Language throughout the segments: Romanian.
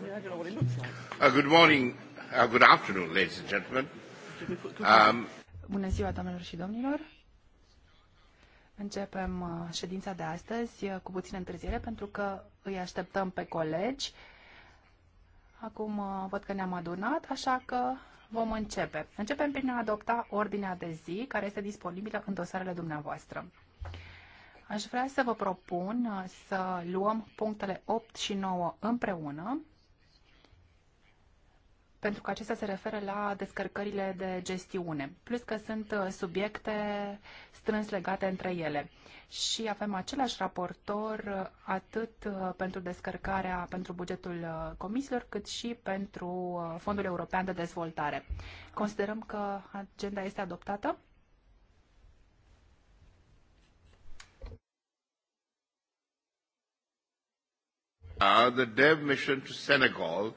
Uh, good morning, uh, good afternoon, ladies and gentlemen. Um, Bună ziua, doamnelor și domnilor. Începem uh, ședința de astăzi cu puțină întârziere pentru că îi așteptăm pe colegi. Acum văd că ne-am adunat, așa că vom începe. Începem prin a adopta ordinea de zi care este disponibilă în dosarele dumneavoastră. Aș vrea să vă propun să luăm punctele 8 și 9 împreună pentru că acestea se referă la descărcările de gestiune, plus că sunt uh, subiecte strâns legate între ele. Și avem același raportor uh, atât uh, pentru descărcarea pentru bugetul comisiilor, cât și pentru Fondul European de Dezvoltare. Considerăm că agenda este adoptată? Uh, the dev mission to Senegal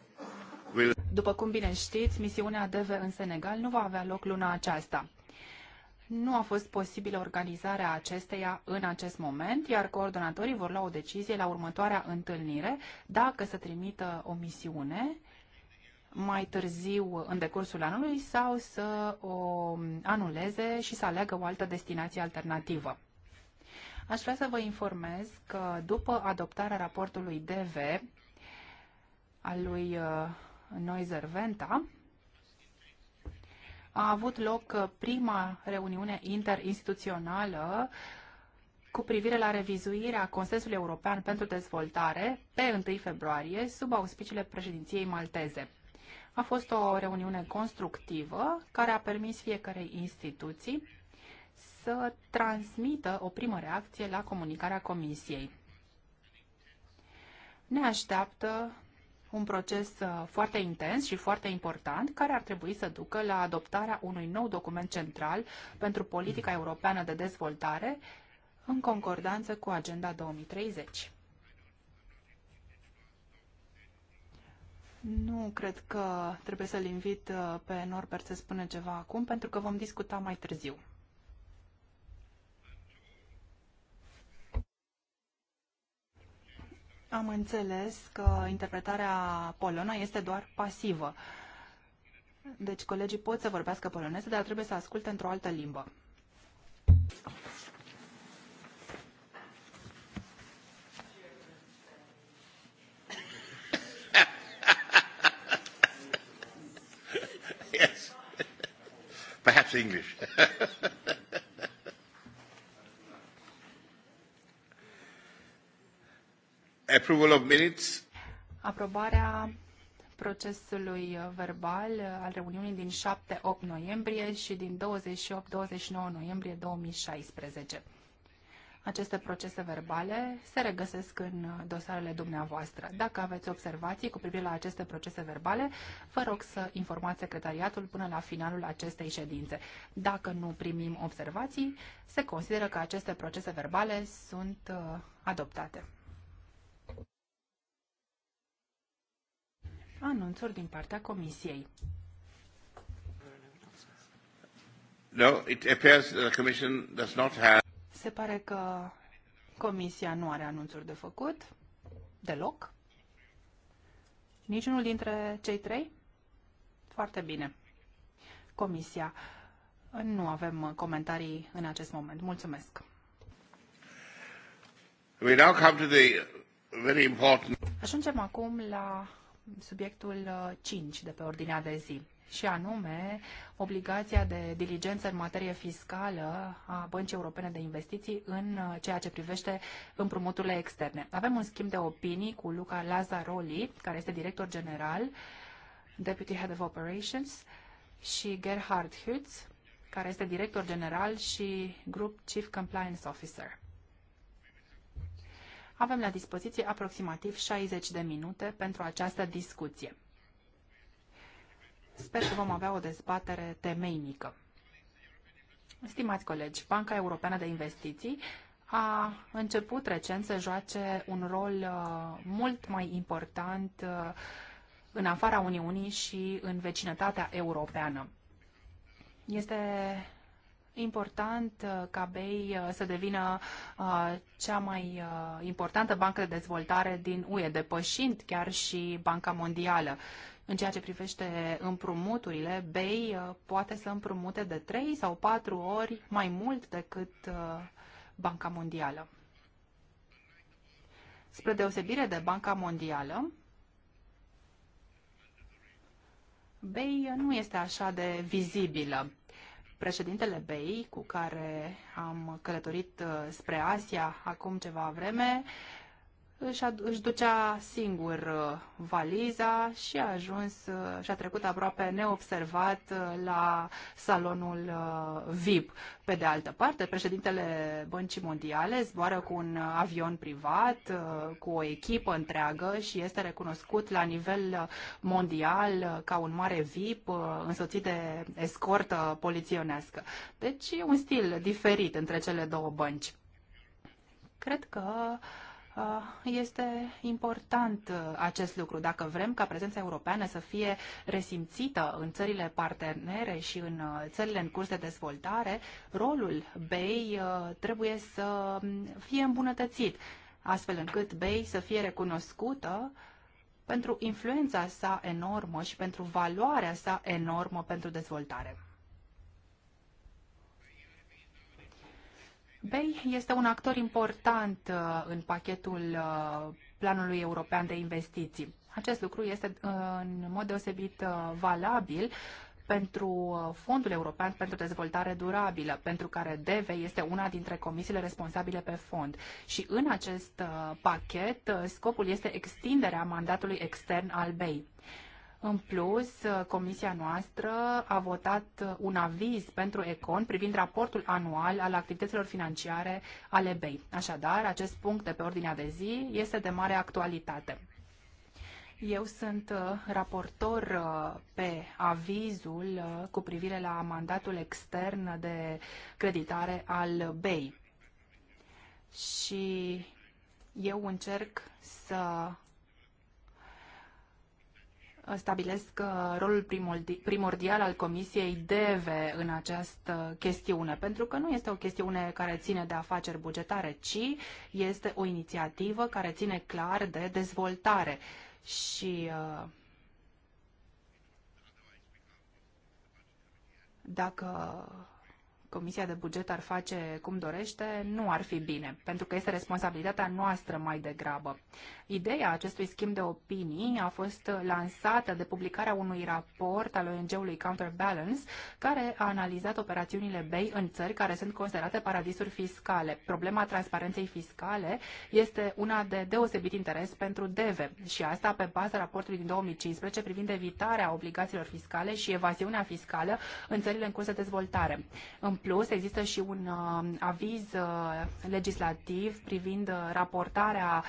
după cum bine știți, misiunea DV în Senegal nu va avea loc luna aceasta. Nu a fost posibilă organizarea acesteia în acest moment, iar coordonatorii vor lua o decizie la următoarea întâlnire dacă să trimită o misiune mai târziu în decursul anului sau să o anuleze și să aleagă o altă destinație alternativă. Aș vrea să vă informez că după adoptarea raportului DV al lui uh, Noizer Venta, a avut loc uh, prima reuniune interinstituțională cu privire la revizuirea Consensului European pentru Dezvoltare pe 1 februarie sub auspiciile președinției malteze. A fost o reuniune constructivă care a permis fiecarei instituții să transmită o primă reacție la comunicarea Comisiei. Ne așteaptă un proces uh, foarte intens și foarte important, care ar trebui să ducă la adoptarea unui nou document central pentru politica europeană de dezvoltare, în concordanță cu Agenda 2030. Nu cred că trebuie să-l invit uh, pe Norbert să spună ceva acum, pentru că vom discuta mai târziu. Am înțeles că interpretarea polona este doar pasivă. Deci colegii pot să vorbească poloneză, dar trebuie să asculte într-o altă limbă. yes. Perhaps English. Approval of minutes. Aprobarea procesului verbal al reuniunii din 7-8 noiembrie și din 28-29 noiembrie 2016. Aceste procese verbale se regăsesc în dosarele dumneavoastră. Dacă aveți observații cu privire la aceste procese verbale, vă rog să informați secretariatul până la finalul acestei ședințe. Dacă nu primim observații, se consideră că aceste procese verbale sunt uh, adoptate. anunțuri din partea Comisiei. No, it appears the Commission does not have... Se pare că Comisia nu are anunțuri de făcut, deloc. Niciunul dintre cei trei? Foarte bine. Comisia. Nu avem comentarii în acest moment. Mulțumesc. We now come to the very important... Ajungem acum la subiectul 5 uh, de pe ordinea de zi și anume obligația de diligență în materie fiscală a Băncii Europene de Investiții în uh, ceea ce privește împrumuturile externe. Avem un schimb de opinii cu Luca Lazaroli, care este director general, Deputy Head of Operations, și Gerhard Hütz, care este director general și Group Chief Compliance Officer. Avem la dispoziție aproximativ 60 de minute pentru această discuție. Sper că vom avea o dezbatere temeinică. Stimați colegi, Banca Europeană de Investiții a început recent să joace un rol uh, mult mai important uh, în afara Uniunii și în vecinătatea europeană. Este important uh, ca BEI uh, să devină uh, cea mai importantă bancă de dezvoltare din UE, depășind chiar și Banca Mondială. În ceea ce privește împrumuturile, BEI poate să împrumute de 3 sau 4 ori mai mult decât Banca Mondială. Spre deosebire de Banca Mondială, BEI nu este așa de vizibilă Președintele BEI, cu care am călătorit uh, spre Asia acum ceva vreme, își, își ducea singur uh, valiza și a ajuns uh, și a trecut aproape neobservat uh, la salonul VIP. Pe de altă parte, președintele Băncii Mondiale zboară cu un avion privat, cu o echipă întreagă și este recunoscut la nivel mondial ca un mare VIP însoțit de escortă poliționească. Deci e un stil diferit între cele două bănci. Cred că uh, Uh, este important uh, acest lucru. Dacă vrem ca prezența europeană să fie resimțită în țările partenere și în uh, țările în curs de dezvoltare, rolul BEI trebuie să um, fie îmbunătățit, astfel încât BEI să fie recunoscută pentru influența sa enormă și pentru valoarea sa enormă pentru dezvoltare. BEI este un actor important uh, în pachetul uh, Planului European de Investiții. Acest lucru este uh, în mod deosebit valabil pentru Fondul European pentru Dezvoltare Durabilă, pentru care DEVE este una dintre comisiile responsabile pe fond. Și în acest pachet, scopul este extinderea mandatului extern al BEI. În plus, comisia noastră a votat un aviz pentru Econ privind raportul anual al activităților financiare ale BEI. Așadar, acest punct de pe ordinea de zi este de mare actualitate. Eu sunt uh, raportor uh, pe avizul uh, cu privire la mandatul extern de creditare al BEI. Și eu încerc să stabilesc uh, rolul primordial al Comisiei DEVE în această chestiune, pentru că nu este o chestiune care ține de afaceri bugetare, ci este o inițiativă care ține clar de dezvoltare. Și uh, dacă Comisia de Buget ar face cum dorește, nu ar fi bine, pentru că este responsabilitatea noastră mai degrabă. Ideea acestui schimb de opinii a fost lansată de publicarea unui raport al ONG-ului Counterbalance, care a analizat operațiunile BEI în țări care sunt considerate paradisuri fiscale. Problema transparenței fiscale este una de deosebit interes pentru DEVE și asta pe baza raportului din 2015 privind evitarea obligațiilor fiscale și evaziunea fiscală în țările în curs de dezvoltare. În plus, există și un uh, aviz uh, legislativ privind uh, raportarea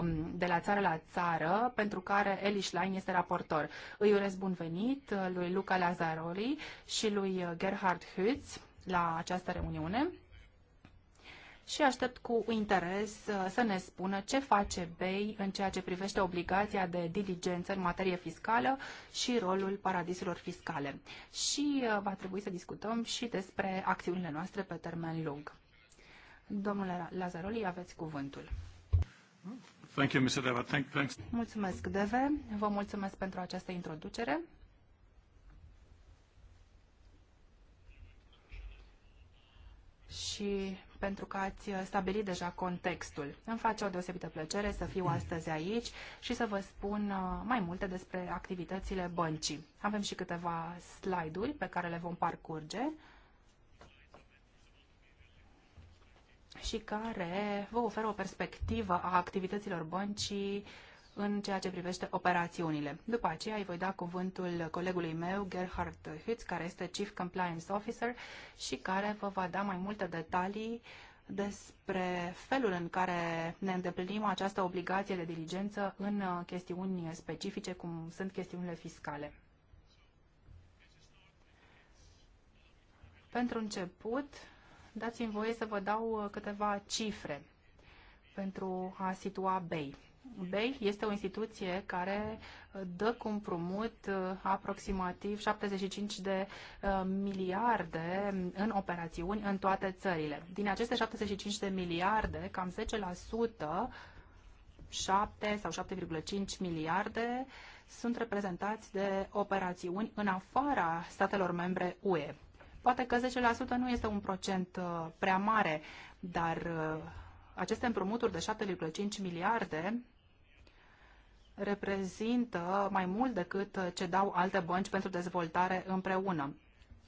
um, de de la țară la țară, pentru care Eli Schlein este raportor. Îi urez bun venit uh, lui Luca Lazaroli și lui uh, Gerhard Hütz la această reuniune și aștept cu interes uh, să ne spună ce face BEI în ceea ce privește obligația de diligență în materie fiscală și rolul paradisurilor fiscale. Și va trebui să discutăm și despre acțiunile noastre pe termen lung. Domnule Lazaroli, aveți cuvântul. Hmm? Thank you, Mr. Deva. Thank, thanks. Mulțumesc, Deve. Vă mulțumesc pentru această introducere. și pentru că ați stabilit deja contextul. Îmi face o deosebită plăcere să fiu astăzi aici și să vă spun uh, mai multe despre activitățile băncii. Avem și câteva slide-uri pe care le vom parcurge. și care vă oferă o perspectivă a activităților băncii în ceea ce privește operațiunile. După aceea îi voi da cuvântul colegului meu, Gerhard Hütz, care este Chief Compliance Officer și care vă va da mai multe detalii despre felul în care ne îndeplinim această obligație de diligență în chestiuni specifice, cum sunt chestiunile fiscale. Pentru început, dați-mi voie să vă dau uh, câteva cifre pentru a situa BEI. BEI este o instituție care uh, dă cu împrumut uh, aproximativ 75 de miliarde în operațiuni în toate țările. Din aceste 75 de miliarde, cam 10%, 7 sau 7,5 miliarde, sunt reprezentați de operațiuni în afara statelor membre UE. Poate că 10% nu este un procent uh, prea mare, dar uh, aceste împrumuturi de 7,5 miliarde reprezintă mai mult decât ce dau alte bănci pentru dezvoltare împreună.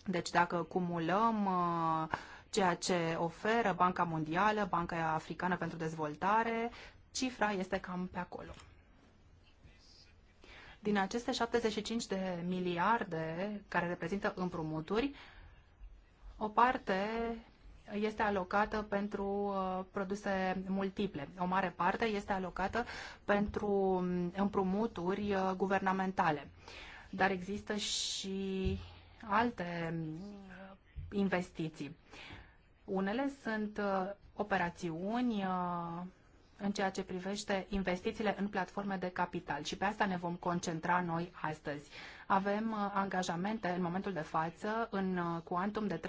Deci dacă cumulăm uh, ceea ce oferă Banca Mondială, Banca Africană pentru Dezvoltare, cifra este cam pe acolo. Din aceste 75 de miliarde care reprezintă împrumuturi, o parte este alocată pentru uh, produse multiple. O mare parte este alocată pentru mm, împrumuturi uh, guvernamentale. Dar există și alte mm, investiții. Unele sunt uh, operațiuni în ceea ce privește investițiile în platforme de capital și pe asta ne vom concentra noi astăzi. Avem uh, angajamente în momentul de față în uh, cuantum de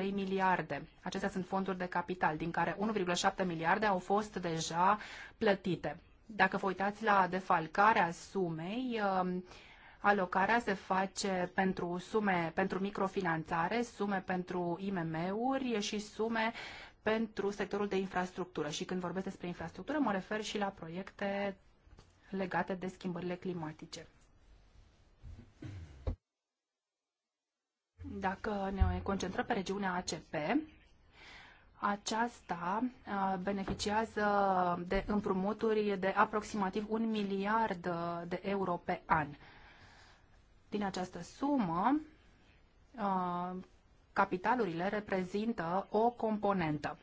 3,3 miliarde. Acestea sunt fonduri de capital, din care 1,7 miliarde au fost deja plătite. Dacă vă uitați la defalcarea sumei, um, alocarea se face pentru sume pentru microfinanțare, sume pentru IMM-uri și sume pentru sectorul de infrastructură. Și când vorbesc despre infrastructură, mă refer și la proiecte legate de schimbările climatice. Dacă ne concentrăm pe regiunea ACP, aceasta uh, beneficiază de împrumuturi de aproximativ un miliard de euro pe an. Din această sumă, uh, capitalurile reprezintă o componentă.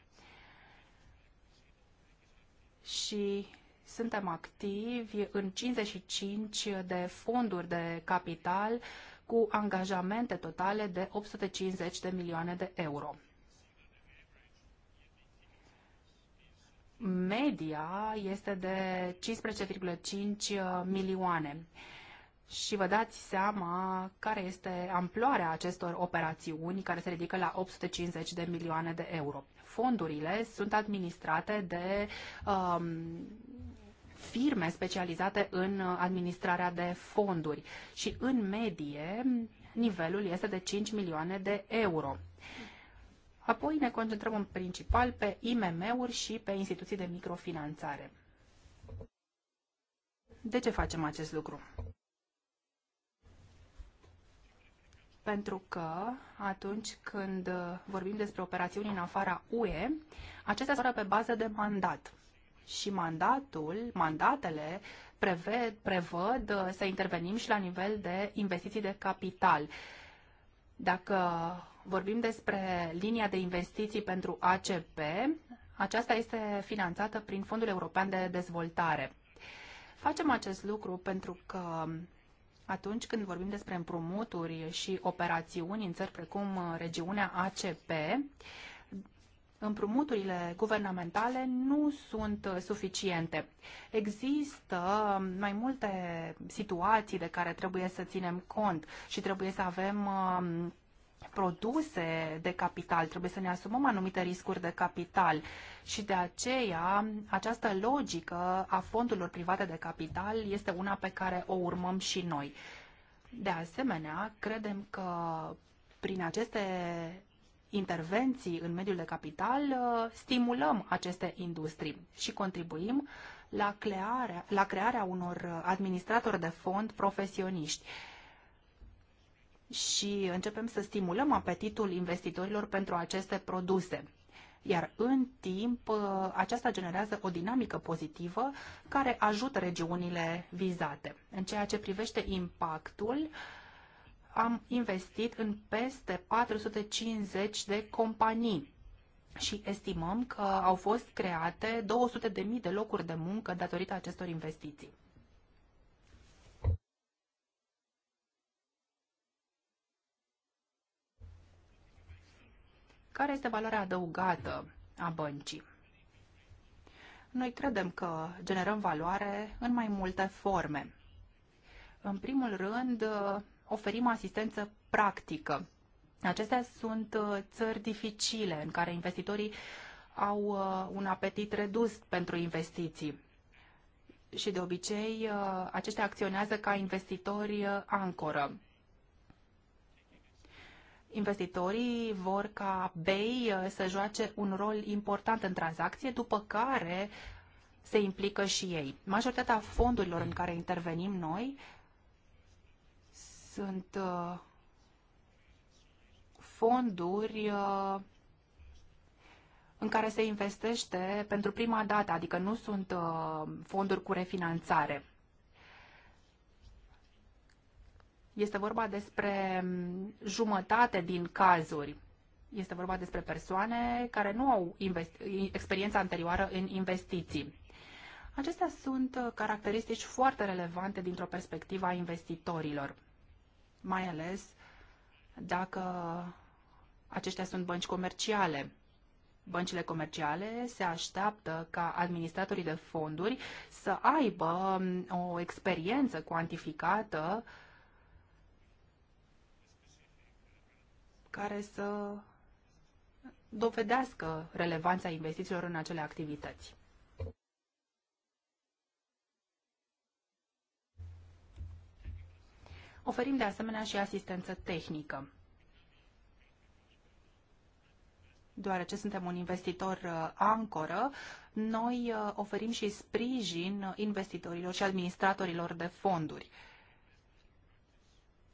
Și suntem activi în 55 de fonduri de capital uh, cu angajamente totale de 850 de milioane de euro. Media este de 15,5 uh, milioane și vă dați seama care este amploarea acestor operațiuni care se ridică la 850 de milioane de euro. Fondurile sunt administrate de um, firme specializate în administrarea de fonduri și în medie nivelul este de 5 milioane de euro. Apoi ne concentrăm în principal pe IMM-uri și pe instituții de microfinanțare. De ce facem acest lucru? pentru că atunci când vorbim despre operațiuni în afara UE, acestea sunt pe bază de mandat și mandatul, mandatele preved, prevăd uh, să intervenim și la nivel de investiții de capital. Dacă vorbim despre linia de investiții pentru ACP, aceasta este finanțată prin Fondul European de Dezvoltare. Facem acest lucru pentru că atunci când vorbim despre împrumuturi și operațiuni în țări precum uh, regiunea ACP, împrumuturile guvernamentale nu sunt suficiente. Există mai multe situații de care trebuie să ținem cont și trebuie să avem um, produse de capital, trebuie să ne asumăm anumite riscuri de capital și de aceea această logică a fondurilor private de capital este una pe care o urmăm și noi. De asemenea, credem că prin aceste intervenții în mediul de capital, uh, stimulăm aceste industrii și contribuim la crearea, la crearea unor uh, administratori de fond profesioniști și începem să stimulăm apetitul investitorilor pentru aceste produse. Iar în timp, uh, aceasta generează o dinamică pozitivă care ajută regiunile vizate. În ceea ce privește impactul, uh, am investit în peste 450 de companii și estimăm că au fost create 200.000 de locuri de muncă datorită acestor investiții. Care este valoarea adăugată a băncii? Noi credem că generăm valoare în mai multe forme. În primul rând, oferim asistență practică. Acestea sunt uh, țări dificile în care investitorii au uh, un apetit redus pentru investiții și de obicei uh, aceștia acționează ca investitori ancoră. Investitorii vor ca BEI să joace un rol important în tranzacție, după care se implică și ei. Majoritatea fondurilor în care intervenim noi sunt uh, fonduri uh, în care se investește pentru prima dată, adică nu sunt uh, fonduri cu refinanțare. Este vorba despre um, jumătate din cazuri. Este vorba despre persoane care nu au experiența anterioară în investiții. Acestea sunt caracteristici foarte relevante dintr-o perspectivă a investitorilor mai ales dacă aceștia sunt bănci comerciale. Băncile comerciale se așteaptă ca administratorii de fonduri să aibă um, o experiență cuantificată care să dovedească relevanța investițiilor în acele activități. Oferim de asemenea și asistență tehnică. Deoarece suntem un investitor uh, ancoră, noi uh, oferim și sprijin investitorilor și administratorilor de fonduri.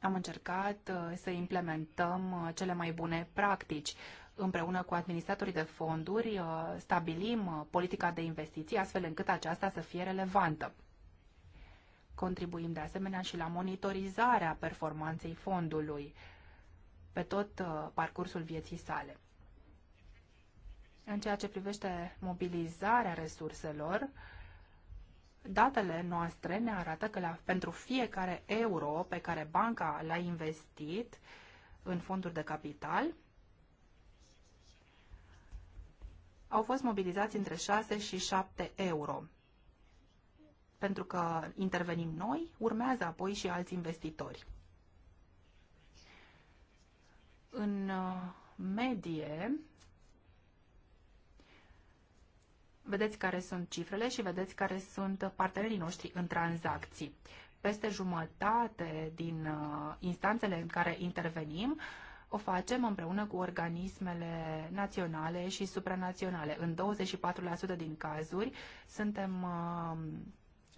Am încercat uh, să implementăm cele mai bune practici împreună cu administratorii de fonduri stabilim politica de investiții astfel încât aceasta să fie relevantă. Contribuim de asemenea și la monitorizarea performanței fondului pe tot uh, parcursul vieții sale. În ceea ce privește mobilizarea resurselor, datele noastre ne arată că la, pentru fiecare euro pe care banca l-a investit în fonduri de capital, au fost mobilizați între 6 și 7 euro pentru că intervenim noi, urmează apoi și alți investitori. În uh, medie, vedeți care sunt cifrele și vedeți care sunt partenerii noștri în tranzacții. Peste jumătate din uh, instanțele în care intervenim o facem împreună cu organismele naționale și supranaționale. În 24% din cazuri suntem uh,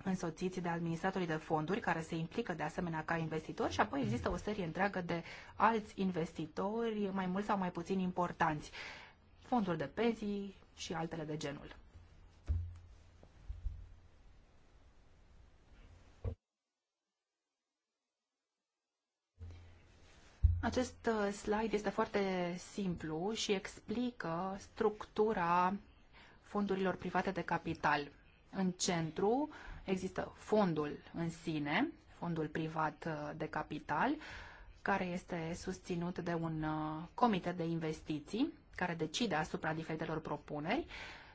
însoțiți de administratorii de fonduri care se implică de asemenea ca investitori și apoi există o serie întreagă de alți investitori, mai mult sau mai puțin importanți, fonduri de pensii și altele de genul. Acest uh, slide este foarte simplu și explică structura fondurilor private de capital. În centru, Există fondul în sine, fondul privat uh, de capital, care este susținut de un uh, comitet de investiții care decide asupra diferitelor propuneri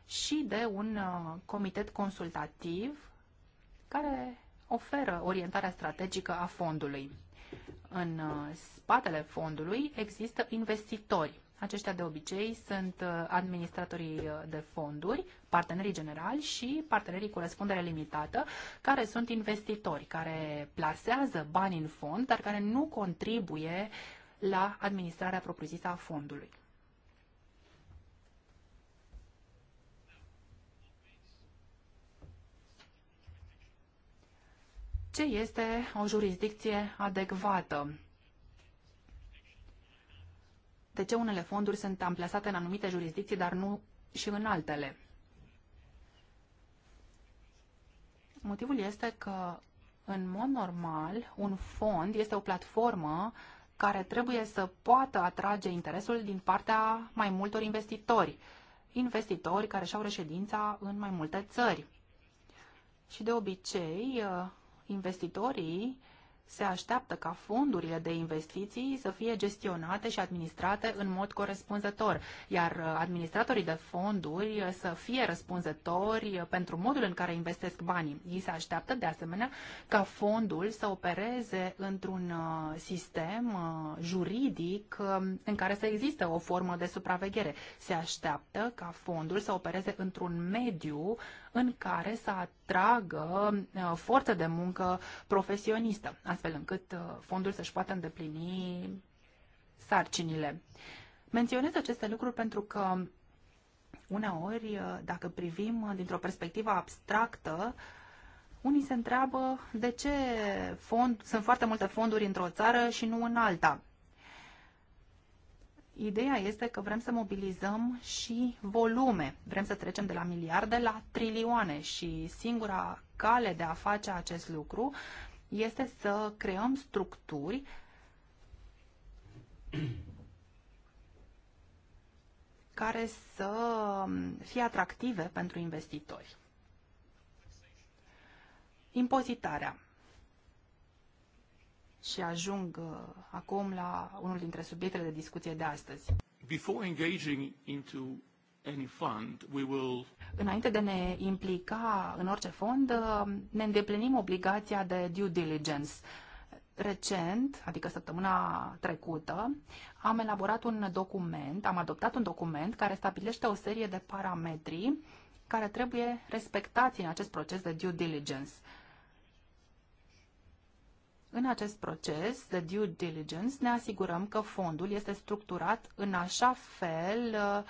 și de un uh, comitet consultativ care oferă orientarea strategică a fondului. În spatele fondului există investitori aceștia de obicei sunt uh, administratorii uh, de fonduri, partenerii generali și partenerii cu răspundere limitată, care sunt investitori, care plasează bani în fond, dar care nu contribuie la administrarea propriu-zisă a fondului. ce este o jurisdicție adecvată de ce unele fonduri sunt amplasate în anumite jurisdicții, dar nu și în altele. Motivul este că, în mod normal, un fond este o platformă care trebuie să poată atrage interesul din partea mai multor investitori, investitori care și-au reședința în mai multe țări. Și de obicei, investitorii se așteaptă ca fondurile de investiții să fie gestionate și administrate în mod corespunzător, iar uh, administratorii de fonduri să fie răspunzători pentru modul în care investesc banii. Ei se așteaptă, de asemenea, ca fondul să opereze într-un uh, sistem uh, juridic um, în care să existe o formă de supraveghere. Se așteaptă ca fondul să opereze într-un mediu în care să atragă uh, forță de muncă profesionistă, astfel încât uh, fondul să-și poată îndeplini sarcinile. Menționez aceste lucruri pentru că uneori, uh, dacă privim dintr-o perspectivă abstractă, unii se întreabă de ce fond, sunt foarte multe fonduri într-o țară și nu în alta. Ideea este că vrem să mobilizăm și volume. Vrem să trecem de la miliarde la trilioane și singura cale de a face acest lucru este să creăm structuri care să fie atractive pentru investitori. Impozitarea și ajung uh, acum la unul dintre subiectele de discuție de astăzi. Before engaging into any fund, we will... Înainte de ne implica în orice fond, uh, ne îndeplinim obligația de due diligence. Recent, adică săptămâna trecută, am elaborat un document, am adoptat un document care stabilește o serie de parametri care trebuie respectați în acest proces de due diligence. În acest proces de due diligence ne asigurăm că fondul este structurat în așa fel uh,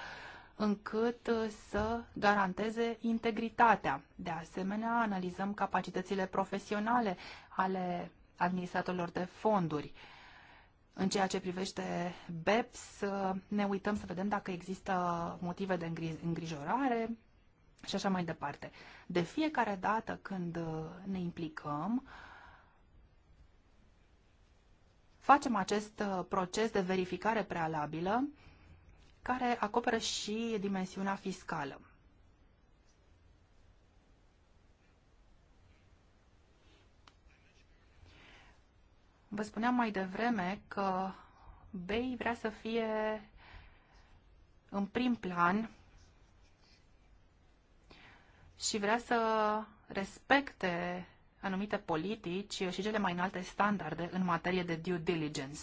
încât uh, să garanteze integritatea. De asemenea, analizăm capacitățile profesionale ale administratorilor de fonduri. În ceea ce privește BEPS, uh, ne uităm să vedem dacă există motive de îngrijorare și așa mai departe. De fiecare dată când ne implicăm, facem acest uh, proces de verificare prealabilă care acoperă și dimensiunea fiscală. Vă spuneam mai devreme că BEI vrea să fie în prim plan și vrea să respecte anumite politici și cele mai înalte standarde în materie de due diligence.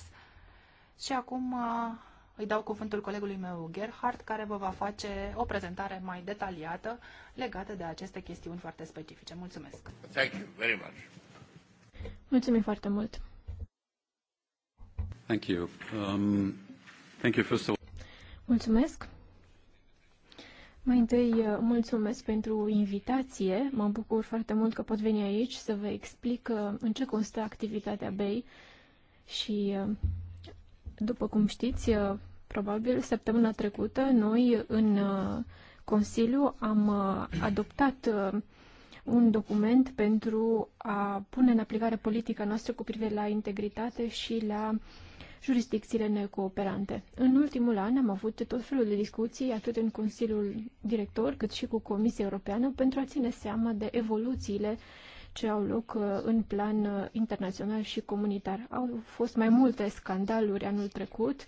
Și acum uh, îi dau cuvântul colegului meu, Gerhard, care vă va face o prezentare mai detaliată legată de aceste chestiuni foarte specifice. Mulțumesc! Thank you very much. Mulțumim foarte mult! Thank you. Um, thank you first of all. Mulțumesc! Mai întâi, uh, mulțumesc pentru invitație. Mă bucur foarte mult că pot veni aici să vă explic uh, în ce constă activitatea BEI și, uh, după cum știți, probabil săptămâna trecută, noi în Consiliu am adoptat un document pentru a pune în aplicare politica noastră cu privire la integritate și la uh, jurisdicțiile necooperante. În ultimul an am avut tot felul de discuții, atât în Consiliul Director, cât și cu Comisia Europeană, pentru a ține seama de evoluțiile ce au loc uh, în plan uh, internațional și comunitar. Au fost mai multe scandaluri anul trecut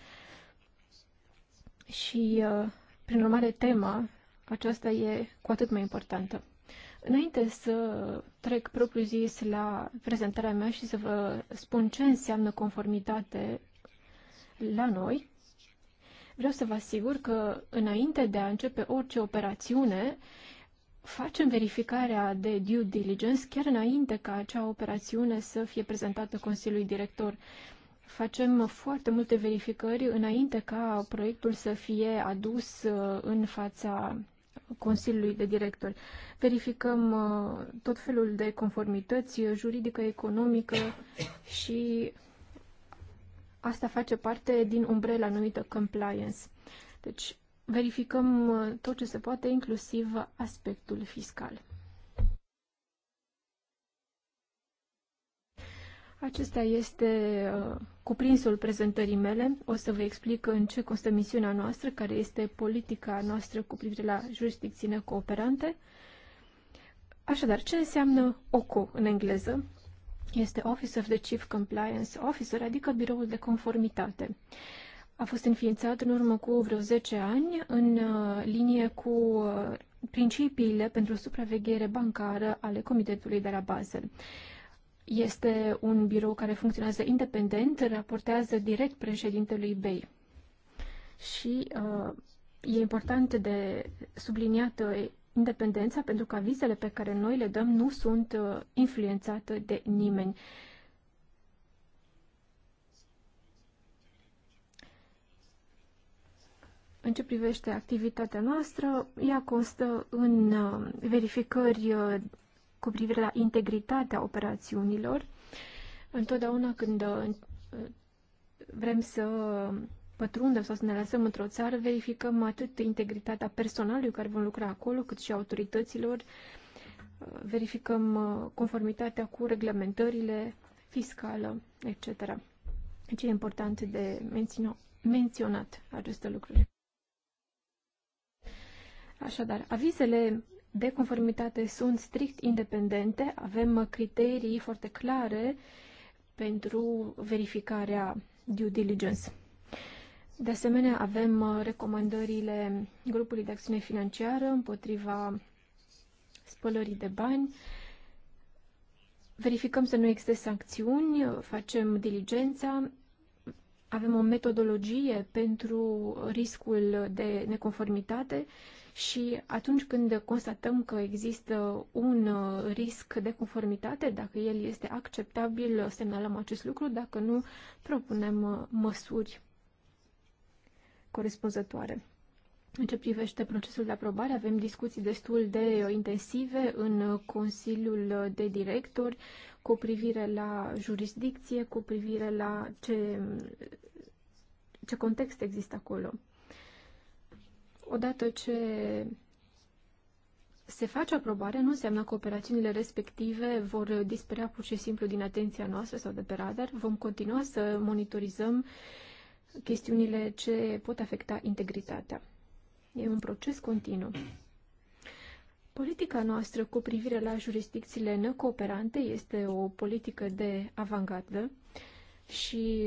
și, uh, prin urmare, tema aceasta e cu atât mai importantă. Înainte să trec propriu zis la prezentarea mea și să vă spun ce înseamnă conformitate la noi, vreau să vă asigur că înainte de a începe orice operațiune, facem verificarea de due diligence chiar înainte ca acea operațiune să fie prezentată Consiliului Director. Facem foarte multe verificări înainte ca proiectul să fie adus uh, în fața Consiliului de Directori. Verificăm uh, tot felul de conformități juridică, economică și Asta face parte din umbrela numită compliance. Deci verificăm uh, tot ce se poate, inclusiv aspectul fiscal. Acesta este uh, cuprinsul prezentării mele. O să vă explic în ce constă misiunea noastră, care este politica noastră cu privire la jurisdicțiile cooperante. Așadar, ce înseamnă OCO în engleză? este Office of the Chief Compliance Officer, adică biroul de conformitate. A fost înființat în urmă cu vreo 10 ani în uh, linie cu uh, principiile pentru supraveghere bancară ale Comitetului de la Basel. Este un birou care funcționează independent, raportează direct președintelui BEI. Și uh, e important de subliniat uh, independența pentru că vizele pe care noi le dăm nu sunt uh, influențate de nimeni. În ce privește activitatea noastră, ea constă în uh, verificări uh, cu privire la integritatea operațiunilor. Întotdeauna când vrem să pătrundem sau să ne lăsăm într-o țară, verificăm atât integritatea personalului care vom lucra acolo, cât și autorităților, uh, verificăm uh, conformitatea cu reglementările fiscală, etc. Deci e important de menționat aceste lucruri. Așadar, avizele de conformitate sunt strict independente, avem uh, criterii foarte clare pentru verificarea due diligence. De asemenea, avem uh, recomandările grupului de acțiune financiară împotriva spălării de bani. Verificăm să nu existe sancțiuni, facem diligența, avem o metodologie pentru riscul de neconformitate și atunci când constatăm că există un uh, risc de conformitate, dacă el este acceptabil, semnalăm acest lucru, dacă nu, propunem uh, măsuri corespunzătoare. În ce privește procesul de aprobare, avem discuții destul de intensive în Consiliul de Directori cu privire la jurisdicție, cu privire la ce, ce context există acolo. Odată ce se face aprobare, nu înseamnă că operațiunile respective vor dispărea pur și simplu din atenția noastră sau de pe radar. Vom continua să monitorizăm uh, chestiunile ce pot afecta integritatea. E un proces continuu. Politica noastră cu privire la jurisdicțiile necooperante este o politică de avangardă și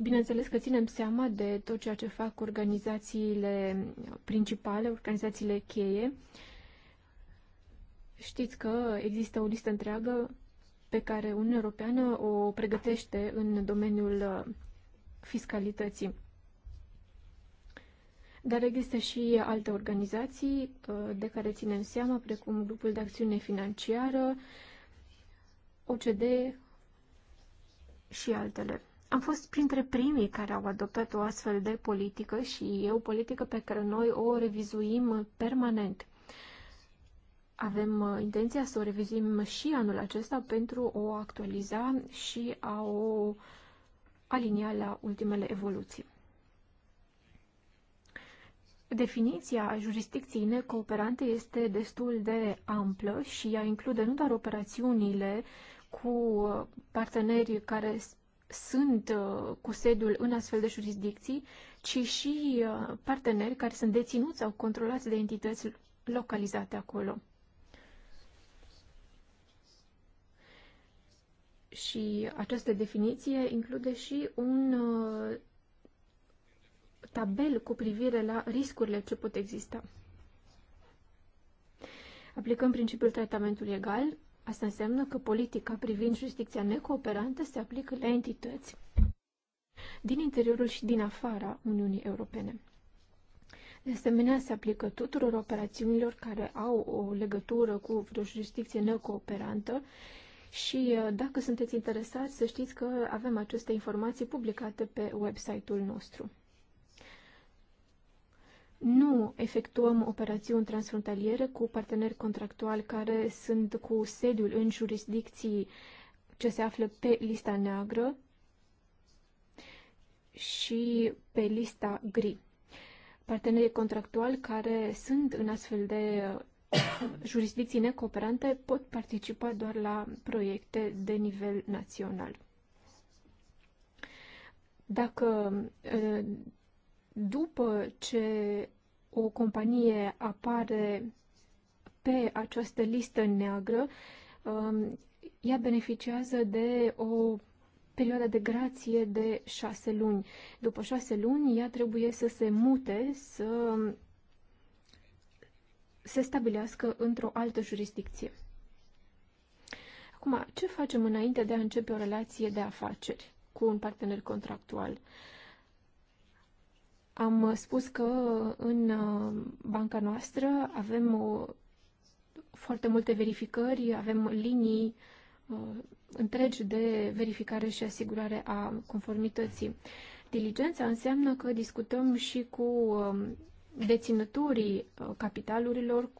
bineînțeles că ținem seama de tot ceea ce fac organizațiile principale, organizațiile cheie. Știți că există o listă întreagă pe care Uniunea Europeană o pregătește în domeniul fiscalității. Dar există și alte organizații uh, de care ținem seama, precum Grupul de Acțiune Financiară, OCD și altele. Am fost printre primii care au adoptat o astfel de politică și e o politică pe care noi o revizuim permanent. Avem uh, intenția să o revizuim și anul acesta pentru a o actualiza și a o uh, alinia la ultimele evoluții. Definiția jurisdicției necooperante este destul de amplă și ea include nu doar operațiunile cu partenerii care sunt uh, cu sediul în astfel de jurisdicții, ci și uh, parteneri care sunt deținuți sau controlați de entități localizate acolo. Și această definiție include și un uh, tabel cu privire la riscurile ce pot exista. Aplicăm principiul tratamentului egal. Asta înseamnă că politica privind justiția necooperantă se aplică la entități din interiorul și din afara Uniunii Europene. De asemenea, se aplică tuturor operațiunilor care au o legătură cu o jurisdicție necooperantă și uh, dacă sunteți interesați, să știți că avem aceste informații publicate pe website-ul nostru. Nu efectuăm operațiuni transfrontaliere cu parteneri contractuali care sunt cu sediul în jurisdicții ce se află pe lista neagră și pe lista gri. Partenerii contractuali care sunt în astfel de jurisdicții necooperante pot participa doar la proiecte de nivel național. Dacă după ce o companie apare pe această listă neagră, ea beneficiază de o perioadă de grație de șase luni. După șase luni, ea trebuie să se mute, să se stabilească într-o altă jurisdicție. Acum, ce facem înainte de a începe o relație de afaceri cu un partener contractual? Am spus că în uh, banca noastră avem o, foarte multe verificări, avem linii uh, întregi de verificare și asigurare a conformității. Diligența înseamnă că discutăm și cu um, deținătorii uh, capitalurilor,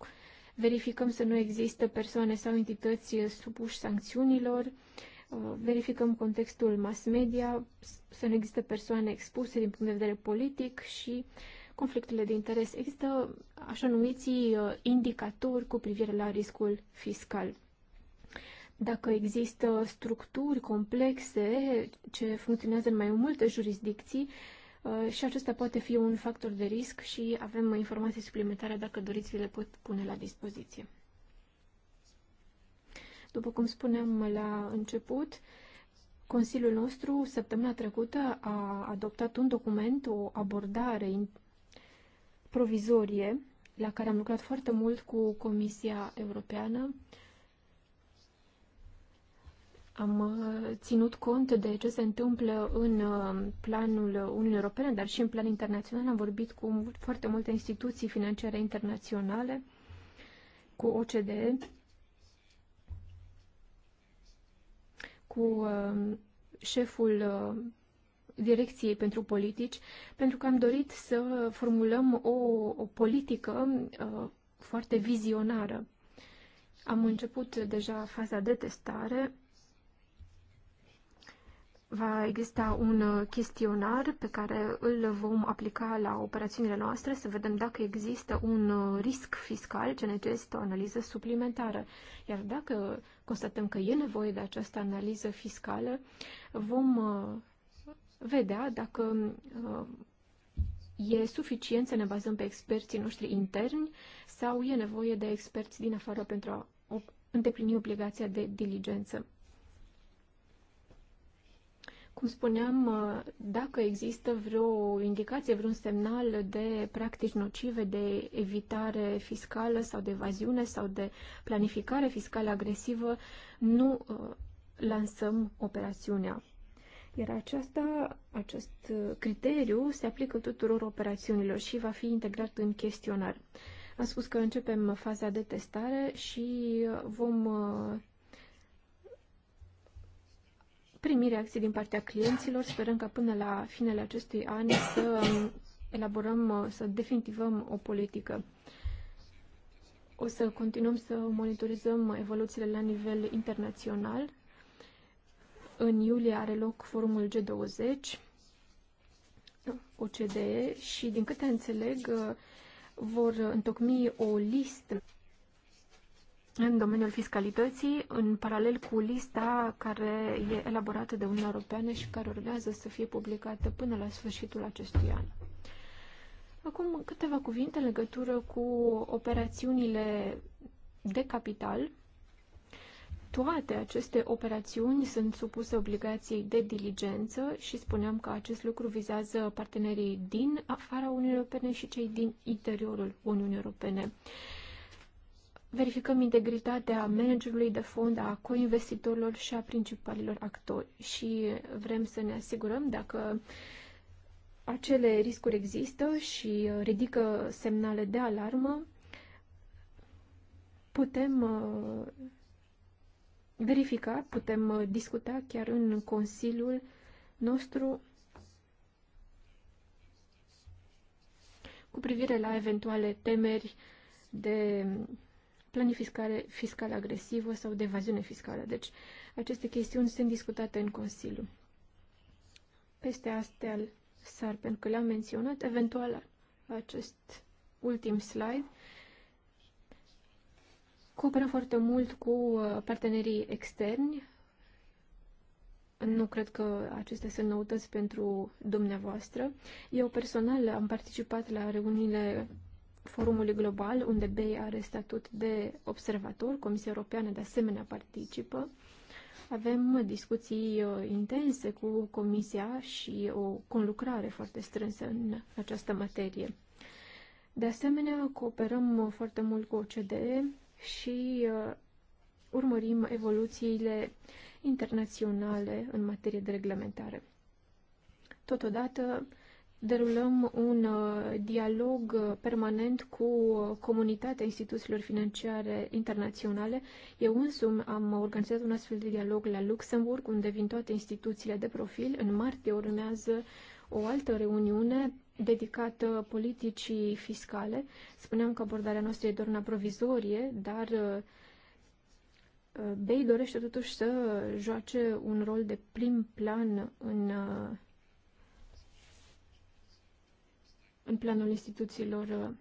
verificăm să nu există persoane sau entități uh, supuși sancțiunilor, uh, verificăm contextul mass media, să nu există persoane expuse din punct de vedere politic și conflictele de interes. Există așa numiții indicatori cu privire la riscul fiscal. Dacă există structuri complexe ce funcționează în mai multe jurisdicții, Uh, și acesta poate fi un factor de risc și avem informații suplimentare dacă doriți, vi le pot pune la dispoziție. După cum spuneam la început, Consiliul nostru săptămâna trecută a adoptat un document, o abordare provizorie la care am lucrat foarte mult cu Comisia Europeană am uh, ținut cont de ce se întâmplă în uh, planul Uniunii Europene, dar și în plan internațional. Am vorbit cu foarte multe instituții financiare internaționale, cu OCDE, cu uh, șeful Direcției pentru Politici, pentru că am dorit să formulăm o, o politică foarte vizionară. Am început deja faza de testare Va exista un uh, chestionar pe care îl vom aplica la operațiunile noastre să vedem dacă există un uh, risc fiscal ce necesită o analiză suplimentară. Iar dacă constatăm că e nevoie de această analiză fiscală, vom uh, vedea dacă e suficient să ne bazăm pe experții noștri interni sau e nevoie de experți din afară pentru a îndeplini obligația de diligență. Cum spuneam, dacă există vreo indicație, vreun semnal de practici nocive, de evitare fiscală sau de evaziune sau de planificare fiscală agresivă, nu uh, lansăm operațiunea. Iar aceasta, acest uh, criteriu se aplică tuturor operațiunilor și va fi integrat în chestionar. Am spus că începem faza de testare și uh, vom primi reacții din partea clienților. Sperăm ca până la finele acestui an să um, elaborăm, uh, să definitivăm o politică. O să continuăm să monitorizăm evoluțiile la nivel internațional. În iulie are loc forumul G20, OCDE și, din câte înțeleg, uh, vor întocmi o listă în domeniul fiscalității, în paralel cu lista care e elaborată de Uniunea Europeană și care urmează să fie publicată până la sfârșitul acestui an. Acum câteva cuvinte în legătură cu operațiunile de capital. Toate aceste operațiuni sunt supuse obligației de diligență și spuneam că acest lucru vizează partenerii din afara Uniunii Europene și cei din interiorul Uniunii Europene. Uh, verificăm integritatea managerului de fond, a coinvestitorilor și a principalilor actori și vrem să ne asigurăm dacă acele riscuri există și ridică semnale de alarmă, putem uh, verifica, putem uh, discuta chiar în Consiliul nostru cu privire la eventuale temeri de planificare fiscală agresivă sau de evaziune fiscală. Deci, aceste chestiuni sunt discutate în Consiliu. Peste astea sar, pentru că le-am menționat, eventual acest ultim slide. Cooperăm foarte mult cu uh, partenerii externi. Nu cred că acestea sunt noutăți pentru dumneavoastră. Eu personal am participat la reuniile forumului global, unde BEI are statut de observator, Comisia Europeană de asemenea participă. Avem discuții uh, intense cu Comisia și o conlucrare foarte strânsă în această materie. De asemenea, cooperăm uh, foarte mult cu OCDE și uh, urmărim evoluțiile internaționale în materie de reglementare. Totodată, derulăm un uh, dialog uh, permanent cu uh, comunitatea instituțiilor financiare internaționale. Eu însumi am organizat un astfel de dialog la Luxemburg, unde vin toate instituțiile de profil. În martie urmează o altă reuniune dedicată politicii fiscale. Spuneam că abordarea noastră e doar una provizorie, dar BEI dorește totuși să joace un rol de prim plan în în planul instituțiilor uh,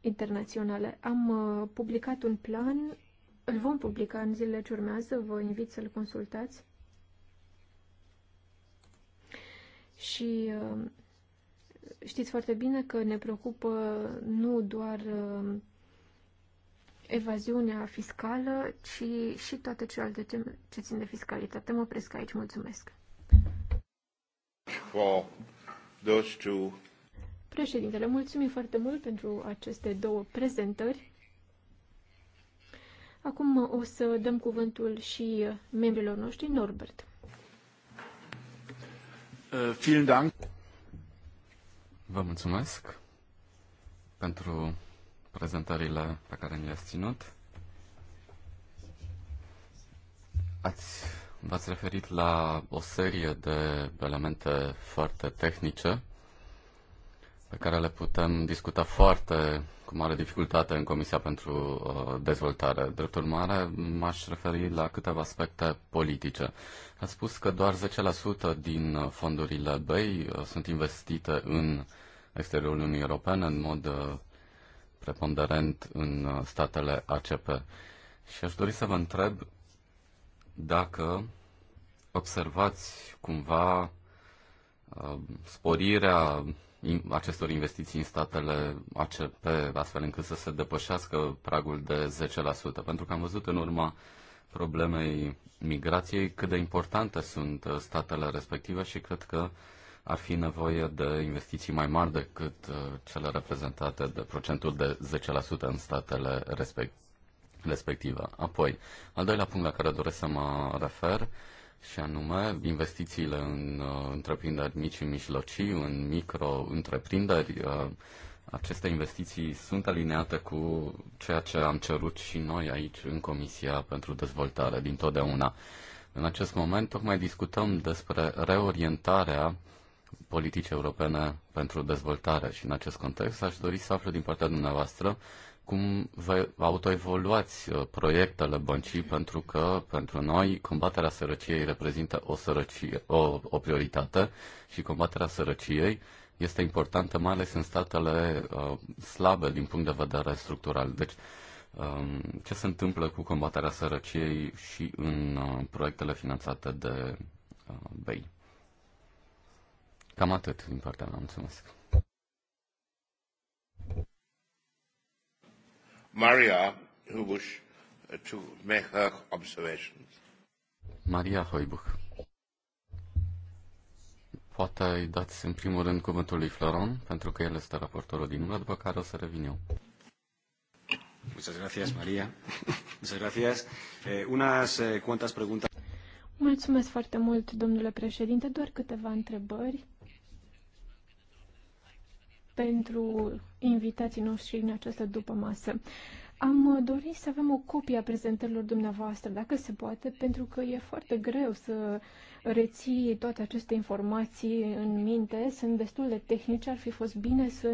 internaționale. Am uh, publicat un plan, îl vom publica în zilele ce urmează, vă invit să-l consultați. Și uh, știți foarte bine că ne preocupă nu doar evaziunea fiscală, ci și toate celelalte teme ce țin de fiscalitate. Mă opresc aici, mulțumesc. For those two Președintele, mulțumim foarte mult pentru aceste două prezentări. Acum o să dăm cuvântul și membrilor noștri, Norbert. Uh, vielen Dank. Vă mulțumesc pentru prezentările pe care mi le-ați ținut. Ați, v-ați referit la o serie de elemente foarte tehnice pe care le putem discuta foarte cu mare dificultate în Comisia pentru uh, Dezvoltare. Drept urmare, m-aș referi la câteva aspecte politice. A spus că doar 10% din fondurile BEI uh, sunt investite în exteriorul Uniunii Europene în mod uh, preponderent în statele ACP. Și aș dori să vă întreb dacă observați cumva sporirea acestor investiții în statele ACP, astfel încât să se depășească pragul de 10%. Pentru că am văzut în urma problemei migrației cât de importante sunt uh, statele respective și cred că ar fi nevoie de investiții mai mari decât uh, cele reprezentate de procentul de 10% în statele respect respective. Apoi, al doilea punct la care doresc să mă refer și anume investițiile în uh, întreprinderi mici și mijlocii, în micro-întreprinderi. Uh, aceste investiții sunt alineate cu ceea ce am cerut și noi aici în Comisia pentru Dezvoltare din totdeauna. În acest moment tocmai discutăm despre reorientarea politicii europene pentru dezvoltare și în acest context aș dori să aflu din partea dumneavoastră uh, cum vă autoevoluați uh, proiectele băncii, pentru că pentru noi combaterea sărăciei reprezintă o, sărăcie, o, o prioritate și combaterea sărăciei este importantă, mai ales în statele uh, slabe din punct de vedere structural. Deci, um, ce se întâmplă cu combaterea sărăciei și în uh, proiectele finanțate de uh, BEI? Cam atât din partea mea, mulțumesc. Maria Hubush uh, to make her observations. Maria Hoibuch. Poate îi dați în primul rând cuvântul lui Floron, pentru că el este raportorul din urmă, după care o să revin eu. Muchas gracias, Maria. Muchas gracias. Eh, unas eh, cuantas preguntas. Mulțumesc foarte mult, domnule președinte. Doar câteva întrebări pentru invitații noștri în această după masă. Am uh, dorit să avem o copie a prezentărilor dumneavoastră, dacă se poate, pentru că e foarte greu să reții toate aceste informații în minte. Sunt destul de tehnice, ar fi fost bine să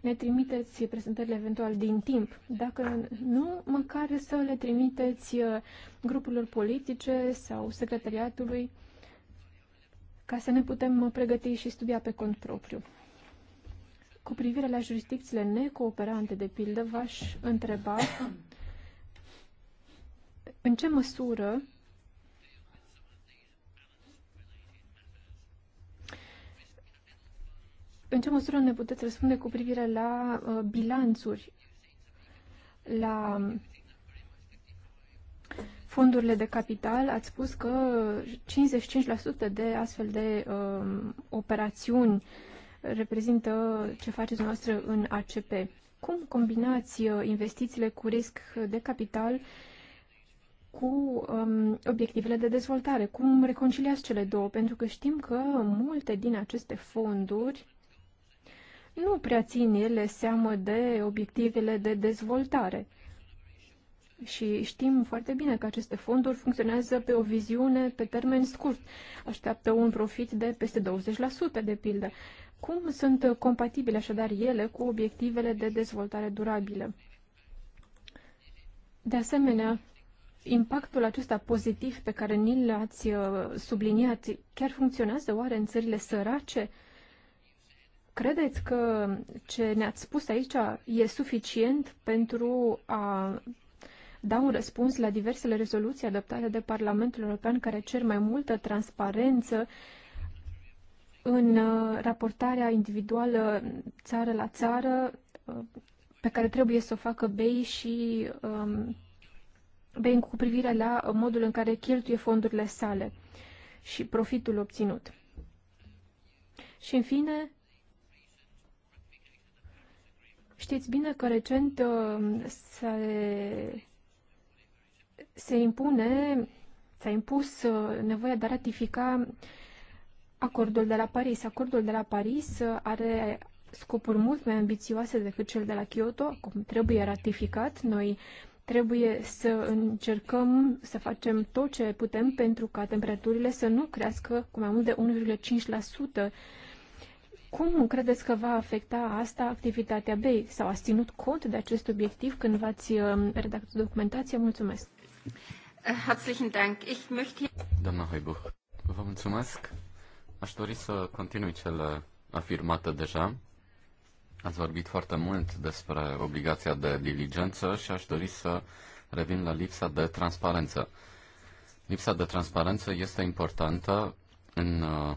ne trimiteți prezentările eventual din timp. Dacă nu, măcar să le trimiteți uh, grupurilor politice sau secretariatului ca să ne putem pregăti și studia pe cont propriu. Cu privire la jurisdicțiile necooperante, de pildă, v-aș întreba în ce măsură în ce măsură ne puteți răspunde cu privire la uh, bilanțuri, la fondurile de capital? Ați spus că 55% de astfel de uh, operațiuni uh, reprezintă ce faceți dumneavoastră în ACP. Cum combinați uh, investițiile cu risc de capital cu um, obiectivele de dezvoltare? Cum reconciliați cele două? Pentru că știm că multe din aceste fonduri nu prea țin ele seamă de obiectivele de dezvoltare. Și știm foarte bine că aceste fonduri funcționează pe o viziune pe termen scurt. Așteaptă un profit de peste 20%, de pildă. Cum sunt compatibile așadar ele cu obiectivele de dezvoltare durabilă? De asemenea, impactul acesta pozitiv pe care ni l-ați uh, subliniat chiar funcționează oare în țările sărace? Credeți că ce ne-ați spus aici e suficient pentru a da un răspuns la diversele rezoluții adoptate de Parlamentul European care cer mai multă transparență în uh, raportarea individuală țară la țară uh, pe care trebuie să o facă BEI și um, BEI cu privire la modul în care cheltuie fondurile sale și profitul obținut. Și în fine, știți bine că recent uh, se, se impune, s-a impus nevoia de a ratifica uh, acordul de la Paris. Acordul de la Paris uh, are scopuri mult mai ambițioase decât cel de la Kyoto, acum trebuie ratificat, noi trebuie să încercăm să facem tot ce putem pentru ca temperaturile să nu crească cu mai mult de 1,5%. Cum credeți că va afecta asta activitatea BEI? Sau ați ținut cont de acest obiectiv când v-ați uh, redactat documentația? Mulțumesc! Herzlichen Dank. Ich möchte... Doamna Hoibuch, vă mulțumesc. Aș dori să continui cele afirmate deja. Ați vorbit foarte mult despre obligația de diligență și aș dori să revin la lipsa de transparență. Lipsa de transparență este importantă în, uh,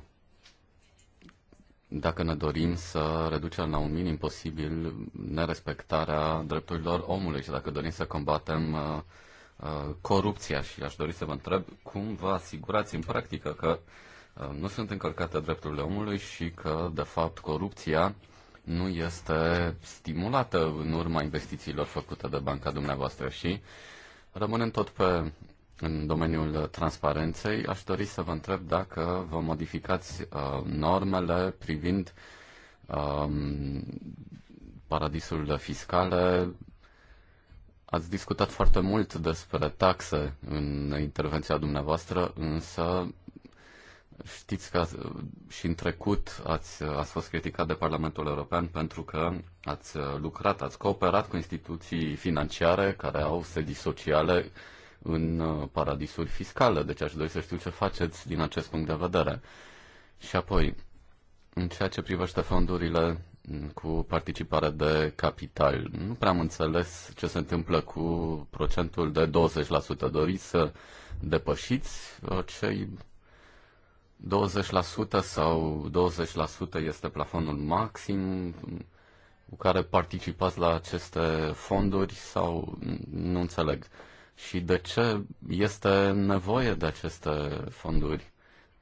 dacă ne dorim să reducem la un minim posibil nerespectarea drepturilor omului și dacă dorim să combatem uh, uh, corupția. Și aș dori să vă întreb cum vă asigurați în practică că Uh, nu sunt încălcate drepturile omului și că, de fapt, corupția nu este stimulată în urma investițiilor făcute de banca dumneavoastră și rămânem tot pe în domeniul transparenței, aș dori să vă întreb dacă vă modificați uh, normele privind uh, paradisurile fiscale. Ați discutat foarte mult despre taxe în intervenția dumneavoastră, însă Știți că și în trecut ați, ați fost criticat de Parlamentul European pentru că ați lucrat, ați cooperat cu instituții financiare care au sedii sociale în uh, paradisuri fiscale. Deci aș dori să știu ce faceți din acest punct de vedere. Și apoi, în ceea ce privește fondurile cu participare de capital, nu prea am înțeles ce se întâmplă cu procentul de 20%. Doriți să depășiți uh, cei 20% sau 20% este plafonul maxim cu care participați la aceste fonduri sau nu înțeleg. Și de ce este nevoie de aceste fonduri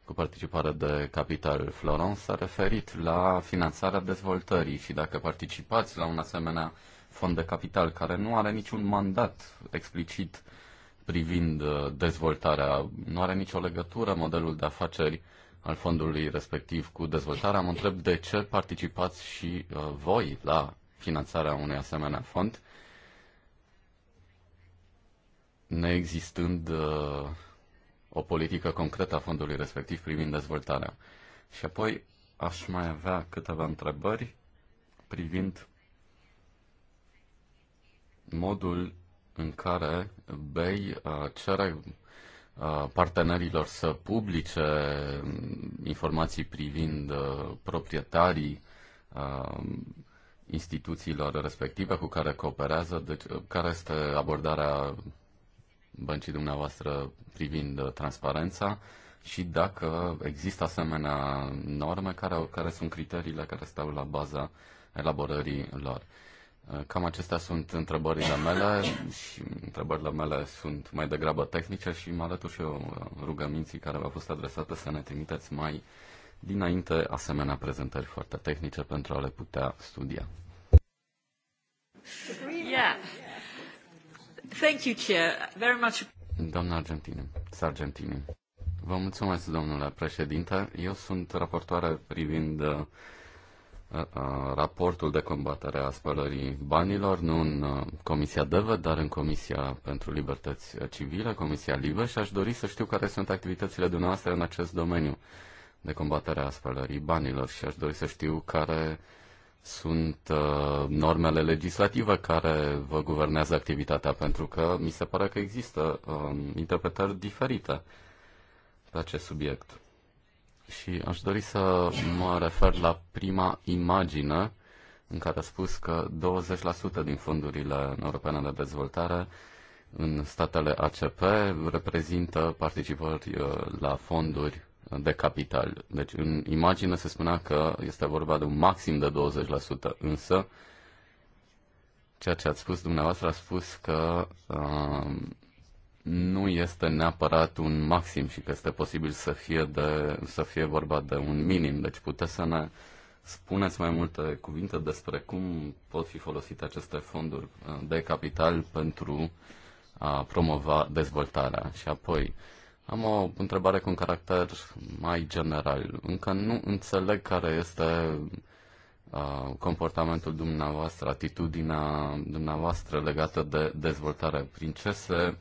cu participare de capital? Florence s-a referit la finanțarea dezvoltării și dacă participați la un asemenea fond de capital care nu are niciun mandat explicit privind uh, dezvoltarea. Nu are nicio legătură modelul de afaceri al fondului respectiv cu dezvoltarea. Mă întreb de ce participați și uh, voi la finanțarea unui asemenea fond, neexistând uh, o politică concretă a fondului respectiv privind dezvoltarea. Și apoi aș mai avea câteva întrebări privind modul în care BEI uh, cere uh, partenerilor să publice um, informații privind uh, proprietarii um, instituțiilor respective cu care cooperează, deci care este abordarea băncii dumneavoastră privind transparența și dacă există asemenea norme care, care sunt criteriile care stau la baza elaborării lor. Uh, cam acestea sunt întrebările mele și întrebările mele sunt mai degrabă tehnice și mă alătur și eu uh, rugăminții care v-au fost adresate să ne trimiteți mai dinainte asemenea prezentări foarte tehnice pentru a le putea studia. Yeah. Thank you, Chair. Very much. Doamna Argentini, Sargentini. Vă mulțumesc, domnule președinte. Eu sunt raportoare privind uh, raportul de combatere a spălării banilor, nu în Comisia Dăvă, dar în Comisia pentru Libertăți Civile, Comisia LIBE și aș dori să știu care sunt activitățile dumneavoastră în acest domeniu de combatere a spălării banilor și aș dori să știu care sunt uh, normele legislative care vă guvernează activitatea, pentru că mi se pare că există uh, interpretări diferite pe acest subiect. Și aș dori să mă refer la prima imagine în care a spus că 20% din fondurile europene de dezvoltare în statele ACP reprezintă participări uh, la fonduri de capital. Deci în imagine se spunea că este vorba de un maxim de 20%, însă ceea ce ați spus dumneavoastră a spus că uh, nu este neapărat un maxim și că este posibil să fie, de, să fie vorba de un minim. Deci puteți să ne spuneți mai multe cuvinte despre cum pot fi folosite aceste fonduri uh, de capital pentru a promova dezvoltarea. Și apoi am o întrebare cu un caracter mai general. Încă nu înțeleg care este uh, comportamentul dumneavoastră, atitudinea dumneavoastră legată de dezvoltare. Prin ce se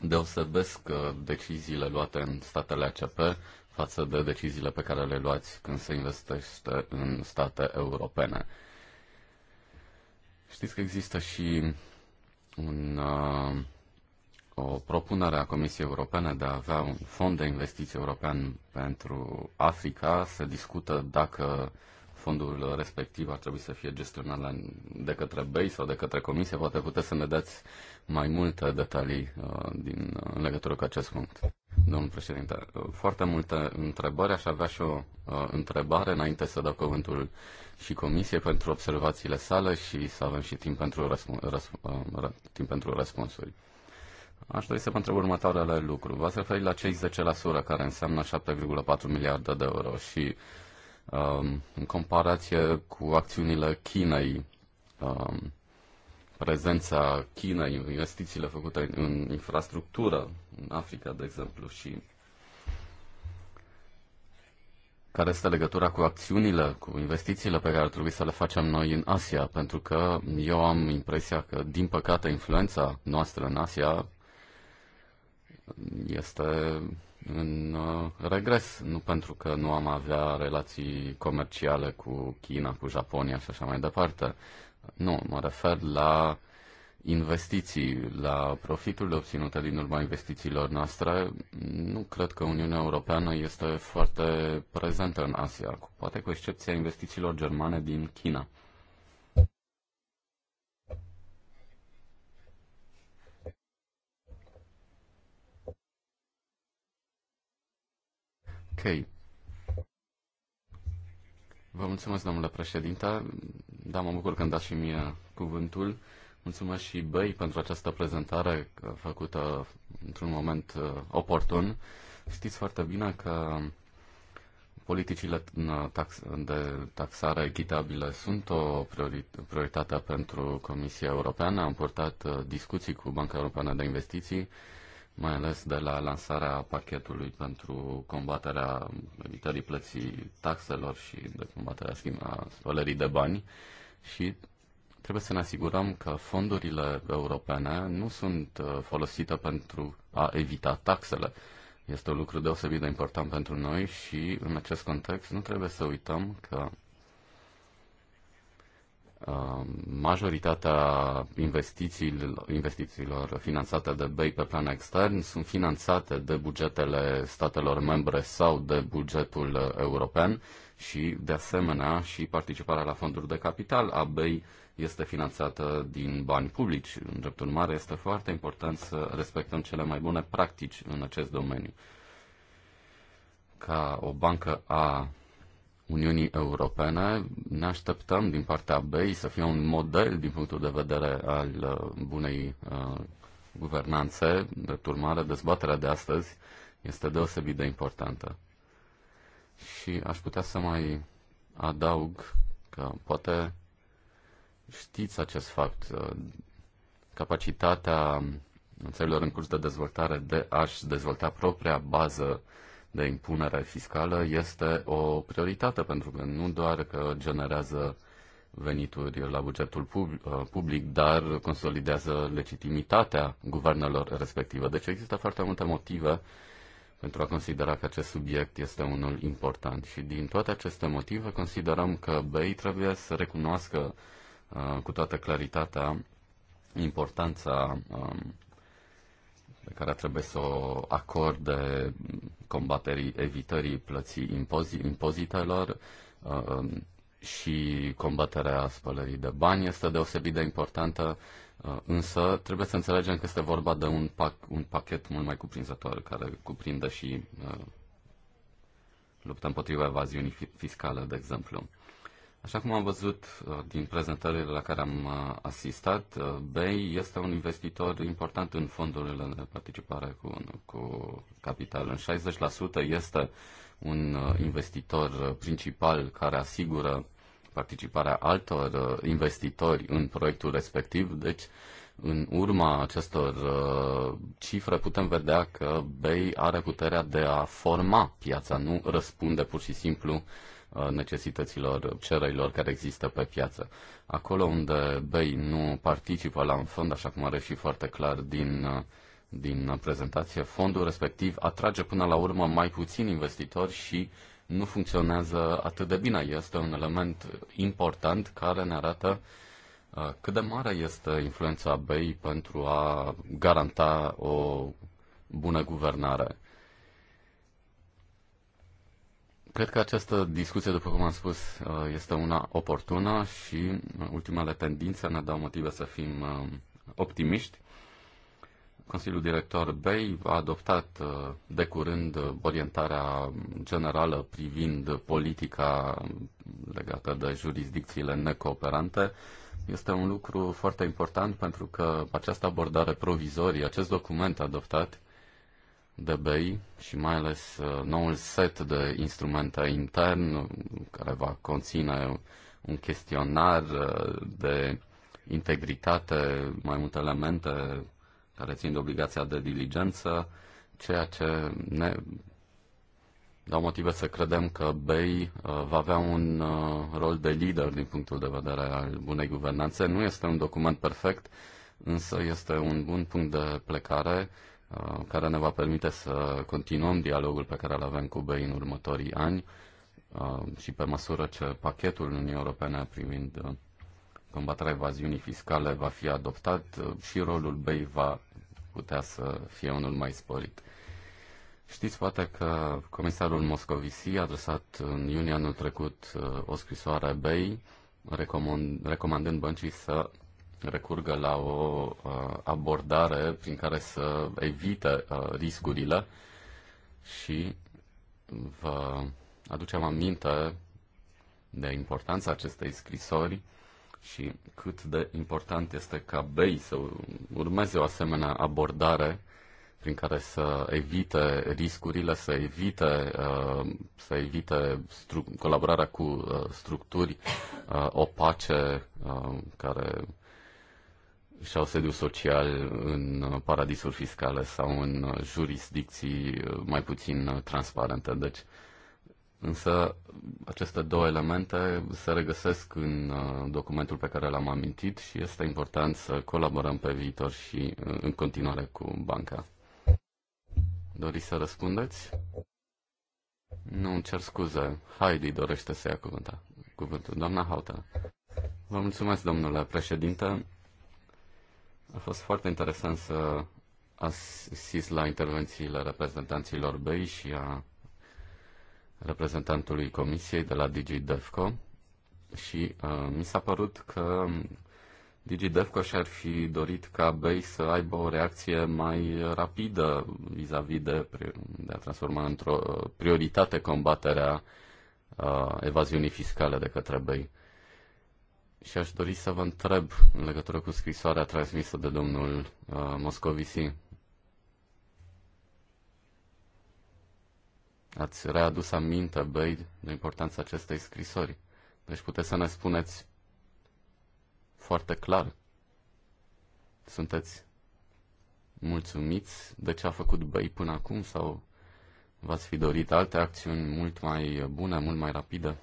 deosebesc uh, deciziile luate în statele ACP față de deciziile pe care le luați când se investește în state europene. Știți că există și un, uh, o propunere a Comisiei Europene de a avea un fond de investiții european pentru Africa. Se discută dacă fondul respectiv ar trebui să fie gestionat de către BEI sau de către Comisie. Poate puteți să ne dați mai multe detalii uh, din, uh, în legătură cu acest punct. Domnul președinte, uh, foarte multe întrebări. Aș avea și o întrebare înainte să dau cuvântul și comisie pentru observațiile sale și să avem și timp pentru, răsp- răsp- timp pentru răspunsuri. Aș dori să vă întreb următoarele lucruri. V-ați referit la cei 10% care înseamnă 7,4 miliarde de euro și uh, în comparație cu acțiunile Chinei um, prezența Chinei, investițiile făcute în infrastructură, în Africa, de exemplu, și care este legătura cu acțiunile, cu investițiile pe care ar trebui să le facem noi în Asia, pentru că eu am impresia că, din păcate, influența noastră în Asia este în uh, regres, nu pentru că nu am avea relații comerciale cu China, cu Japonia și așa mai departe, nu, mă refer la investiții, la profiturile obținute din urma investițiilor noastre. Nu cred că Uniunea Europeană este foarte prezentă în Asia, poate cu excepția investițiilor germane din China. Okay. Vă mulțumesc, domnule președinte. Da, mă bucur când dați și mie cuvântul. Mulțumesc și Băi pentru această prezentare făcută într-un moment uh, oportun. Știți foarte bine că politicile uh, de taxare echitabilă sunt o prioritate pentru Comisia Europeană. Am purtat uh, discuții cu Banca Europeană de Investiții mai ales de la lansarea pachetului pentru combaterea evitării plății taxelor și de combaterea schimba spălării de bani și trebuie să ne asigurăm că fondurile europene nu sunt uh, folosite pentru a evita taxele. Este un lucru deosebit de important pentru noi și în acest context nu trebuie să uităm că Um, majoritatea investițiilor, investițiilor finanțate de BEI pe plan extern sunt finanțate de bugetele statelor membre sau de bugetul european și, de asemenea, și participarea la fonduri de capital a BEI este finanțată din bani publici. În drept urmare, este foarte important să respectăm cele mai bune practici în acest domeniu. Ca o bancă a Uniunii Europene. Ne așteptăm din partea BEI să fie un model din punctul de vedere al uh, bunei uh, guvernanțe. de urmare, dezbaterea de astăzi este deosebit de importantă. Și aș putea să mai adaug că poate știți acest fapt. Uh, capacitatea țărilor în curs de dezvoltare de a-și dezvolta propria bază de impunere fiscală este o prioritate, pentru că nu doar că generează venituri la bugetul uh, public, dar consolidează legitimitatea guvernelor respective. Deci există foarte multe motive pentru a considera că acest subiect este unul important. Și din toate aceste motive considerăm că BEI trebuie să recunoască uh, cu toată claritatea importanța um, pe care trebuie să o acorde combaterii evitării plății impozitelor uh, um, și combaterea spălării de bani este deosebit de importantă, uh, însă trebuie să înțelegem că este vorba de un, pac, un pachet mult mai cuprinzător, care cuprinde și uh, lupta împotriva evaziunii fiscale, de exemplu. Așa cum am văzut uh, din prezentările la care am uh, asistat, uh, BEI este un investitor important în fondurile de participare cu, cu capital. În 60% este un investitor principal care asigură participarea altor investitori în proiectul respectiv. Deci, în urma acestor cifre putem vedea că BEI are puterea de a forma piața, nu răspunde pur și simplu Uh, necesităților, cererilor care există pe piață. Acolo unde BEI nu participă la un fond, așa cum are și foarte clar din uh, din prezentație, fondul respectiv atrage până la urmă mai puțini investitori și nu funcționează atât de bine. Este un element important care ne arată uh, cât de mare este influența BEI pentru a garanta o bună guvernare. Cred că această discuție, după cum am spus, uh, este una oportună și uh, ultimele tendințe ne dau motive să fim uh, optimiști. Consiliul Director BEI a adoptat de curând orientarea generală privind politica legată de jurisdicțiile necooperante. Este un lucru foarte important pentru că această abordare provizorie, acest document adoptat, de BBI și mai ales uh, noul set de instrumente intern care va conține un chestionar uh, de integritate, mai multe elemente care țin de obligația de diligență, ceea ce ne dau motive să credem că BEI uh, va avea un rol de lider din punctul de vedere al bunei guvernanțe. Nu este un document perfect, însă este un bun punct de plecare Uh, care ne va permite să continuăm dialogul pe care îl avem cu BEI în următorii ani uh, și pe măsură ce pachetul Uniunii Europene privind uh, combaterea evaziunii fiscale va fi adoptat și rolul BEI va putea să fie unul mai sporit. Știți poate că comisarul Moscovici a adresat în iunie anul trecut o scrisoare BEI recomandând băncii să recurgă la o uh, abordare prin care să evite uh, riscurile și vă aducem aminte de importanța acestei scrisori și cât de important este ca BEI să urmeze o asemenea abordare prin care să evite riscurile, să evite, uh, să evite colaborarea cu structuri opace care și-au sediu social în uh, paradisuri fiscale sau în uh, jurisdicții uh, mai puțin transparente. Deci, însă, aceste două elemente se regăsesc în documentul pe care l-am amintit și este important să colaborăm pe viitor și în continuare cu banca. Doriți să răspundeți? Nu, îmi cer scuze. Heidi dorește să ia cuvântul. Doamna Hauta. Vă mulțumesc, domnule președinte. A fost foarte interesant să asist la intervențiile reprezentanților BEI și a reprezentantului Comisiei de la DigiDevco și uh, mi s-a părut că DigiDevco și-ar fi dorit ca BEI să aibă o reacție mai rapidă vis-a-vis -vis de, de a transforma într-o prioritate combaterea uh, evaziunii fiscale de către BEI și aș dori să vă întreb în legătură cu scrisoarea transmisă de domnul uh, Moscovici. Ați readus aminte, Băi, de importanța acestei scrisori. Deci puteți să ne spuneți foarte clar. Sunteți mulțumiți de ce a făcut Băi până acum sau v-ați fi dorit alte acțiuni mult mai bune, mult mai rapide?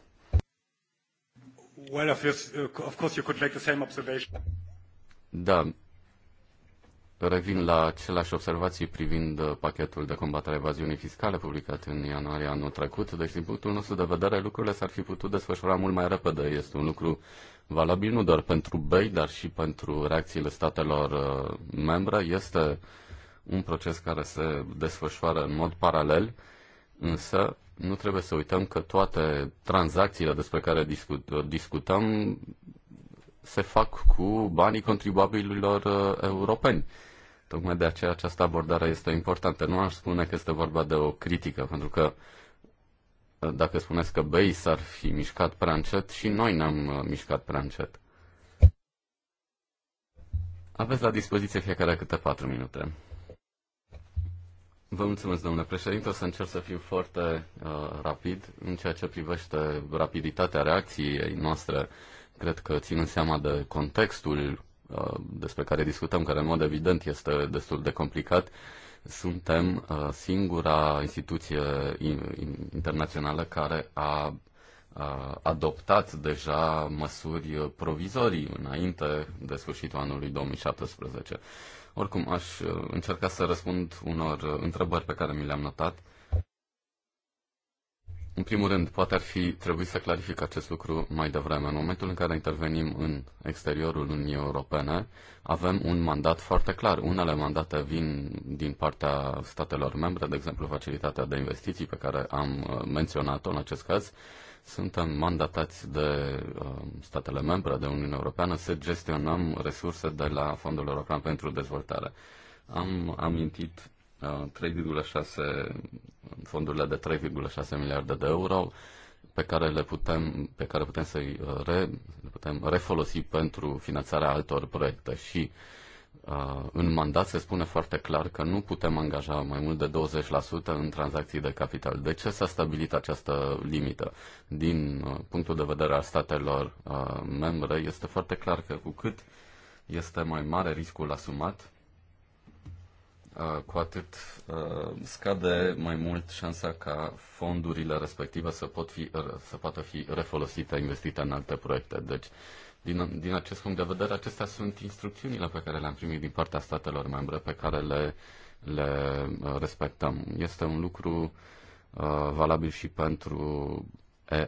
Well, uh, of course you could make the same observation. Da. Revin la aceleași observații privind uh, pachetul de combatere a evaziunii fiscale publicat în ianuarie anul trecut. Deci, din punctul nostru de vedere, lucrurile s-ar fi putut desfășura mult mai repede. Este un lucru valabil nu doar pentru BEI, dar și pentru reacțiile statelor uh, membre. Este un proces care se desfășoară în mod paralel, însă nu trebuie să uităm că toate tranzacțiile despre care discut, discutăm se fac cu banii contribuabililor uh, europeni. Tocmai de aceea această abordare este importantă. Nu aș spune că este vorba de o critică, pentru că uh, dacă spuneți că băi s-ar fi mișcat prea încet, și noi ne-am uh, mișcat prea încet. Aveți la dispoziție fiecare câte patru minute. Vă mulțumesc, domnule președinte. O să încerc să fiu foarte uh, rapid în ceea ce privește rapiditatea reacției noastre. Cred că ținând seama de contextul uh, despre care discutăm, care în mod evident este destul de complicat, suntem uh, singura instituție internațională care a adoptat deja măsuri provizorii înainte de sfârșitul anului 2017. Oricum, aș uh, încerca să răspund unor uh, întrebări pe care mi le-am notat. În primul rând, poate ar fi trebuit să clarific acest lucru mai devreme. În momentul în care intervenim în exteriorul Uniunii Europene, avem un mandat foarte clar. Unele mandate vin din partea statelor membre, de exemplu Facilitatea de Investiții pe care am uh, menționat-o în acest caz, suntem mandatați de uh, statele membre de Uniunea Europeană să gestionăm resurse de la Fondul European pentru Dezvoltare. Am amintit 3,6 uh, fondurile de 3,6 miliarde de euro pe care le putem, pe care putem să-i uh, re, le putem refolosi pentru finanțarea altor proiecte și uh, Uh, în mandat se spune foarte clar că nu putem angaja mai mult de 20% în tranzacții de capital. De ce s-a stabilit această limită? Din uh, punctul de vedere al statelor uh, membre, este foarte clar că cu cât este mai mare riscul asumat, cu atât scade mai mult șansa ca fondurile respective să, pot fi, să poată fi refolosite, investite în alte proiecte. Deci din, din acest punct de vedere, acestea sunt instrucțiunile pe care le-am primit din partea statelor membre, pe care le, le uh, respectăm. Este un lucru uh, valabil și pentru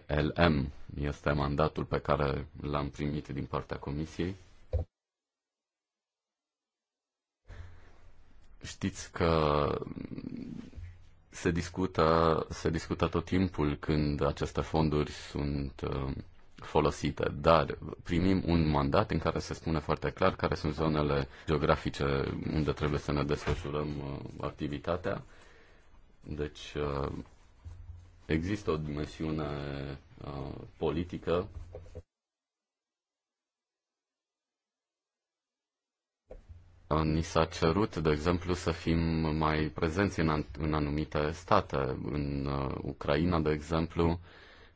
ELM, este mandatul pe care l-am primit din partea Comisiei. Știți că se discută, se discută tot timpul când aceste fonduri sunt uh, folosite, dar primim un mandat în care se spune foarte clar care sunt zonele geografice unde trebuie să ne desfășurăm uh, activitatea. Deci uh, există o dimensiune uh, politică Ni s-a cerut, de exemplu, să fim mai prezenți în, în anumite state. În uh, Ucraina, de exemplu,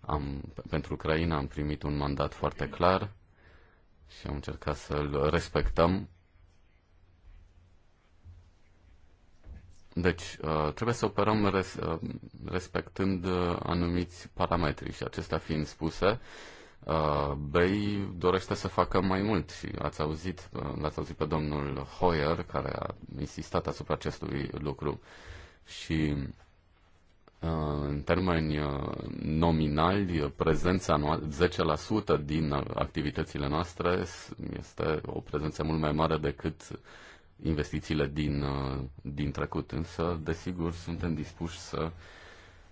am, pentru Ucraina am primit un mandat foarte clar și am încercat să-l respectăm. Deci, uh, trebuie să operăm res, uh, respectând uh, anumiți parametri și acestea fiind spuse, BEI dorește să facă mai mult și ați auzit, l-ați auzit pe domnul Hoyer, care a insistat asupra acestui lucru și Uh, în termeni uh, nominali, uh, prezența 10% din activitățile noastre este o prezență mult mai mare decât investițiile din, din trecut. Însă, desigur, suntem dispuși să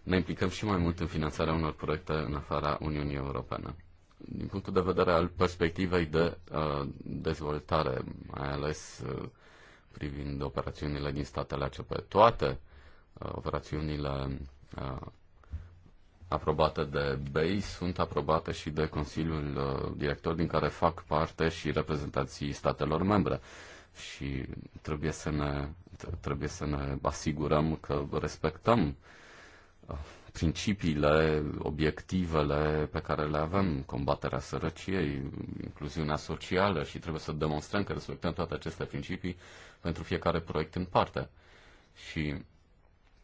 ne implicăm și mai mult în finanțarea unor proiecte în afara Uniunii Europene. Din punctul de vedere al perspectivei de dezvoltare, mai ales privind operațiunile din statele ACP, toate uh, operațiunile aprobate de BEI sunt aprobate și de Consiliul Director din care fac parte și reprezentanții statelor membre și trebuie să ne, trebuie să ne asigurăm că respectăm principiile, obiectivele pe care le avem, combaterea sărăciei, incluziunea socială și trebuie să demonstrăm că respectăm toate aceste principii pentru fiecare proiect în parte. Și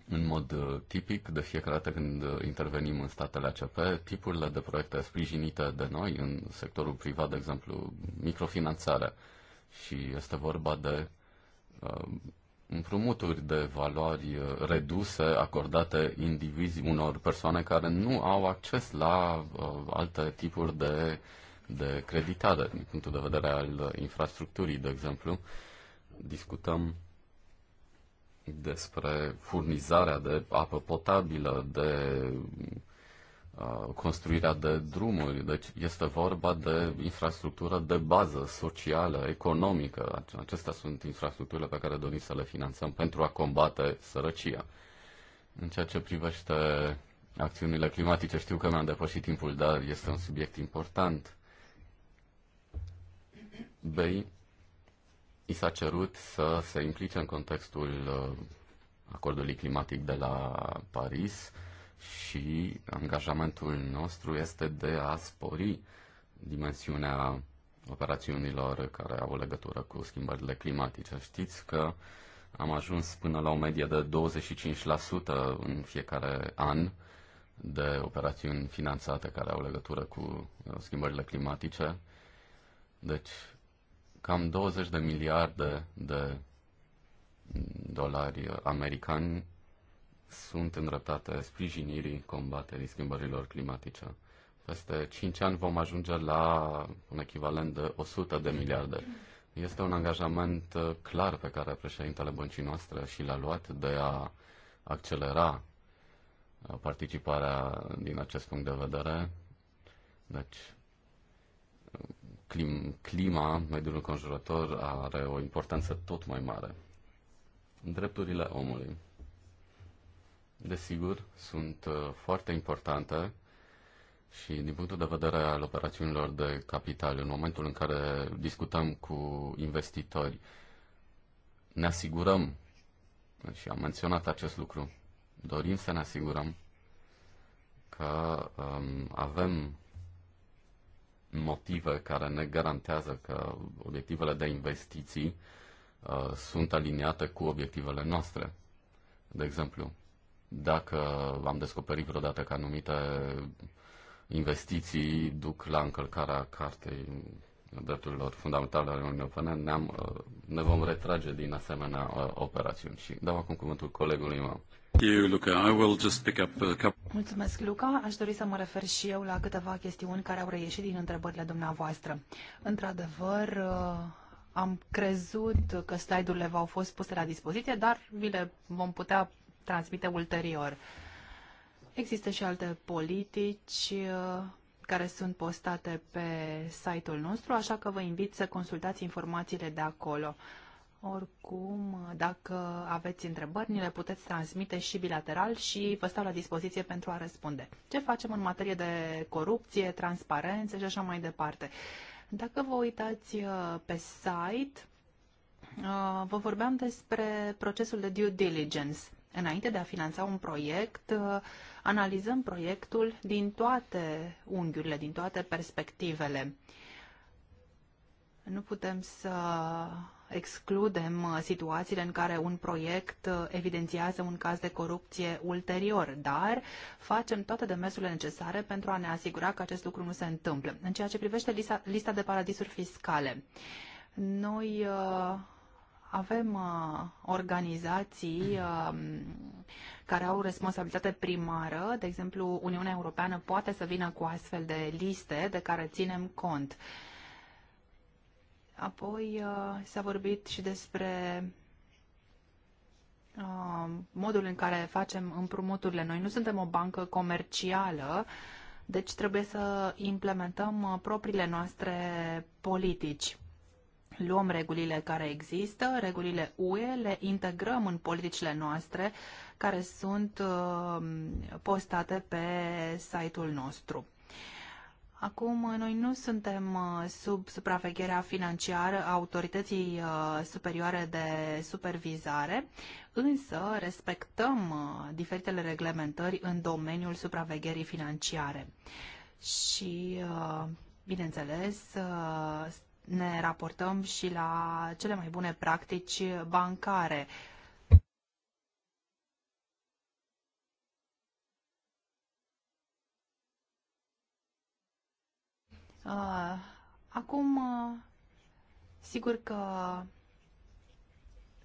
în mod uh, tipic, de fiecare dată când uh, intervenim în statele ACP, tipurile de proiecte sprijinite de noi în sectorul privat, de exemplu, microfinanțare. Și este vorba de uh, împrumuturi de valori uh, reduse acordate indivizi unor persoane care nu au acces la uh, alte tipuri de, de creditare, din punctul de vedere al infrastructurii, de exemplu. Discutăm despre furnizarea de apă potabilă, de uh, construirea de drumuri. Deci este vorba de infrastructură de bază socială, economică. Acestea sunt infrastructurile pe care dorim să le finanțăm pentru a combate sărăcia. În ceea ce privește acțiunile climatice, știu că mi-am depășit timpul, dar este un subiect important. BEI i s-a cerut să se implice în contextul uh, acordului climatic de la Paris și angajamentul nostru este de a spori dimensiunea operațiunilor care au legătură cu schimbările climatice. Știți că am ajuns până la o medie de 25% în fiecare an de operațiuni finanțate care au legătură cu uh, schimbările climatice. Deci, cam 20 de miliarde de dolari americani sunt îndreptate sprijinirii combaterii schimbărilor climatice. Peste 5 ani vom ajunge la un echivalent de 100 de miliarde. Este un angajament uh, clar pe care președintele băncii noastre și l-a luat de a accelera uh, participarea din acest punct de vedere. Deci clim, clima, mediul înconjurător are o importanță tot mai mare. Drepturile omului. Desigur, sunt uh, foarte importante și din punctul de vedere al operațiunilor de capital, în momentul în care discutăm cu investitori, ne asigurăm, și am menționat acest lucru, dorim să ne asigurăm că um, avem motive care ne garantează că obiectivele de investiții uh, sunt aliniate cu obiectivele noastre. De exemplu, dacă am descoperit vreodată că anumite investiții duc la încălcarea cartei drepturilor fundamentale ale Uniunii Europene, ne uh, ne vom retrage din asemenea uh, operațiuni. Și dau acum cuvântul colegului meu a Mulțumesc, Luca. Aș dori să mă refer și eu la câteva chestiuni care au reieșit din întrebările dumneavoastră. Într-adevăr, uh, am crezut că slide-urile v-au fost puse la dispoziție, dar vi le vom putea transmite ulterior. Există și alte politici uh, care sunt postate pe site-ul nostru, așa că vă invit să consultați informațiile de acolo. Oricum, dacă aveți întrebări, ni le puteți transmite și bilateral și vă stau la dispoziție pentru a răspunde. Ce facem în materie de corupție, transparență și așa mai departe? Dacă vă uitați uh, pe site, uh, vă vorbeam despre procesul de due diligence. Înainte de a finanța un proiect, uh, analizăm proiectul din toate unghiurile, din toate perspectivele. Nu putem să excludem uh, situațiile în care un proiect uh, evidențiază un caz de corupție ulterior, dar facem toate demersurile necesare pentru a ne asigura că acest lucru nu se întâmplă. În ceea ce privește lista, lista de paradisuri fiscale, noi uh, avem uh, organizații uh, care au responsabilitate primară, de exemplu, Uniunea Europeană poate să vină cu astfel de liste de care ținem cont. Uh, Apoi uh, s-a vorbit și despre uh, modul în care facem împrumuturile. Noi nu suntem o bancă comercială, deci trebuie să implementăm uh, propriile noastre politici. Luăm regulile care există, regulile UE, le integrăm în politicile noastre care sunt postate pe site-ul nostru. Acum, noi nu suntem uh, sub supravegherea financiară a Autorității uh, Superioare de Supervizare, însă respectăm uh, diferitele reglementări în domeniul supravegherii financiare. Și, bineînțeles, ne raportăm și la cele mai bune practici bancare Ah, acum, ah, sigur că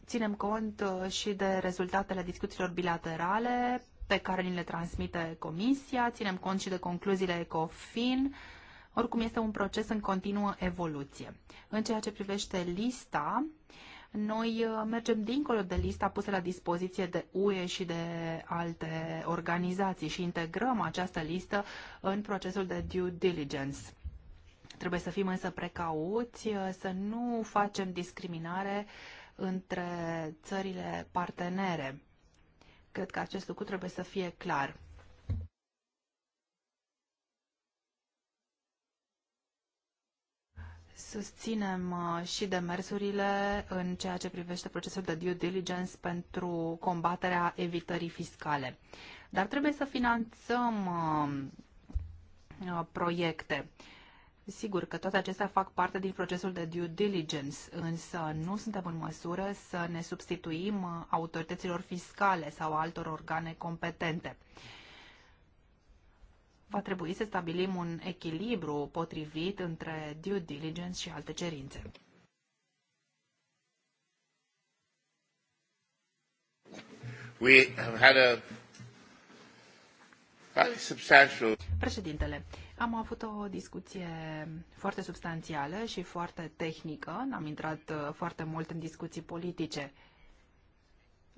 ținem cont ah, și de rezultatele discuțiilor bilaterale pe care ni le transmite Comisia, ținem cont și de concluziile ECOFIN, oricum este un proces în continuă evoluție. În ceea ce privește lista, noi mergem dincolo de lista pusă la dispoziție de UE și de alte organizații și integrăm această listă în procesul de due diligence. Trebuie să fim însă precauți, uh, să nu facem discriminare între țările partenere. Cred că acest lucru trebuie să fie clar. Susținem uh, și demersurile în ceea ce privește procesul de due diligence pentru combaterea evitării fiscale. Dar trebuie să finanțăm uh, proiecte. Sigur că toate acestea fac parte din procesul de due diligence, însă nu suntem în măsură să ne substituim autorităților fiscale sau altor organe competente. Va trebui să stabilim un echilibru potrivit între due diligence și alte cerințe. We have had a very substantial... Președintele, am avut o discuție foarte substanțială și foarte tehnică. N-am intrat uh, foarte mult în discuții politice,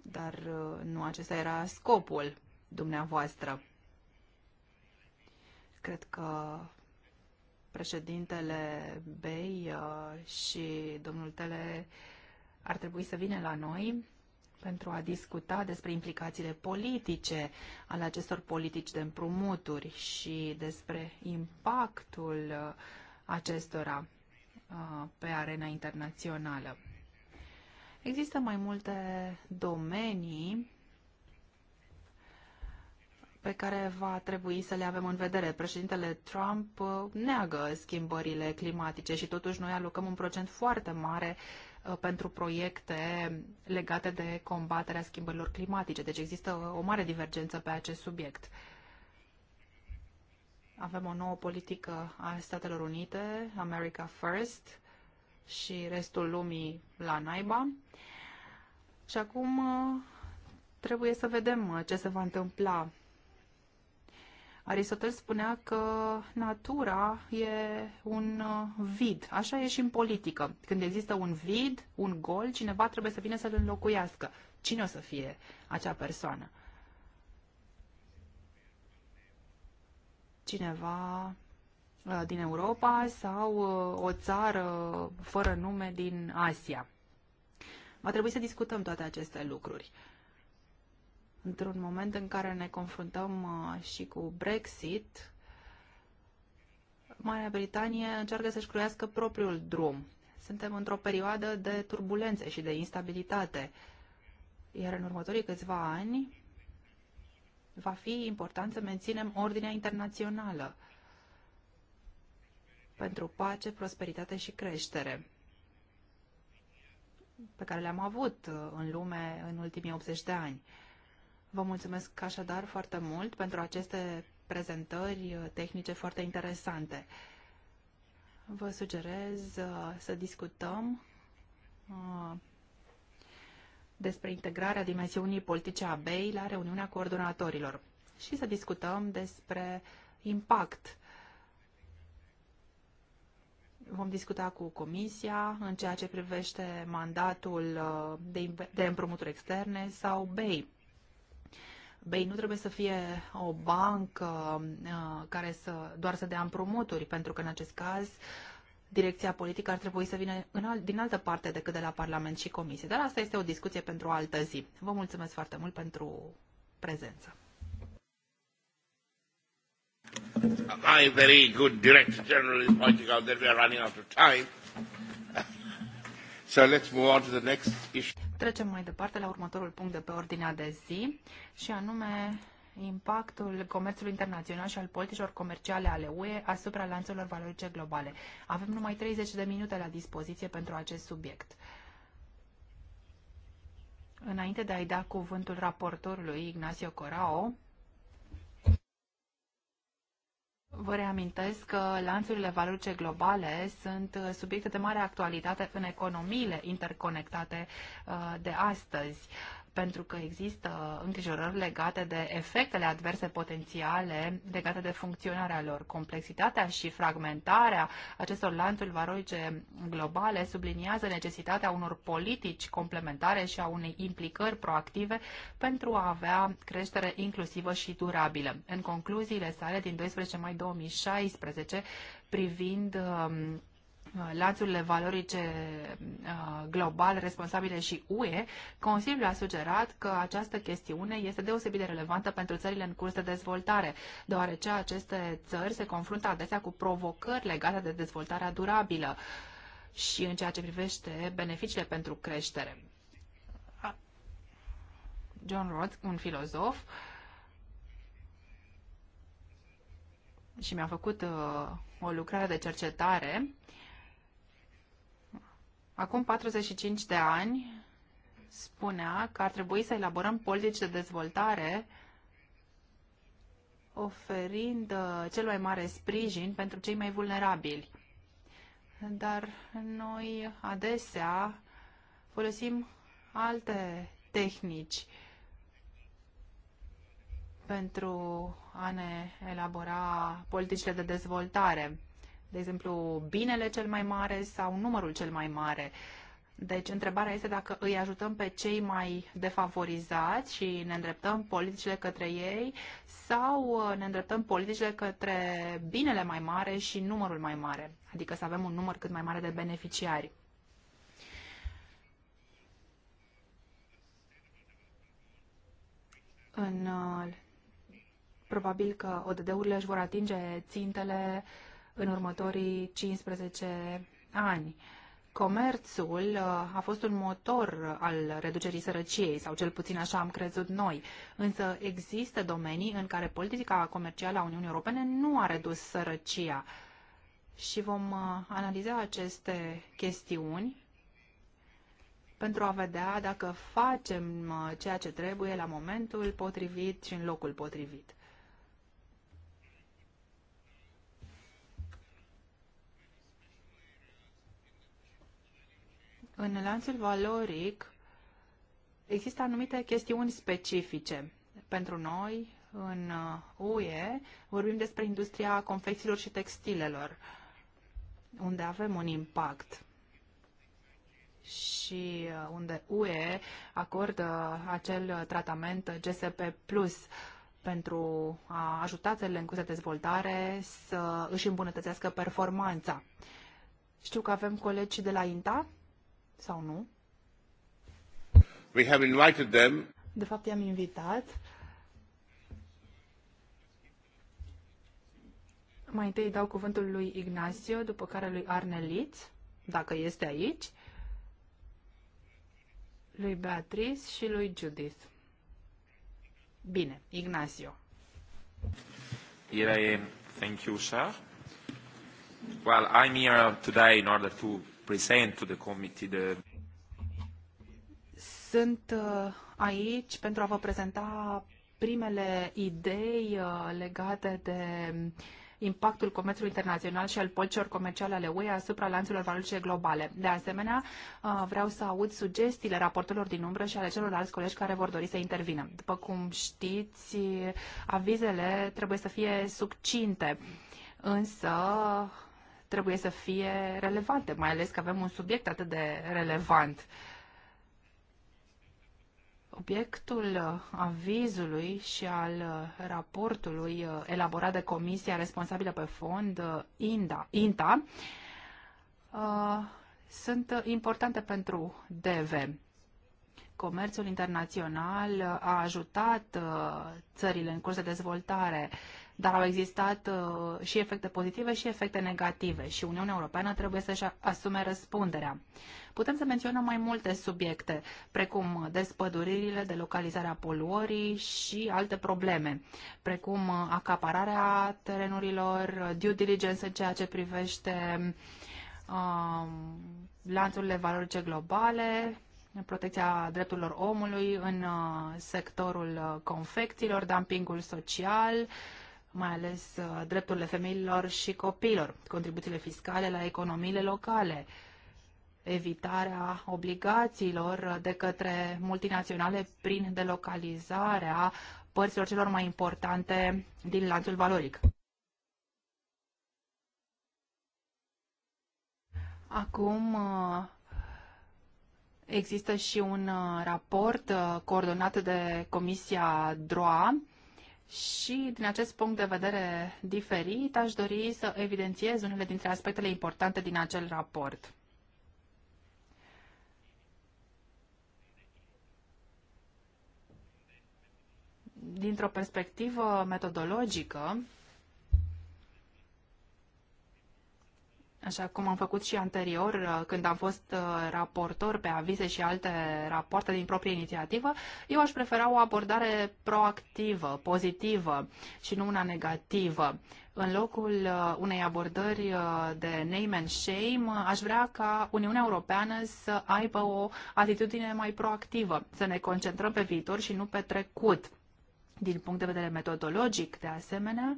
dar uh, nu acesta era scopul dumneavoastră. Cred că președintele Bei uh, și domnul Tele ar trebui să vină la noi pentru a discuta despre implicațiile politice ale acestor politici de împrumuturi și despre impactul uh, acestora uh, pe arena internațională. Există mai multe domenii pe care va trebui să le avem în vedere. Președintele Trump uh, neagă schimbările climatice și totuși noi alocăm un procent foarte mare Uh, pentru proiecte legate de combaterea schimbărilor climatice. Deci există o mare divergență pe acest subiect. Avem o nouă politică a Statelor Unite, America First, și restul lumii la naiba. Și acum uh, trebuie să vedem uh, ce se va întâmpla Aristotel spunea că natura e un uh, vid. Așa e și în politică. Când există un vid, un gol, cineva trebuie să vină să-l înlocuiască. Cine o să fie acea persoană? Cineva uh, din Europa sau uh, o țară fără nume din Asia. Va trebui să discutăm toate aceste lucruri într-un moment în care ne confruntăm uh, și cu Brexit, Marea Britanie încearcă să-și croiască propriul drum. Suntem într-o perioadă de turbulențe și de instabilitate, iar în următorii câțiva ani va fi important să menținem ordinea internațională pentru pace, prosperitate și creștere pe care le-am avut uh, în lume în ultimii 80 de ani. Vă mulțumesc așadar foarte mult pentru aceste prezentări tehnice foarte interesante. Vă sugerez uh, să discutăm uh, despre integrarea dimensiunii politice a BEI la reuniunea coordonatorilor și să discutăm despre impact. Vom discuta cu Comisia în ceea ce privește mandatul uh, de împrumuturi externe sau BEI Băi, nu trebuie să fie o bancă uh, care să, doar să dea împrumuturi, pentru că în acest caz direcția politică ar trebui să vină în al, din altă parte decât de la Parlament și Comisie. Dar asta este o discuție pentru o altă zi. Vă mulțumesc foarte mult pentru prezență. I'm very good director generally pointing out that we are running out of time. So let's move on to the next issue. Trecem mai departe la următorul punct de pe ordinea de zi și anume impactul comerțului internațional și al politicilor comerciale ale UE asupra lanțurilor valorice globale. Avem numai 30 de minute la dispoziție pentru acest subiect. Înainte de a-i da cuvântul raportorului Ignacio Corao, Vă reamintesc că lanțurile valorice globale sunt subiecte de mare actualitate în economiile interconectate uh, de astăzi pentru că există îngrijorări legate de efectele adverse potențiale legate de funcționarea lor. Complexitatea și fragmentarea acestor lanțuri valorice globale subliniază necesitatea unor politici complementare și a unei implicări proactive pentru a avea creștere inclusivă și durabilă. În concluziile sale din 12 mai 2016 privind um, lațurile valorice uh, global responsabile și UE, Consiliul a sugerat că această chestiune este deosebit de relevantă pentru țările în curs de dezvoltare, deoarece aceste țări se confruntă adesea cu provocări legate de dezvoltarea durabilă și în ceea ce privește beneficiile pentru creștere. John Roth, un filozof, și mi-a făcut uh, o lucrare de cercetare acum 45 de ani spunea că ar trebui să elaborăm politici de dezvoltare oferind uh, cel mai mare sprijin pentru cei mai vulnerabili. Dar noi adesea folosim alte tehnici pentru a ne elabora politicile de dezvoltare de exemplu, binele cel mai mare sau numărul cel mai mare. Deci, întrebarea este dacă îi ajutăm pe cei mai defavorizați și ne îndreptăm politicile către ei sau uh, ne îndreptăm politicile către binele mai mare și numărul mai mare, adică să avem un număr cât mai mare de beneficiari. În, uh, probabil că ODD-urile își vor atinge țintele uh, în următorii 15 ani. Comerțul uh, a fost un motor al reducerii sărăciei, sau cel puțin așa am crezut noi. Însă există domenii în care politica comercială a Uniunii Europene nu a redus sărăcia. Și vom uh, analiza aceste chestiuni pentru a vedea dacă facem uh, ceea ce trebuie la momentul potrivit și în locul potrivit. în lanțul valoric există anumite chestiuni specifice pentru noi în uh, UE. Vorbim despre industria confecțiilor și textilelor, unde avem un impact și uh, unde UE acordă acel tratament GSP Plus pentru a ajuta țările în curs de dezvoltare să își îmbunătățească performanța. Știu că avem colegi de la INTA sau nu. We have invited them. De fapt, i-am invitat. Mai întâi dau cuvântul lui Ignacio, după care lui Arneliț, dacă este aici, lui Beatrice și lui Judith. Bine, Ignacio. Irae, thank you, sir. Well, I'm here today in order to present to the committee the sunt uh, aici pentru a vă prezenta primele idei uh, legate de impactul comerțului internațional și al polcilor comerciale ale UE asupra lanțurilor valorice globale. De asemenea, uh, vreau să aud sugestiile raportelor din umbră și ale celorlalți colegi care vor dori să intervină. După cum știți, avizele trebuie să fie succinte. Însă trebuie să fie relevante, mai ales că avem un subiect atât de relevant. Obiectul uh, avizului și al uh, raportului uh, elaborat de Comisia responsabilă pe fond, INDA, INTA, sunt importante pentru DV. Comerțul internațional a ajutat țările în curs de dezvoltare dar au existat uh, și efecte pozitive și efecte negative și Uniunea Europeană trebuie să-și asume răspunderea. Putem să menționăm mai multe subiecte, precum despăduririle, localizarea poluării și alte probleme, precum acapararea terenurilor, due diligence în ceea ce privește um, lanțurile valorice globale, protecția drepturilor omului în uh, sectorul uh, confecțiilor, dumpingul social, uh, mai ales uh, drepturile femeilor și copiilor, contribuțiile fiscale la economiile locale, evitarea obligațiilor de către multinaționale prin delocalizarea părților celor mai importante din lanțul valoric. Acum uh, există și un uh, raport coordonat de Comisia DROA și din acest punct de vedere diferit, aș dori să evidențiez unele dintre aspectele importante din acel raport. Dintr-o perspectivă metodologică, așa cum am făcut și anterior, uh, când am fost uh, raportor pe avize și alte rapoarte din proprie inițiativă, eu aș prefera o abordare proactivă, pozitivă și nu una negativă. În locul uh, unei abordări de name and shame, aș vrea ca Uniunea Europeană să aibă o atitudine mai proactivă, să ne concentrăm pe viitor și nu pe trecut. Din punct de vedere metodologic, de asemenea,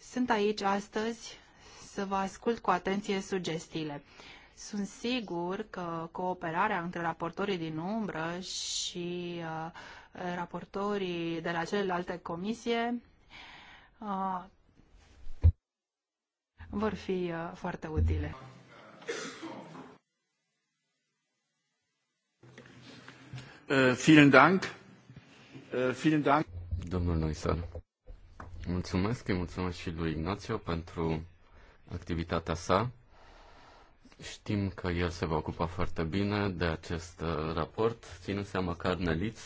sunt aici astăzi să vă ascult cu atenție sugestiile. Sunt sigur că cooperarea între raportorii din umbră și uh, raportorii de la celelalte comisie uh, vor fi uh, foarte utile. Uh, vielen Dank. Uh, vielen Dank. Domnul mulțumesc, îi mulțumesc și lui Ignacio pentru activitatea sa. Știm că el se va ocupa foarte bine de acest uh, raport, ținând seama că Arneliț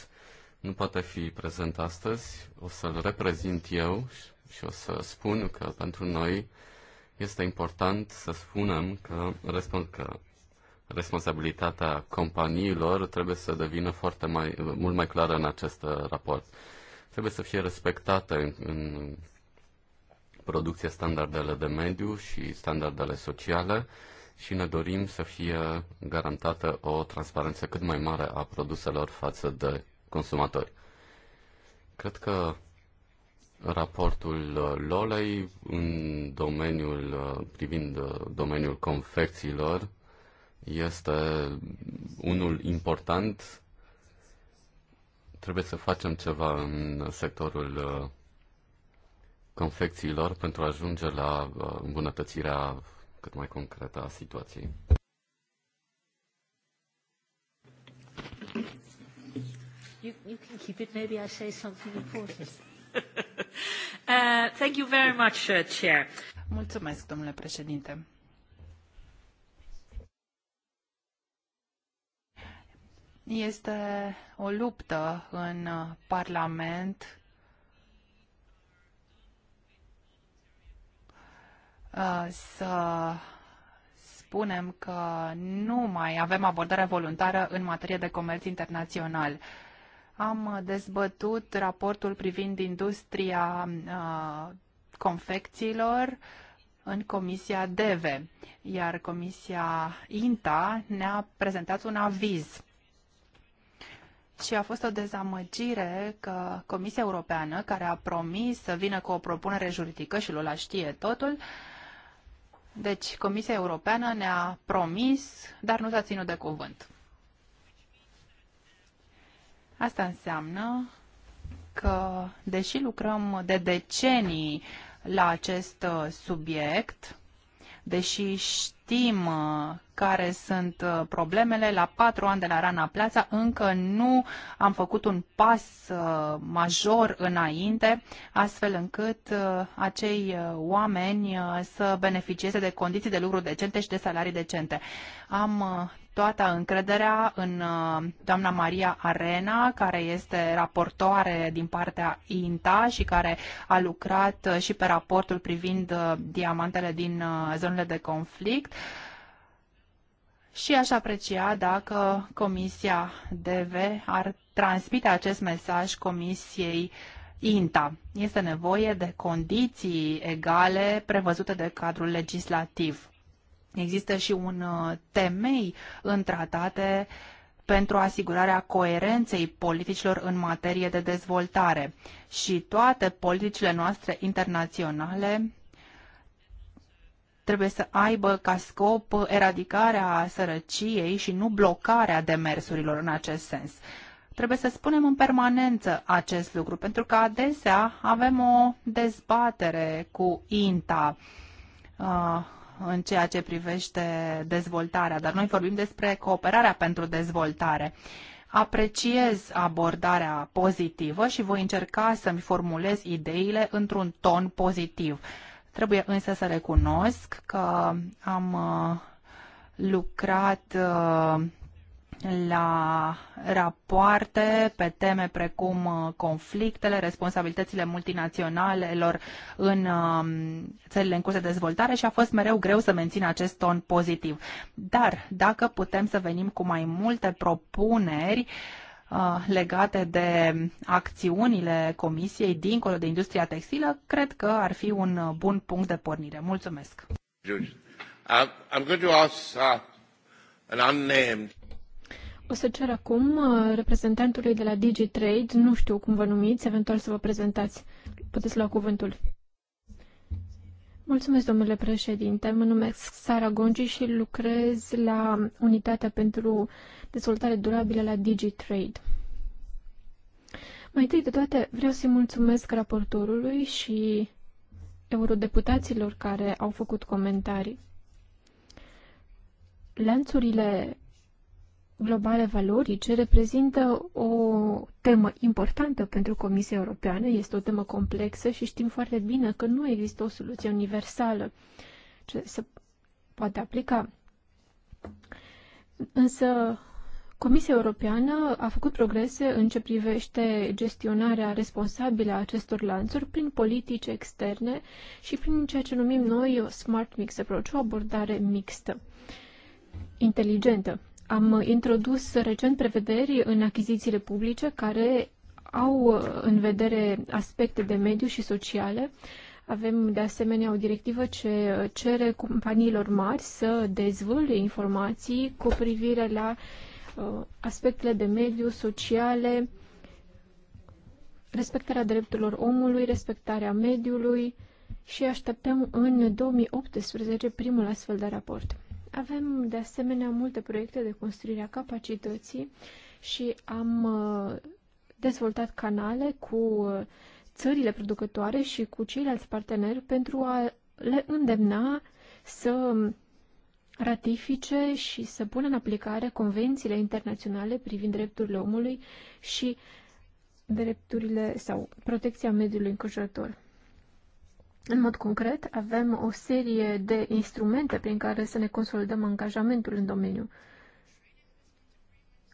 nu poate fi prezent astăzi. O să-l reprezint eu și o să spun că pentru noi este important să spunem că, răspund că responsabilitatea companiilor trebuie să devină foarte mai, mult mai clară în acest uh, raport. Trebuie să fie respectată în, în producție standardele de mediu și standardele sociale și ne dorim să fie garantată o transparență cât mai mare a produselor față de consumatori. Cred că raportul uh, Lolei în domeniul uh, privind uh, domeniul confecțiilor este unul important. Trebuie să facem ceva în sectorul confecțiilor pentru a ajunge la uh, îmbunătățirea cât mai concretă a situației. You, you can keep it. Maybe I say something important. uh, thank you very much, uh, Chair. Mulțumesc, domnule președinte. Este o luptă în Parlament Uh, să spunem că nu mai avem abordare voluntară în materie de comerț internațional. Am dezbătut raportul privind industria uh, confecțiilor în Comisia DEVE, iar Comisia INTA ne-a prezentat un aviz. Și a fost o dezamăgire că Comisia Europeană, care a promis să vină cu o propunere juridică și Lula știe totul, uh, deci Comisia Europeană ne-a promis, dar nu s-a ținut de cuvânt. Asta înseamnă că, deși lucrăm de decenii la acest uh, subiect, deși știm uh, care sunt uh, problemele. La patru ani de la Rana Plața încă nu am făcut un pas uh, major înainte, astfel încât acei oameni să beneficieze de condiții de lucru decente și de salarii decente. Am toată încrederea în uh, doamna Maria Arena, care este raportoare din partea INTA și care a lucrat uh, și pe raportul privind uh, diamantele din zonele de conflict. Și aș aprecia dacă Comisia DV ar transmite acest mesaj Comisiei INTA. Este nevoie de condiții egale prevăzute de cadrul legislativ. Există și un uh, temei în tratate pentru asigurarea coerenței politicilor în materie de dezvoltare și toate politicile noastre internaționale trebuie să aibă ca scop eradicarea sărăciei și nu blocarea demersurilor în acest sens. Trebuie să spunem în permanență acest lucru, pentru că adesea avem o dezbatere cu INTA uh, în ceea ce privește dezvoltarea, dar noi vorbim despre cooperarea pentru dezvoltare. Apreciez abordarea pozitivă și voi încerca să-mi formulez ideile într-un ton pozitiv. Trebuie însă să recunosc că am uh, lucrat uh, la rapoarte pe teme precum uh, conflictele, responsabilitățile multinaționalelor în um, țările în curs de dezvoltare și a fost mereu greu să mențin acest ton pozitiv. Dar dacă putem să venim cu mai multe propuneri, uh, legate de acțiunile Comisiei dincolo de industria textilă, cred că ar fi un uh, bun punct de pornire. Mulțumesc! I'm going to ask, uh, an unnamed o să cer acum uh, reprezentantului de la DigiTrade, nu știu cum vă numiți, eventual să vă prezentați. Puteți lua cuvântul. Mulțumesc, domnule președinte. Mă numesc Sara Gongi și lucrez la Unitatea pentru Dezvoltare Durabilă la DigiTrade. Mai întâi de toate, vreau să-i mulțumesc raportorului și eurodeputaților care au făcut comentarii. Lanțurile globale valorice reprezintă o temă importantă pentru Comisia Europeană, este o temă complexă și știm foarte bine că nu există o soluție universală ce se poate aplica. Însă, Comisia Europeană a făcut progrese în ce privește gestionarea responsabilă a acestor lanțuri prin politici externe și prin ceea ce numim noi Smart Mix Approach, o abordare mixtă, inteligentă. Am introdus recent prevederi în achizițiile publice care au uh, în vedere aspecte de mediu și sociale. Avem de asemenea o directivă ce cere companiilor mari să dezvolte informații cu privire la uh, aspectele de mediu, sociale, respectarea drepturilor omului, respectarea mediului și așteptăm în 2018 primul astfel de raport. Avem, de asemenea, multe proiecte de construire a capacității și am uh, dezvoltat canale cu uh, țările producătoare și cu ceilalți parteneri pentru a le îndemna să ratifice și să pună în aplicare convențiile internaționale privind drepturile omului și drepturile sau protecția mediului înconjurător. În mod concret, avem o serie de instrumente prin care să ne consolidăm angajamentul în domeniu.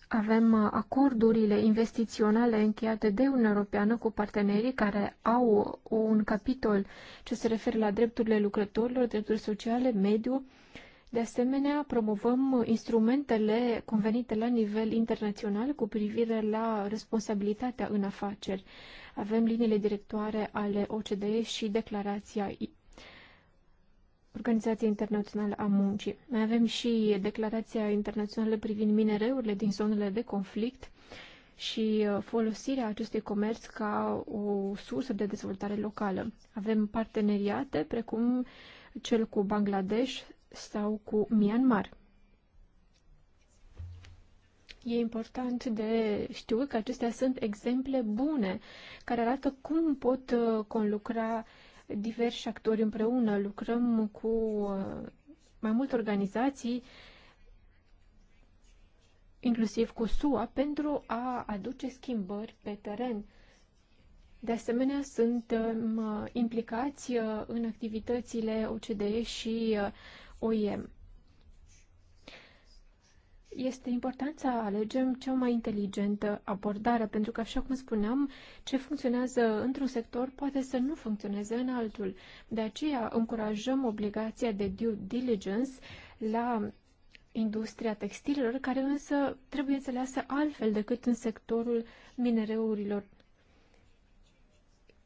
Avem uh, acordurile investiționale încheiate de Uniunea Europeană cu partenerii care au uh, un capitol ce se referă la drepturile lucrătorilor, drepturi sociale, mediu. De asemenea, promovăm instrumentele convenite la nivel internațional cu privire la responsabilitatea în afaceri. Avem liniile directoare ale OCDE și declarația Organizația Internațională a Muncii. Mai avem și declarația internațională privind minereurile din zonele de conflict și uh, folosirea acestui comerț ca o sursă de dezvoltare locală. Avem parteneriate precum cel cu Bangladesh sau cu Myanmar. E important de știut că acestea sunt exemple bune care arată cum pot uh, conlucra diversi actori împreună. Lucrăm cu uh, mai multe organizații, inclusiv cu SUA, pentru a aduce schimbări pe teren. De asemenea, suntem uh, implicați în activitățile OCDE și OIM. Este important să alegem cea mai inteligentă abordare, pentru că, așa cum spuneam, ce funcționează într-un sector poate să nu funcționeze în altul. De aceea încurajăm obligația de due diligence la industria textilelor, care însă trebuie înțeleasă altfel decât în sectorul minereurilor.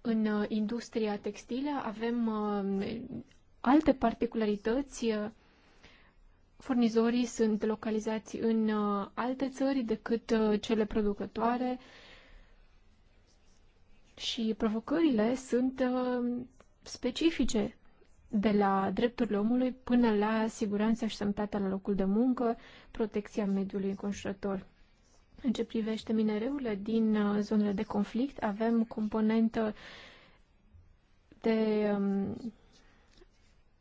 În uh, industria textilă avem uh, alte particularități uh, furnizorii sunt localizați în uh, alte țări decât uh, cele producătoare și provocările sunt uh, specifice de la drepturile omului până la siguranța și sănătatea la locul de muncă, protecția mediului înconjurător. În ce privește minereurile din zonele de conflict, avem componentă de, um,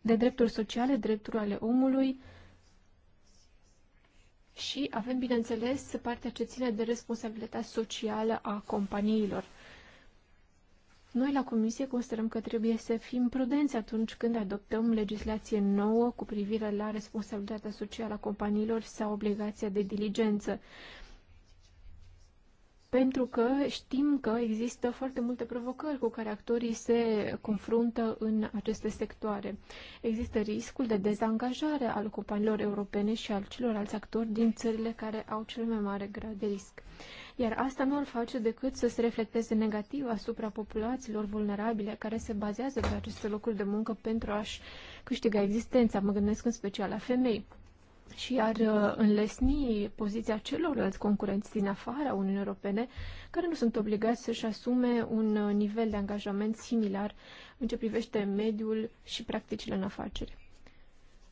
de drepturi sociale, drepturi ale omului, și avem, bineînțeles, partea ce ține de responsabilitatea socială a companiilor. Noi la Comisie considerăm că trebuie să fim prudenți atunci când adoptăm legislație nouă cu privire la responsabilitatea socială a companiilor sau obligația de diligență pentru că știm că există foarte multe provocări cu care actorii se confruntă în aceste sectoare. Există riscul de dezangajare al companiilor europene și al celorlalți actori din țările care au cel mai mare grad de risc. Iar asta nu ar face decât să se reflecteze negativ asupra populațiilor vulnerabile care se bazează pe aceste locuri de muncă pentru a-și câștiga existența. Mă gândesc în special la femei și ar uh, înlesni poziția celorlalți concurenți din afara Uniunii Europene, care nu sunt obligați să-și asume un uh, nivel de angajament similar în ce privește mediul și practicile în afaceri.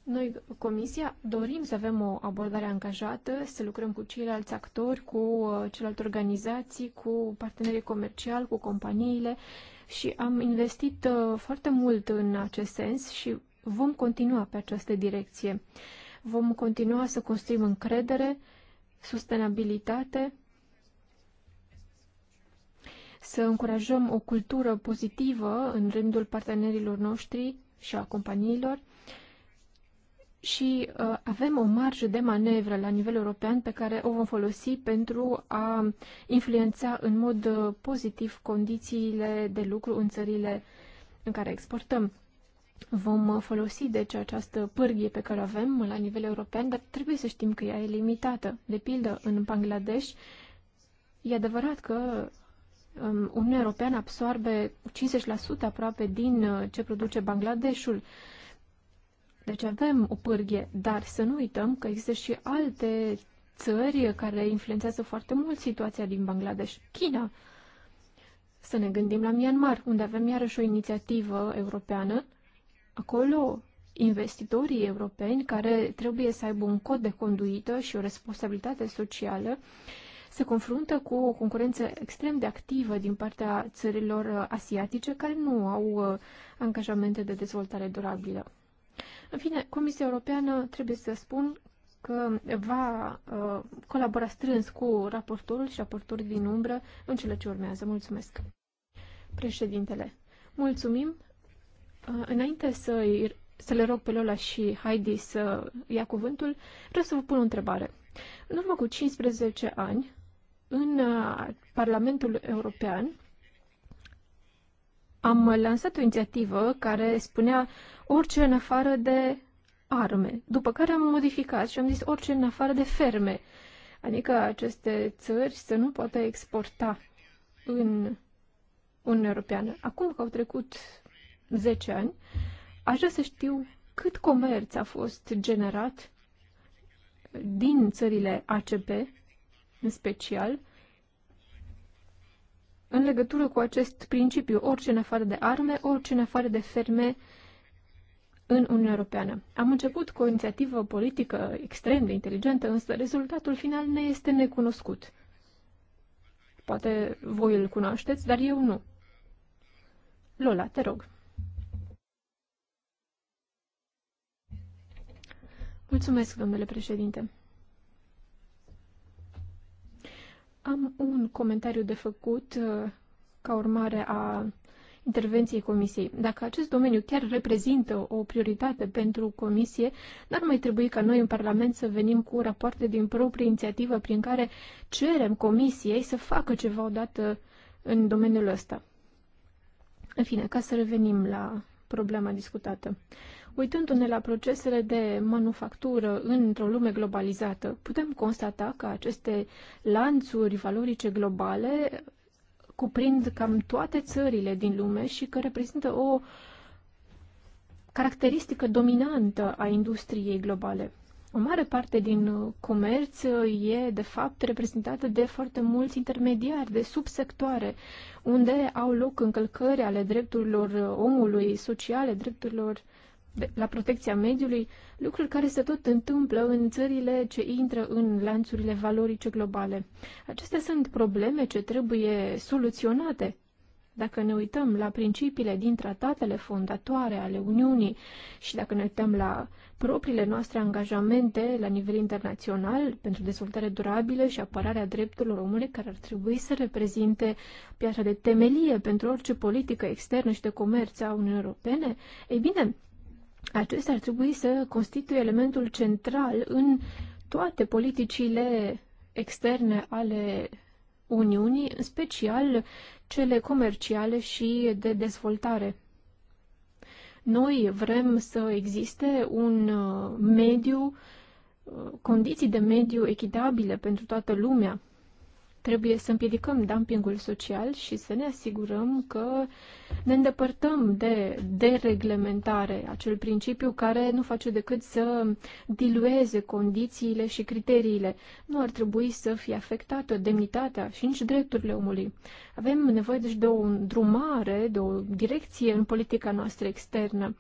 Noi, Comisia, dorim să avem o abordare angajată, să lucrăm cu ceilalți actori, cu uh, celelalte organizații, cu partenerii comerciali, cu companiile și am investit foarte mult în acest sens și vom continua pe această direcție. Vom continua să construim încredere, sustenabilitate, să încurajăm o cultură pozitivă în rândul partenerilor noștri și a companiilor și uh, avem o marjă de manevră la nivel european pe care o vom folosi pentru a influența în mod uh, pozitiv condițiile de lucru în țările în care exportăm. Vom folosi, deci, această pârghie pe care o avem la nivel european, dar trebuie să știm că ea e limitată. De pildă, în Bangladesh, e adevărat că um, Uniunea Europeană absorbe 50% aproape din uh, ce produce Bangladeshul. Deci avem o pârghie, dar să nu uităm că există și alte țări care influențează foarte mult situația din Bangladesh. China. Să ne gândim la Myanmar, unde avem iarăși o inițiativă europeană Acolo, investitorii europeni, care trebuie să aibă un cod de conduită și o responsabilitate socială, se confruntă cu o concurență extrem de activă din partea țărilor uh, asiatice care nu au uh, angajamente de dezvoltare durabilă. În fine, Comisia Europeană trebuie să spun că va uh, colabora strâns cu raportorul și raportorii din umbră în cele ce urmează. Mulțumesc. Președintele, mulțumim. Uh, înainte să, să le rog pe Lola și Heidi să ia cuvântul, vreau să vă pun o întrebare. În urmă cu 15 ani, în uh, Parlamentul European, am lansat o inițiativă care spunea orice în afară de arme, după care am modificat și am zis orice în afară de ferme, adică aceste țări să nu poată exporta în Uniunea Europeană. Acum că au trecut 10 ani, aș vrea să știu cât comerț a fost generat din țările ACP, în special, în legătură cu acest principiu, orice în afară de arme, orice în afară de ferme în Uniunea Europeană. Am început cu o inițiativă politică extrem de inteligentă, însă rezultatul final ne este necunoscut. Poate voi îl cunoașteți, dar eu nu. Lola, te rog. Mulțumesc, domnule președinte. Am un comentariu de făcut uh, ca urmare a intervenției Comisiei. Dacă acest domeniu chiar reprezintă o prioritate pentru Comisie, n-ar mai trebui ca noi în Parlament să venim cu rapoarte din proprie inițiativă prin care cerem Comisiei să facă ceva odată în domeniul ăsta. În fine, ca să revenim la problema discutată. Uitându-ne la procesele de manufactură într-o lume globalizată, putem constata că aceste lanțuri valorice globale cuprind cam toate țările din lume și că reprezintă o caracteristică dominantă a industriei globale. O mare parte din comerț e, de fapt, reprezentată de foarte mulți intermediari, de subsectoare, unde au loc încălcări ale drepturilor omului, sociale, drepturilor la protecția mediului, lucruri care se tot întâmplă în țările ce intră în lanțurile valorice globale. Acestea sunt probleme ce trebuie soluționate. Dacă ne uităm la principiile din tratatele fondatoare ale Uniunii și dacă ne uităm la propriile noastre angajamente la nivel internațional pentru dezvoltare durabilă și apărarea drepturilor omului, care ar trebui să reprezinte piața de temelie pentru orice politică externă și de comerț a Uniunii Europene, ei bine, acesta ar trebui să constituie elementul central în toate politicile externe ale Uniunii, în special cele comerciale și de dezvoltare. Noi vrem să existe un uh, mediu, uh, condiții de mediu echitabile pentru toată lumea, Trebuie să împiedicăm dumpingul social și să ne asigurăm că ne îndepărtăm de dereglementare, acel principiu care nu face decât să dilueze condițiile și criteriile. Nu ar trebui să fie afectată demnitatea și nici drepturile omului. Avem nevoie deci de o drumare, de o direcție în politica noastră externă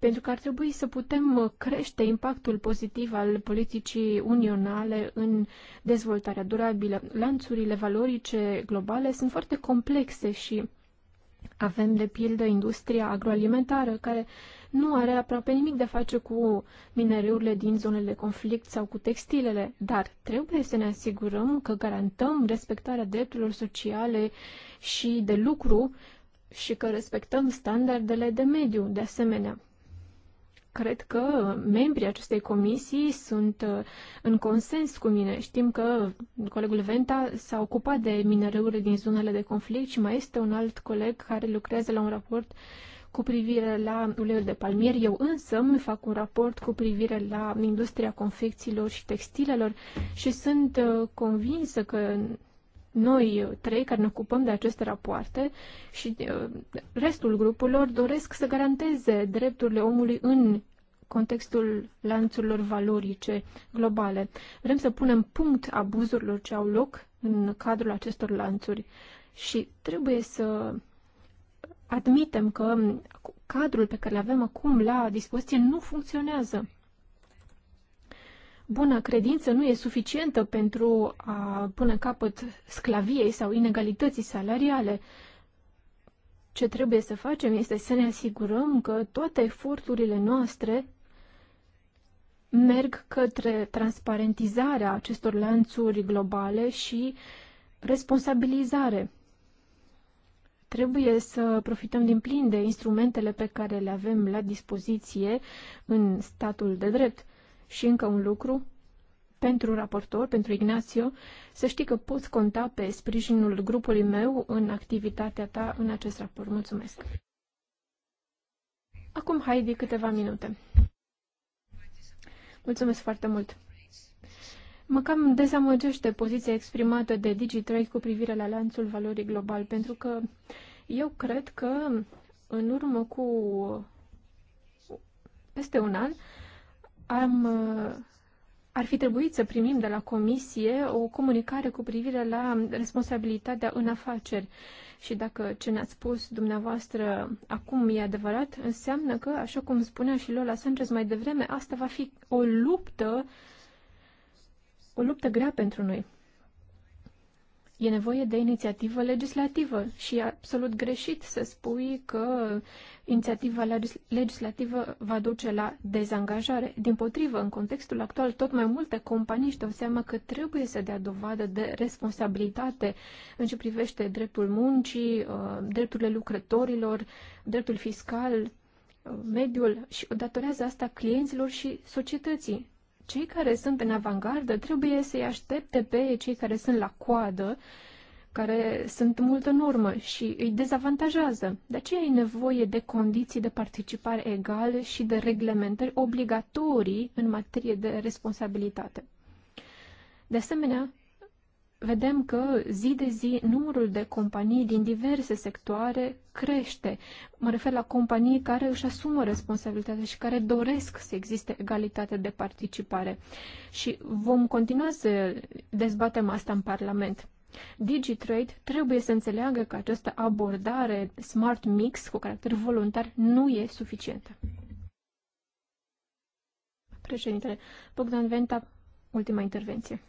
pentru că ar trebui să putem uh, crește impactul pozitiv al politicii unionale în dezvoltarea durabilă. Lanțurile valorice globale sunt foarte complexe și avem, de pildă, industria agroalimentară, care nu are aproape nimic de face cu minereurile din zonele de conflict sau cu textilele, dar trebuie să ne asigurăm că garantăm respectarea drepturilor sociale și de lucru și că respectăm standardele de mediu, de asemenea cred că membrii acestei comisii sunt uh, în consens cu mine. Știm că colegul Venta s-a ocupat de minereurile din zonele de conflict și mai este un alt coleg care lucrează la un raport cu privire la uleiul de palmier. Eu însă îmi fac un raport cu privire la industria confecțiilor și textilelor și sunt uh, convinsă că noi trei care ne ocupăm de aceste rapoarte și uh, restul grupurilor doresc să garanteze drepturile omului în contextul lanțurilor valorice globale. Vrem să punem punct abuzurilor ce au loc în cadrul acestor lanțuri și trebuie să admitem că cadrul pe care îl avem acum la dispoziție nu funcționează. Buna credință nu e suficientă pentru a pune capăt sclaviei sau inegalității salariale. Ce trebuie să facem este să ne asigurăm că toate eforturile noastre merg către transparentizarea acestor lanțuri globale și responsabilizare. Trebuie să profităm din plin de instrumentele pe care le avem la dispoziție în statul de drept. Și încă un lucru, pentru raportor, pentru Ignacio, să știi că poți conta pe sprijinul grupului meu în activitatea ta în acest raport. Mulțumesc! Acum, Heidi, câteva minute. Mulțumesc foarte mult! Mă cam dezamăgește poziția exprimată de DigiTrade cu privire la lanțul valorii global, pentru că eu cred că în urmă cu peste un an am, ar fi trebuit să primim de la Comisie o comunicare cu privire la responsabilitatea în afaceri. Uh, și dacă ce ne-ați spus dumneavoastră acum e adevărat, înseamnă că, așa cum spunea și Lola Sanchez mai devreme, asta va fi o luptă, o luptă grea pentru noi. E nevoie de inițiativă legislativă și e absolut greșit să spui că inițiativa legislativă va duce la dezangajare. Din potrivă, în contextul actual, tot mai multe companii își dau seama că trebuie să dea dovadă de responsabilitate în ce privește dreptul muncii, uh, drepturile lucrătorilor, dreptul fiscal, uh, mediul și o datorează asta clienților și societății cei care sunt în avangardă trebuie să-i aștepte pe cei care sunt la coadă, care sunt mult în urmă și îi dezavantajează. De aceea ai nevoie de condiții de participare egale și de reglementări obligatorii în materie de responsabilitate. De asemenea, vedem că zi de zi numărul de companii din diverse sectoare crește. Mă refer la companii care își asumă responsabilitatea și care doresc să existe egalitate de participare. Și vom continua să dezbatem asta în Parlament. DigiTrade trebuie să înțeleagă că această abordare smart mix cu caracter voluntar nu e suficientă. Președintele Bogdan Venta, ultima intervenție.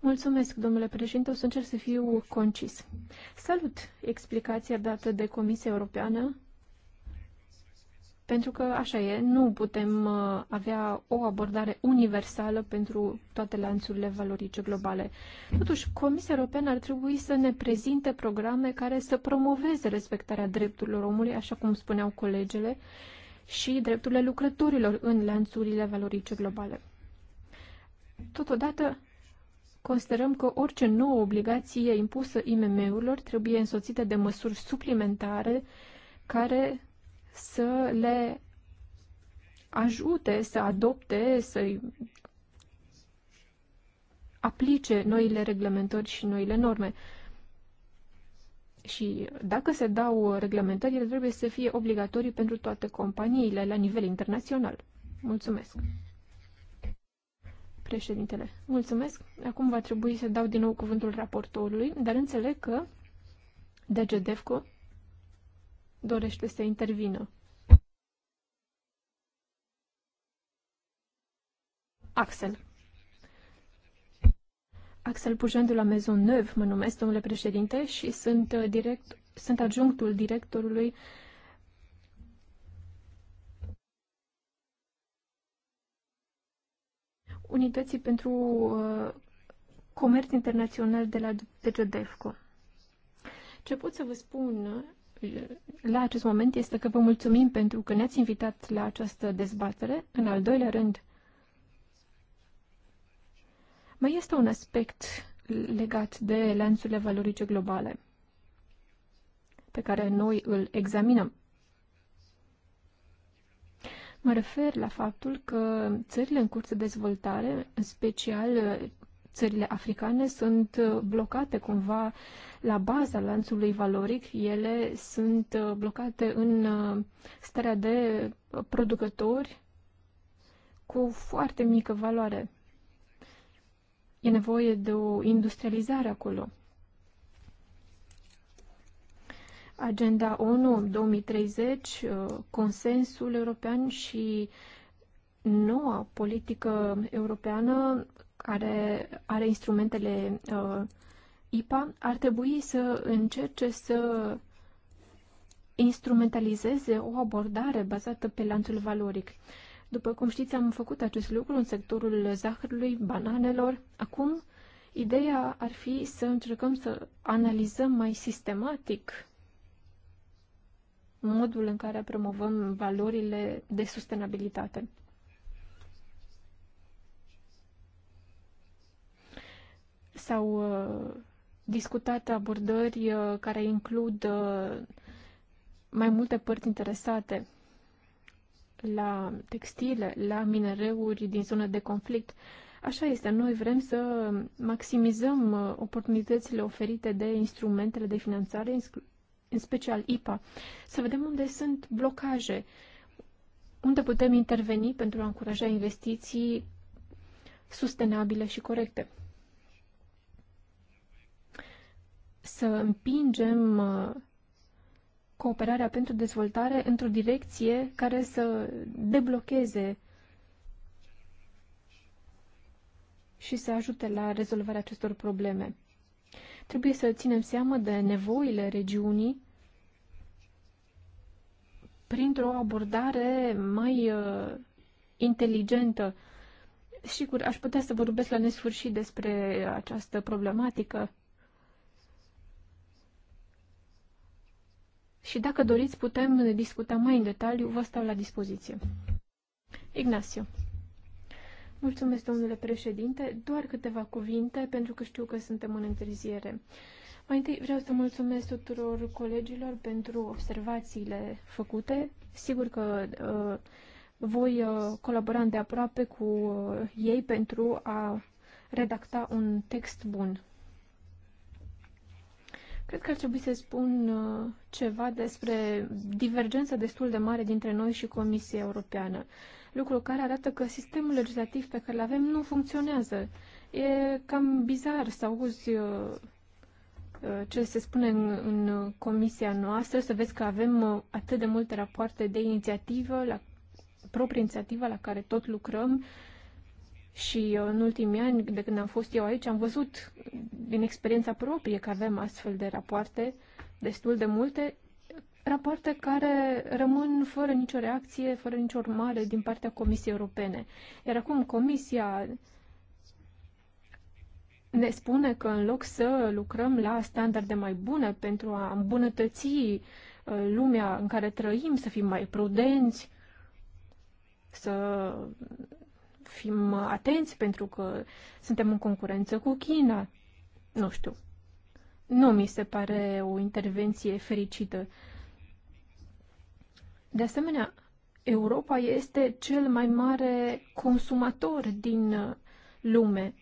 Mulțumesc, domnule președinte. O să încerc să fiu concis. Salut explicația dată de Comisia Europeană, pentru că așa e, nu putem uh, avea o abordare universală pentru toate lanțurile valorice globale. Totuși, Comisia Europeană ar trebui să ne prezinte programe care să promoveze respectarea drepturilor omului, așa cum spuneau colegele, și drepturile lucrătorilor în lanțurile valorice globale. Totodată, considerăm că orice nouă obligație impusă IMM-urilor trebuie însoțită de măsuri suplimentare care să le ajute să adopte, să aplice noile reglementări și noile norme. Și dacă se dau reglementări, ele trebuie să fie obligatorii pentru toate companiile la nivel internațional. Mulțumesc! Președintele, mulțumesc. Acum va trebui să dau din nou cuvântul raportorului, dar înțeleg că DGDEFCO dorește să intervină. Axel. Axel Pujan de la Maison Neuve mă numesc, domnule președinte, și sunt, uh, direct, sunt adjunctul directorului uh, Unității pentru uh, Comerț Internațional de la DGDEFCO. Ce pot să vă spun uh, la acest moment este că vă mulțumim pentru că ne-ați invitat la această dezbatere. În al doilea rând, mai este un aspect legat de lanțurile valorice globale pe care noi îl examinăm. Mă refer la faptul că țările în curs de dezvoltare, în special uh, țările africane, sunt uh, blocate cumva la baza lanțului valoric. Ele sunt uh, blocate în starea de producători cu foarte mică valoare. E nevoie de o industrializare acolo. Agenda ONU 2030, uh, consensul european și noua politică europeană care are instrumentele uh, IPA ar trebui să încerce să instrumentalizeze o abordare bazată pe lanțul valoric. După cum știți, am făcut acest lucru în sectorul zahărului, bananelor. Acum, ideea ar fi să încercăm să analizăm mai sistematic modul în care promovăm valorile de sustenabilitate. S-au uh, discutat abordări uh, care includ uh, mai multe părți interesate la textile, la minereuri din zone de conflict. Așa este, noi vrem să maximizăm oportunitățile oferite de instrumentele de finanțare, în special IPA, să vedem unde sunt blocaje, unde putem interveni pentru a încuraja investiții sustenabile și corecte. Să împingem uh, cooperarea pentru dezvoltare într-o direcție care să deblocheze și să ajute la rezolvarea acestor probleme. Trebuie să ținem seama de nevoile regiunii printr-o abordare mai uh, inteligentă. Sigur, aș putea să vorbesc la nesfârșit despre această problematică. Și dacă doriți, putem discuta mai în detaliu, vă stau la dispoziție. Ignacio. Mulțumesc, domnule președinte. Doar câteva cuvinte, pentru că știu că suntem în întârziere. Mai întâi vreau să mulțumesc tuturor colegilor pentru observațiile făcute. Sigur că uh, voi uh, colabora de aproape cu uh, ei pentru a redacta un text bun. Cred că ar trebui să spun uh, ceva despre divergența destul de mare dintre noi și Comisia Europeană. Uh, lucru care arată că sistemul legislativ pe care îl avem nu funcționează. E cam bizar să auzi uh, uh, ce se spune în, în comisia noastră, să vezi că avem uh, atât de multe rapoarte de inițiativă, la proprie inițiativă la care tot lucrăm și în ultimii ani, de când am fost eu aici, am văzut din experiența proprie că avem astfel de rapoarte destul de multe rapoarte care rămân fără nicio reacție, fără nicio urmare din partea Comisiei Europene. Iar acum Comisia ne spune că în loc să lucrăm la standarde mai bune pentru a îmbunătăți uh, lumea în care trăim, să fim mai prudenți, să fim atenți pentru că suntem în concurență cu China. Nu știu. Nu mi se pare o intervenție fericită. De asemenea, Europa este cel mai mare consumator din uh, lume.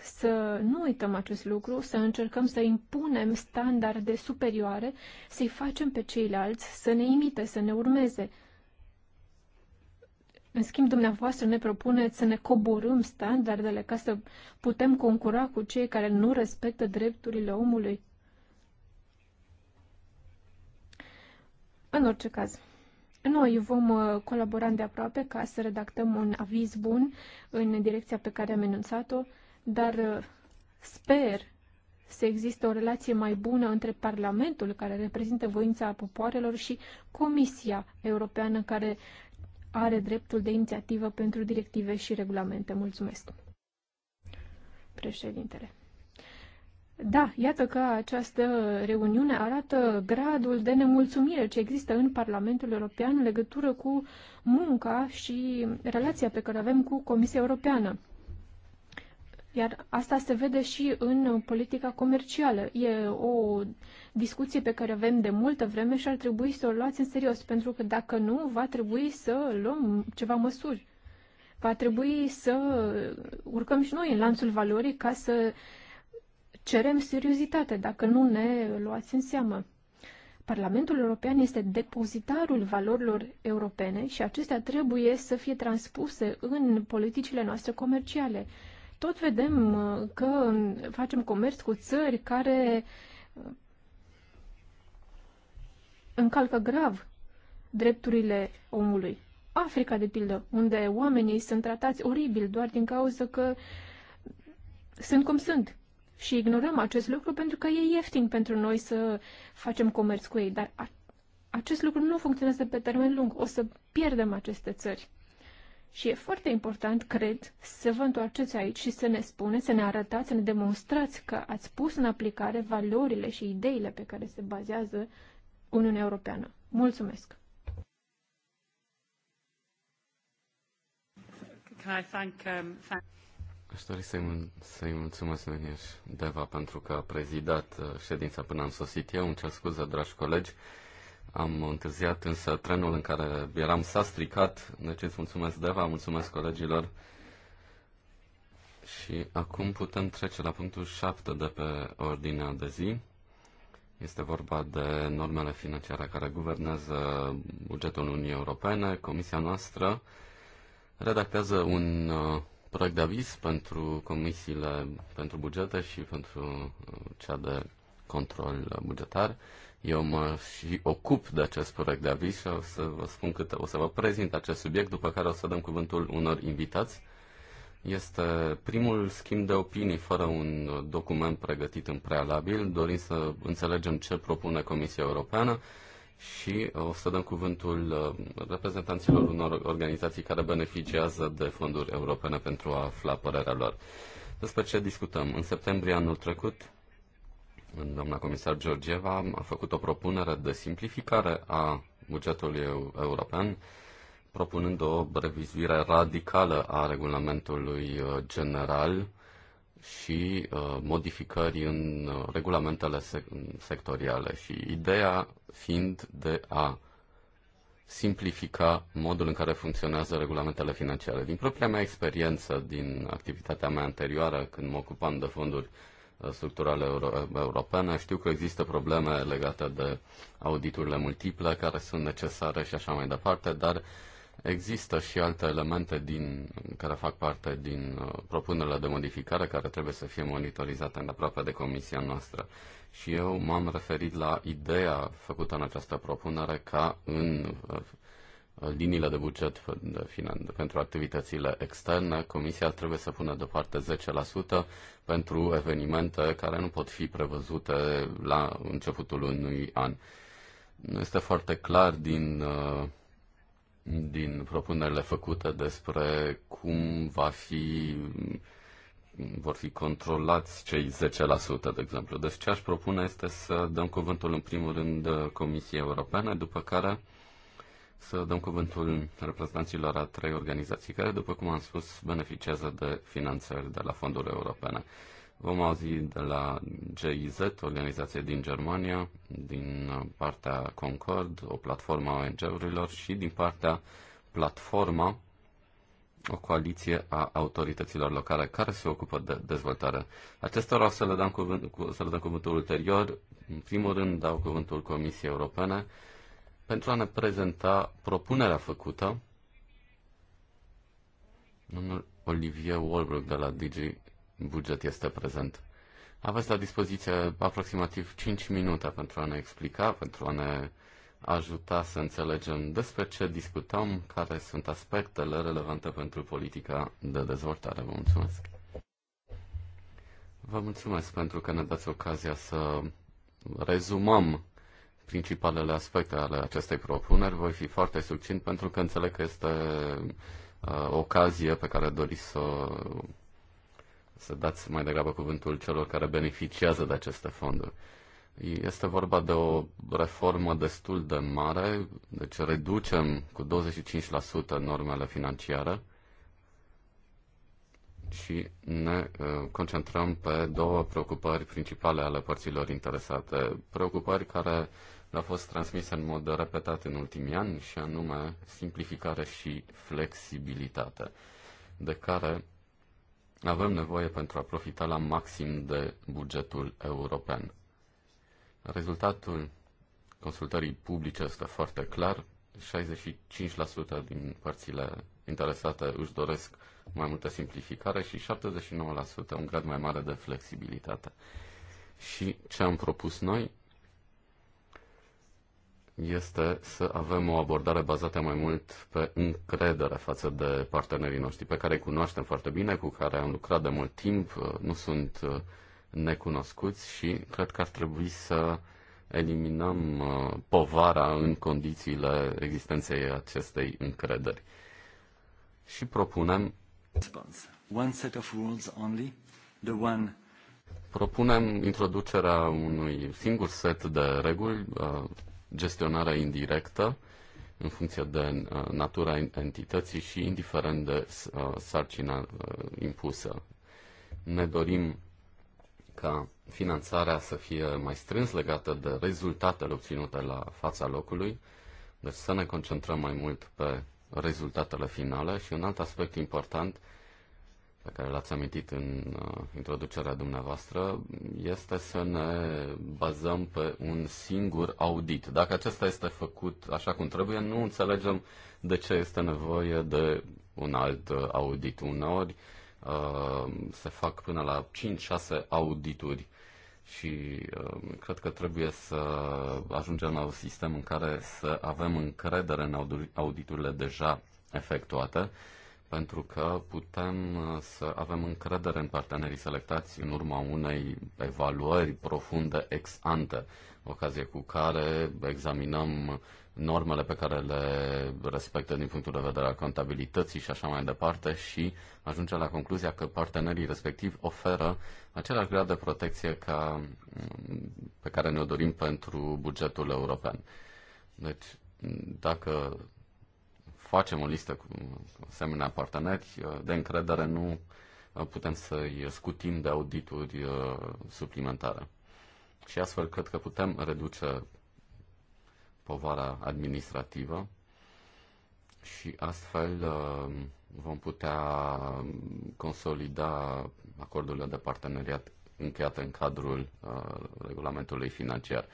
Să nu uităm acest lucru, să încercăm să impunem standarde superioare, să-i facem pe ceilalți să ne imite, să ne urmeze. În schimb, dumneavoastră ne propuneți să ne coborâm standardele ca să putem concura cu cei care nu respectă drepturile omului. În orice caz, noi vom uh, colabora de aproape ca să redactăm un aviz bun în direcția pe care am enunțat-o, dar uh, sper să existe o relație mai bună între Parlamentul, care reprezintă voința popoarelor, și Comisia Europeană, care are dreptul de inițiativă pentru directive și regulamente. Mulțumesc. Președintele. Da, iată că această reuniune arată gradul de nemulțumire ce există în Parlamentul European în legătură cu munca și relația pe care avem cu Comisia Europeană. Iar asta se vede și în politica comercială. E o discuție pe care avem de multă vreme și ar trebui să o luați în serios, pentru că dacă nu, va trebui să luăm ceva măsuri. Va trebui să urcăm și noi în lanțul valorii ca să cerem seriozitate dacă nu ne luați în seamă. Parlamentul European este depozitarul valorilor europene și acestea trebuie să fie transpuse în politicile noastre comerciale. Tot vedem uh, că facem comerț cu țări care uh, încalcă grav drepturile omului. Africa, de pildă, unde oamenii sunt tratați oribil doar din cauza că sunt cum sunt și ignorăm acest lucru pentru că e ieftin pentru noi să facem comerț cu ei, dar acest lucru nu funcționează pe termen lung. O să pierdem aceste țări. Și e foarte important, cred, să vă întoarceți aici și să ne spuneți, să ne arătați, să ne demonstrați că ați pus în aplicare valorile și ideile pe care se bazează Uniunea Europeană. Mulțumesc! Can I thank, um, thank... Aș dori să-i, mul- să-i mulțumesc, Leniș Deva, pentru că a prezidat uh, ședința până am sosit eu. Îmi cer scuze, dragi colegi. Am întârziat, însă trenul în care eram s-a stricat. Deci îți mulțumesc, Deva, mulțumesc colegilor. Și acum putem trece la punctul 7 de pe ordinea de zi. Este vorba de normele financiare care guvernează bugetul Uniunii Europene. Comisia noastră redactează un uh, proiect de aviz pentru comisiile pentru bugete și pentru uh, cea de control bugetar. Eu mă și ocup de acest proiect de aviz și o să vă spun câte, o să vă prezint acest subiect, după care o să dăm cuvântul unor invitați. Este primul schimb de opinii fără un document pregătit în prealabil. Dorim să înțelegem ce propune Comisia Europeană și uh, o să dăm cuvântul uh, reprezentanților unor organizații care beneficiază de fonduri europene pentru a afla părerea lor. Despre ce discutăm? În septembrie anul trecut, doamna comisar Georgieva a făcut o propunere de simplificare a bugetului european, propunând o revizuire radicală a regulamentului uh, general și uh, modificări în regulamentele sec- sectoriale. Și ideea fiind de a simplifica modul în care funcționează regulamentele financiare. Din propria mea experiență, din activitatea mea anterioară, când mă ocupam de fonduri uh, structurale euro- uh, europene, știu că există probleme legate de auditurile multiple care sunt necesare și așa mai departe, dar există și alte elemente din, care fac parte din uh, propunerile de modificare care trebuie să fie monitorizate în aproape de comisia noastră și eu m-am referit la ideea făcută în această propunere ca în uh, liniile de buget pentru activitățile externe, Comisia trebuie să pună deoparte 10% pentru evenimente care nu pot fi prevăzute la începutul unui an. Nu este foarte clar din, uh, din propunerile făcute despre cum va fi vor fi controlați cei 10%, de exemplu. Deci ce aș propune este să dăm cuvântul în primul rând uh, Comisiei Europene, după care să dăm cuvântul reprezentanților a trei organizații care, după cum am spus, beneficiază de finanțări de la fonduri europene. Vom auzi de la GIZ, organizație din Germania, din partea Concord, o platformă a ONG-urilor și din partea platforma o coaliție a autorităților locale care se ocupă de dezvoltare. Acestora o să le dăm, cuvânt, să le dăm cuvântul ulterior. În primul rând dau cuvântul Comisiei Europene pentru a ne prezenta propunerea făcută. Domnul Olivier Walbrook de la DG Budget este prezent. Aveți la dispoziție aproximativ 5 minute pentru a ne explica, pentru a ne ajuta să înțelegem despre ce discutăm, care sunt aspectele relevante pentru politica de dezvoltare. Vă mulțumesc! Vă mulțumesc pentru că ne dați ocazia să rezumăm principalele aspecte ale acestei propuneri. Voi fi foarte succint pentru că înțeleg că este uh, ocazie pe care doriți să, să dați mai degrabă cuvântul celor care beneficiază de aceste fonduri. Este vorba de o reformă destul de mare, deci reducem cu 25% normele financiare și ne uh, concentrăm pe două preocupări principale ale părților interesate. Preocupări care le-au fost transmise în mod repetat în ultimii ani și anume simplificare și flexibilitate, de care avem nevoie pentru a profita la maxim de bugetul european. Rezultatul consultării publice este foarte clar. 65% din părțile interesate își doresc mai multă simplificare și 79% un grad mai mare de flexibilitate. Și ce am propus noi este să avem o abordare bazată mai mult pe încredere față de partenerii noștri, pe care îi cunoaștem foarte bine, cu care am lucrat de mult timp, nu sunt necunoscuți și cred că ar trebui să eliminăm uh, povara în condițiile existenței acestei încrederi. Și propunem One set of rules only, the one Propunem introducerea unui singur set de reguli, uh, gestionarea indirectă, în funcție de uh, natura entității și indiferent de sarcina impusă. Ne dorim ca finanțarea să fie mai strâns legată de rezultatele obținute la fața locului, deci să ne concentrăm mai mult pe rezultatele finale și un alt aspect important pe care l-ați amintit în uh, introducerea dumneavoastră este să ne bazăm pe un singur audit. Dacă acesta este făcut așa cum trebuie, nu înțelegem de ce este nevoie de un alt uh, audit. Uneori, uh, Uh, se fac până la 5-6 audituri și uh, cred că trebuie să ajungem la un sistem în care să avem încredere în auditurile deja efectuate, pentru că putem uh, să avem încredere în partenerii selectați în urma unei evaluări profunde ex ante, ocazie cu care examinăm normele pe care le respectă din punctul de vedere al contabilității și așa mai departe și ajunge la concluzia că partenerii respectivi oferă același grad de protecție ca, pe care ne-o dorim pentru bugetul european. Deci, dacă facem o listă cu asemenea parteneri de încredere, nu putem să-i scutim de audituri uh, suplimentare. Și astfel cred că putem reduce povara administrativă și astfel uh, vom putea consolida acordurile de parteneriat încheiate în cadrul uh, regulamentului financiar.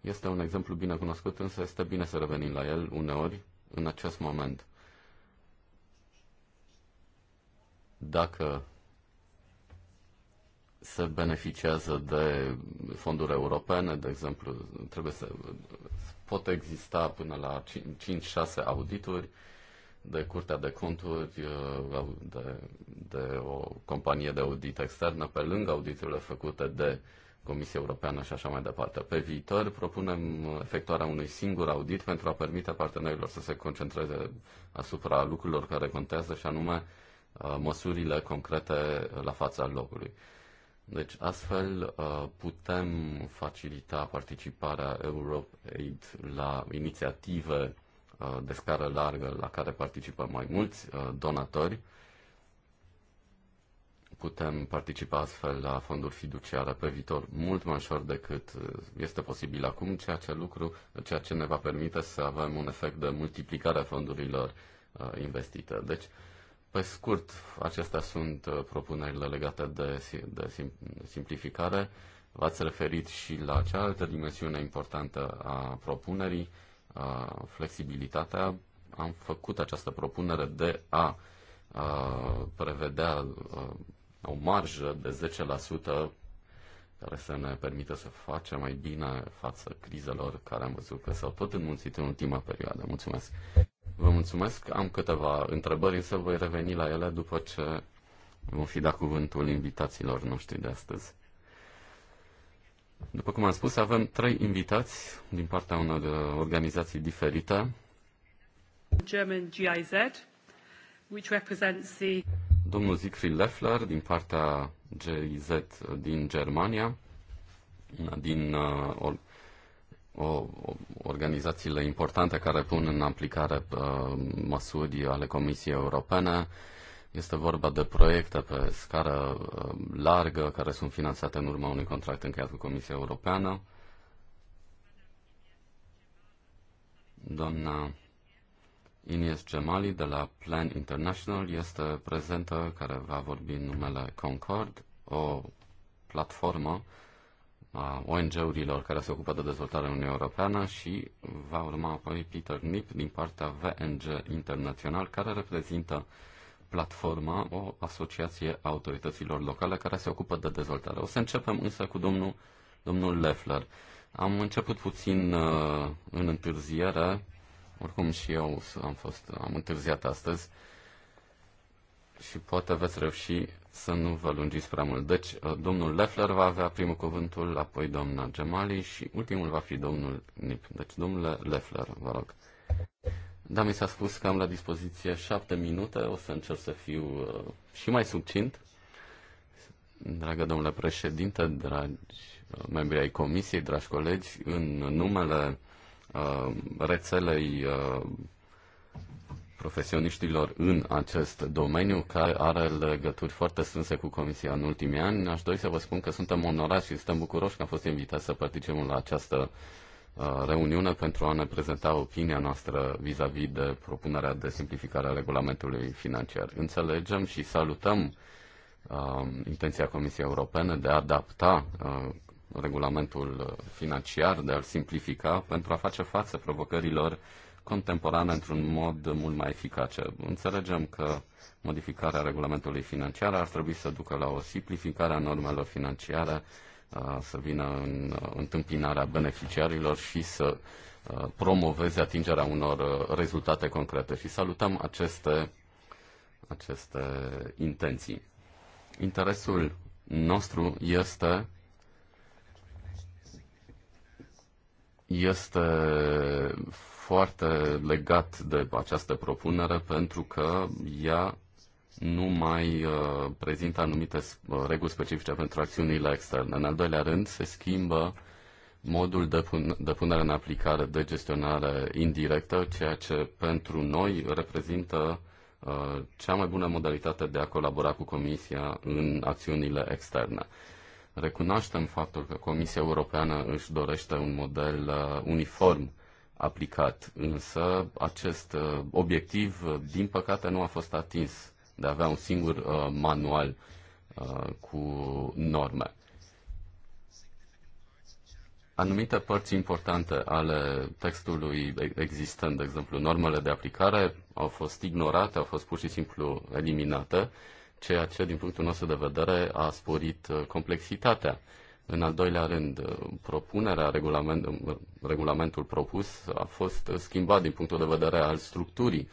Este un exemplu bine cunoscut, însă este bine să revenim la el uneori în acest moment. Dacă se beneficiază de fonduri europene, de exemplu, trebuie să pot exista până la 5-6 audituri de Curtea de Conturi, uh, de, de o companie de audit externă, pe lângă auditurile făcute de Comisia Europeană și așa mai departe. Pe viitor propunem efectuarea unui singur audit pentru a permite partenerilor să se concentreze asupra lucrurilor care contează și anume uh, măsurile concrete la fața locului. Deci, astfel uh, putem facilita participarea Aid la inițiative uh, de scară largă la care participă mai mulți uh, donatori. Putem participa astfel la fonduri fiduciare pe viitor mult mai ușor decât este posibil acum, ceea ce, lucru, ceea ce ne va permite să avem un efect de multiplicare a fondurilor investite. Deci, pe scurt, acestea sunt uh, propunerile legate de, de simplificare. V-ați referit și la cealaltă dimensiune importantă a propunerii, a uh, flexibilitatea. Am făcut această propunere de a, a uh, prevedea a, o marjă de 10% care să ne permită să facem mai bine față crizelor care am văzut că s-au tot înmulțit în ultima perioadă. Mulțumesc! Vă mulțumesc. Am câteva întrebări, însă voi reveni la ele după ce vom fi dat cuvântul invitațiilor noștri de astăzi. După cum am spus, avem trei invitați din partea unor uh, organizații diferite. German GIZ, which represents the... Domnul Siegfried Leffler din partea GIZ din Germania, din uh, o, organizațiile importante care pun în aplicare uh, măsuri ale Comisiei Europene. Este vorba de proiecte pe scară uh, largă care sunt finanțate în urma unui contract încheiat cu Comisia Europeană. Doamna Inies Gemali de la Plan International este prezentă care va vorbi în numele Concord, o platformă a ONG-urilor care se ocupă de dezvoltarea Uniunii Europeană și va urma apoi Peter Nip din partea VNG Internațional, care reprezintă platforma, o asociație a autorităților locale care se ocupă de dezvoltare. O să începem însă cu domnul, domnul Leffler. Am început puțin uh, în întârziere, oricum și eu am, fost, am întârziat astăzi și poate veți reuși să nu vă lungiți prea mult. Deci, uh, domnul Leffler va avea primul cuvântul, apoi doamna Gemali și ultimul va fi domnul Nip. Deci, domnule Leffler, vă rog. Da, mi s-a spus că am la dispoziție șapte minute, o să încerc să fiu uh, și mai subțint. Dragă domnule președinte, dragi uh, membri ai comisiei, dragi colegi, în numele uh, rețelei uh, profesioniștilor în acest domeniu, care are legături foarte strânse cu Comisia în ultimii ani. Aș dori să vă spun că suntem onorați și suntem bucuroși că am fost invitați să participăm la această uh, reuniune pentru a ne prezenta opinia noastră vis-a-vis -vis de propunerea de simplificare a regulamentului financiar. Înțelegem și salutăm uh, intenția Comisiei Europene de a adapta uh, regulamentul financiar, de a-l simplifica pentru a face față provocărilor uh, contemporană într-un mod mult mai eficace. Înțelegem că modificarea regulamentului financiar ar trebui să ducă la o simplificare a normelor financiare, să vină în uh, întâmpinarea beneficiarilor și să uh, promoveze atingerea unor uh, rezultate concrete. Și salutăm aceste, aceste intenții. Interesul nostru este este foarte legat de această propunere pentru că ea nu mai uh, prezintă anumite uh, reguli specifice pentru acțiunile externe. În al doilea rând, se schimbă modul de, pun- de punere în aplicare de gestionare indirectă, ceea ce pentru noi reprezintă uh, cea mai bună modalitate de a colabora cu Comisia în acțiunile externe. Recunoaștem faptul că Comisia Europeană își dorește un model uh, uniform uh, aplicat, însă acest uh, obiectiv, uh, din păcate, nu a fost atins de a avea un singur uh, manual cu norme. Anumite părți importante ale textului existent, de exemplu normele de aplicare, au fost ignorate, au fost pur și simplu eliminate, ceea ce, din punctul nostru de vedere, a sporit complexitatea în al doilea rând, propunerea, regulament, regulamentul propus a fost schimbat din punctul de vedere al structurii.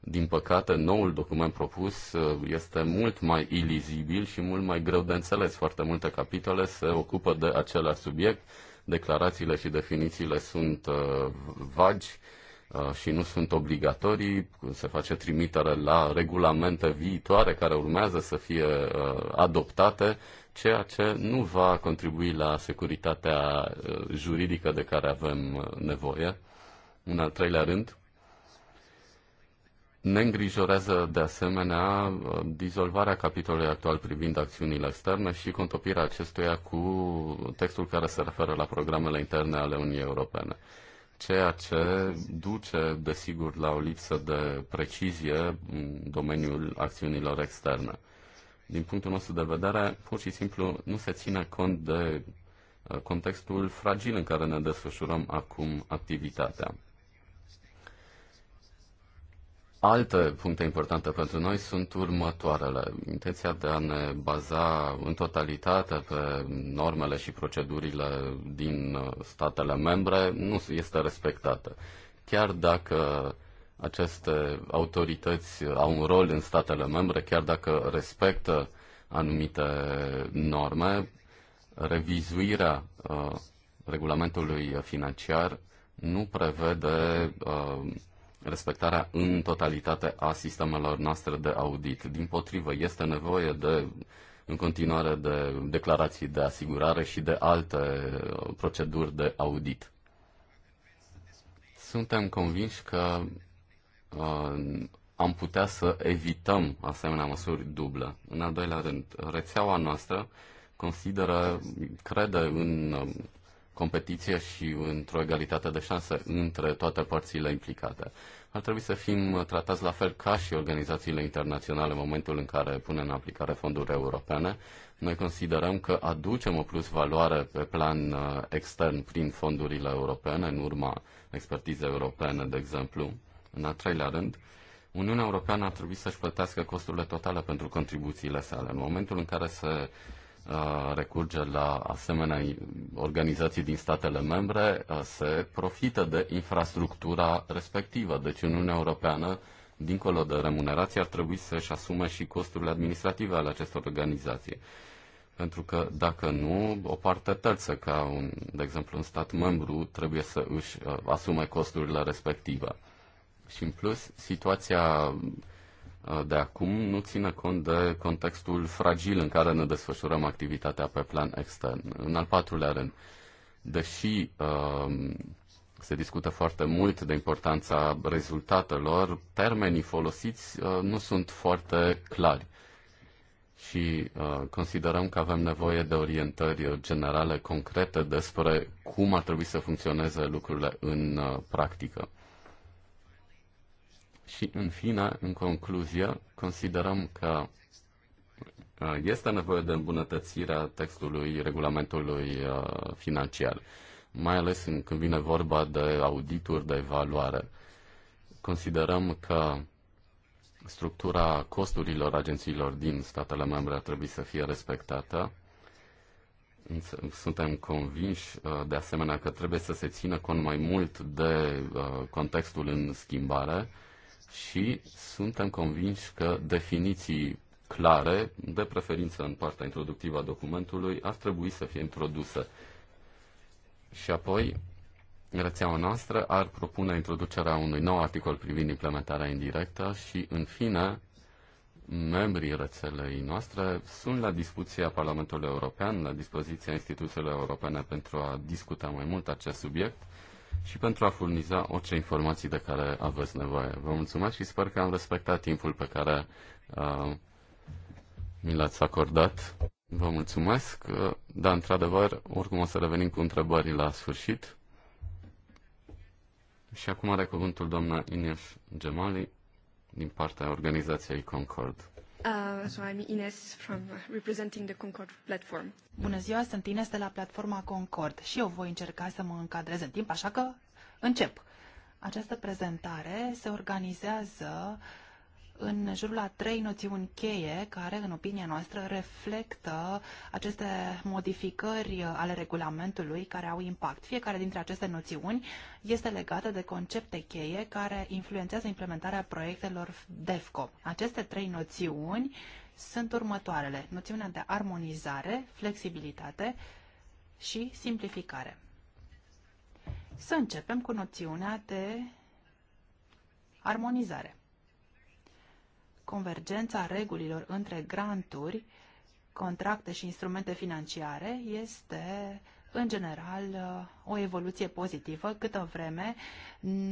Din păcate, noul document propus uh, este mult mai ilizibil și mult mai greu de înțeles. Foarte multe capitole se ocupă de același subiect, declarațiile și definițiile sunt uh, vagi, Uh, și nu sunt obligatorii, se face trimitere la regulamente viitoare care urmează să fie uh, adoptate, ceea ce nu va contribui la securitatea uh, juridică de care avem nevoie. În al treilea rând, ne îngrijorează de asemenea dizolvarea capitolului actual privind acțiunile externe și contopirea acestuia cu textul care se referă la programele interne ale Uniunii Europene ceea ce duce, desigur, la o lipsă de precizie în domeniul acțiunilor externe. Din punctul nostru de vedere, pur și simplu nu se ține cont de uh, contextul fragil în care ne desfășurăm acum activitatea. Alte puncte importante pentru noi sunt următoarele. Intenția de a ne baza în totalitate pe normele și procedurile din uh, statele membre nu este respectată. Chiar dacă aceste autorități au un rol în statele membre, chiar dacă respectă anumite norme, revizuirea uh, regulamentului financiar nu prevede uh, respectarea în totalitate a sistemelor noastre de audit. Din potrivă, este nevoie de în continuare de declarații de asigurare și de alte uh, proceduri de audit. Suntem convinși că uh, am putea să evităm asemenea măsuri dublă. În al doilea rând, rețeaua noastră consideră, crede în uh, competiție și într-o egalitate de șanse între toate părțile implicate. Ar trebui să fim tratați la fel ca și organizațiile internaționale în momentul în care punem în aplicare fonduri europene. Noi considerăm că aducem o plus valoare pe plan uh, extern prin fondurile europene, în urma expertizei europene, de exemplu. În al treilea rând, Uniunea Europeană ar trebui să-și plătească costurile totale pentru contribuțiile sale. În momentul în care se recurge la asemenea organizații din statele membre, se profită de infrastructura respectivă. Deci în Uniunea Europeană, dincolo de remunerație, ar trebui să-și asume și costurile administrative ale acestor organizații. Pentru că dacă nu, o parte terță, ca un, de exemplu un stat membru, trebuie să își asume costurile respective. Și în plus, situația Uh, de acum nu ține cont de contextul fragil în care ne desfășurăm activitatea pe plan extern. În al patrulea rând, deși uh, se discută foarte mult de importanța rezultatelor, termenii folosiți uh, nu sunt foarte clari și uh, considerăm că avem nevoie de orientări generale concrete despre cum ar trebui să funcționeze lucrurile în uh, practică. Și, în fine, în concluzie, considerăm că uh, este nevoie de îmbunătățirea textului regulamentului uh, financiar, mai ales când vine vorba de audituri de evaluare. Considerăm că structura costurilor agențiilor din statele membre ar trebui să fie respectată. Suntem convinși uh, de asemenea că trebuie să se țină cont mai mult de contextul în schimbare și suntem convinși că definiții clare, de preferință în partea introductivă a documentului, ar trebui să fie introduse. Și apoi, rețeaua noastră ar propune introducerea unui nou articol privind implementarea indirectă și, în fine, membrii rețelei noastre sunt la dispoziția Parlamentului European, la dispoziția instituțiilor europene pentru a discuta mai mult acest subiect și pentru a furniza orice informații de care aveți nevoie. Vă mulțumesc și sper că am respectat timpul pe care uh, mi l-ați acordat. Vă mulțumesc, uh, dar într-adevăr, oricum o să revenim cu întrebări la sfârșit. Și acum are cuvântul doamna Ines Gemali din partea organizației Concord. Uh, so I'm Ines from uh, representing the Concord platform. Bună ziua, sunt Ines de la platforma Concord și eu voi încerca să mă încadrez în timp, așa că încep. Această prezentare se organizează uh, în jurul a trei noțiuni cheie care, în opinia noastră, reflectă aceste modificări ale regulamentului care au impact. Fiecare dintre aceste noțiuni este legată de concepte cheie care influențează implementarea proiectelor DEFCO. Aceste trei noțiuni sunt următoarele. Noțiunea de armonizare, flexibilitate și simplificare. Să începem cu noțiunea de armonizare convergența regulilor între granturi, contracte și instrumente financiare este în general o evoluție pozitivă câtă vreme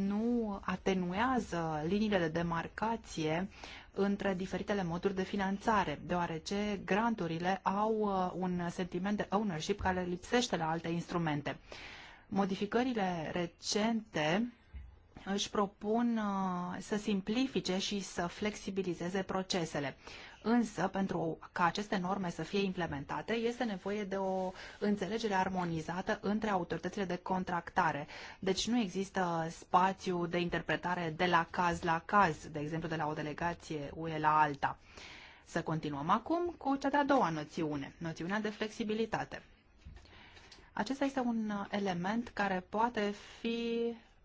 nu atenuează liniile de demarcație între diferitele moduri de finanțare, deoarece granturile au uh, un sentiment de ownership care lipsește la alte instrumente. Modificările recente își propun uh, să simplifice și să flexibilizeze procesele. Însă, pentru ca aceste norme să fie implementate, este nevoie de o înțelegere armonizată între autoritățile de contractare. Deci nu există spațiu de interpretare de la caz la caz, de exemplu de la o delegație UE la alta. Să continuăm acum cu cea de-a doua noțiune, noțiunea de flexibilitate. Acesta este un element care poate fi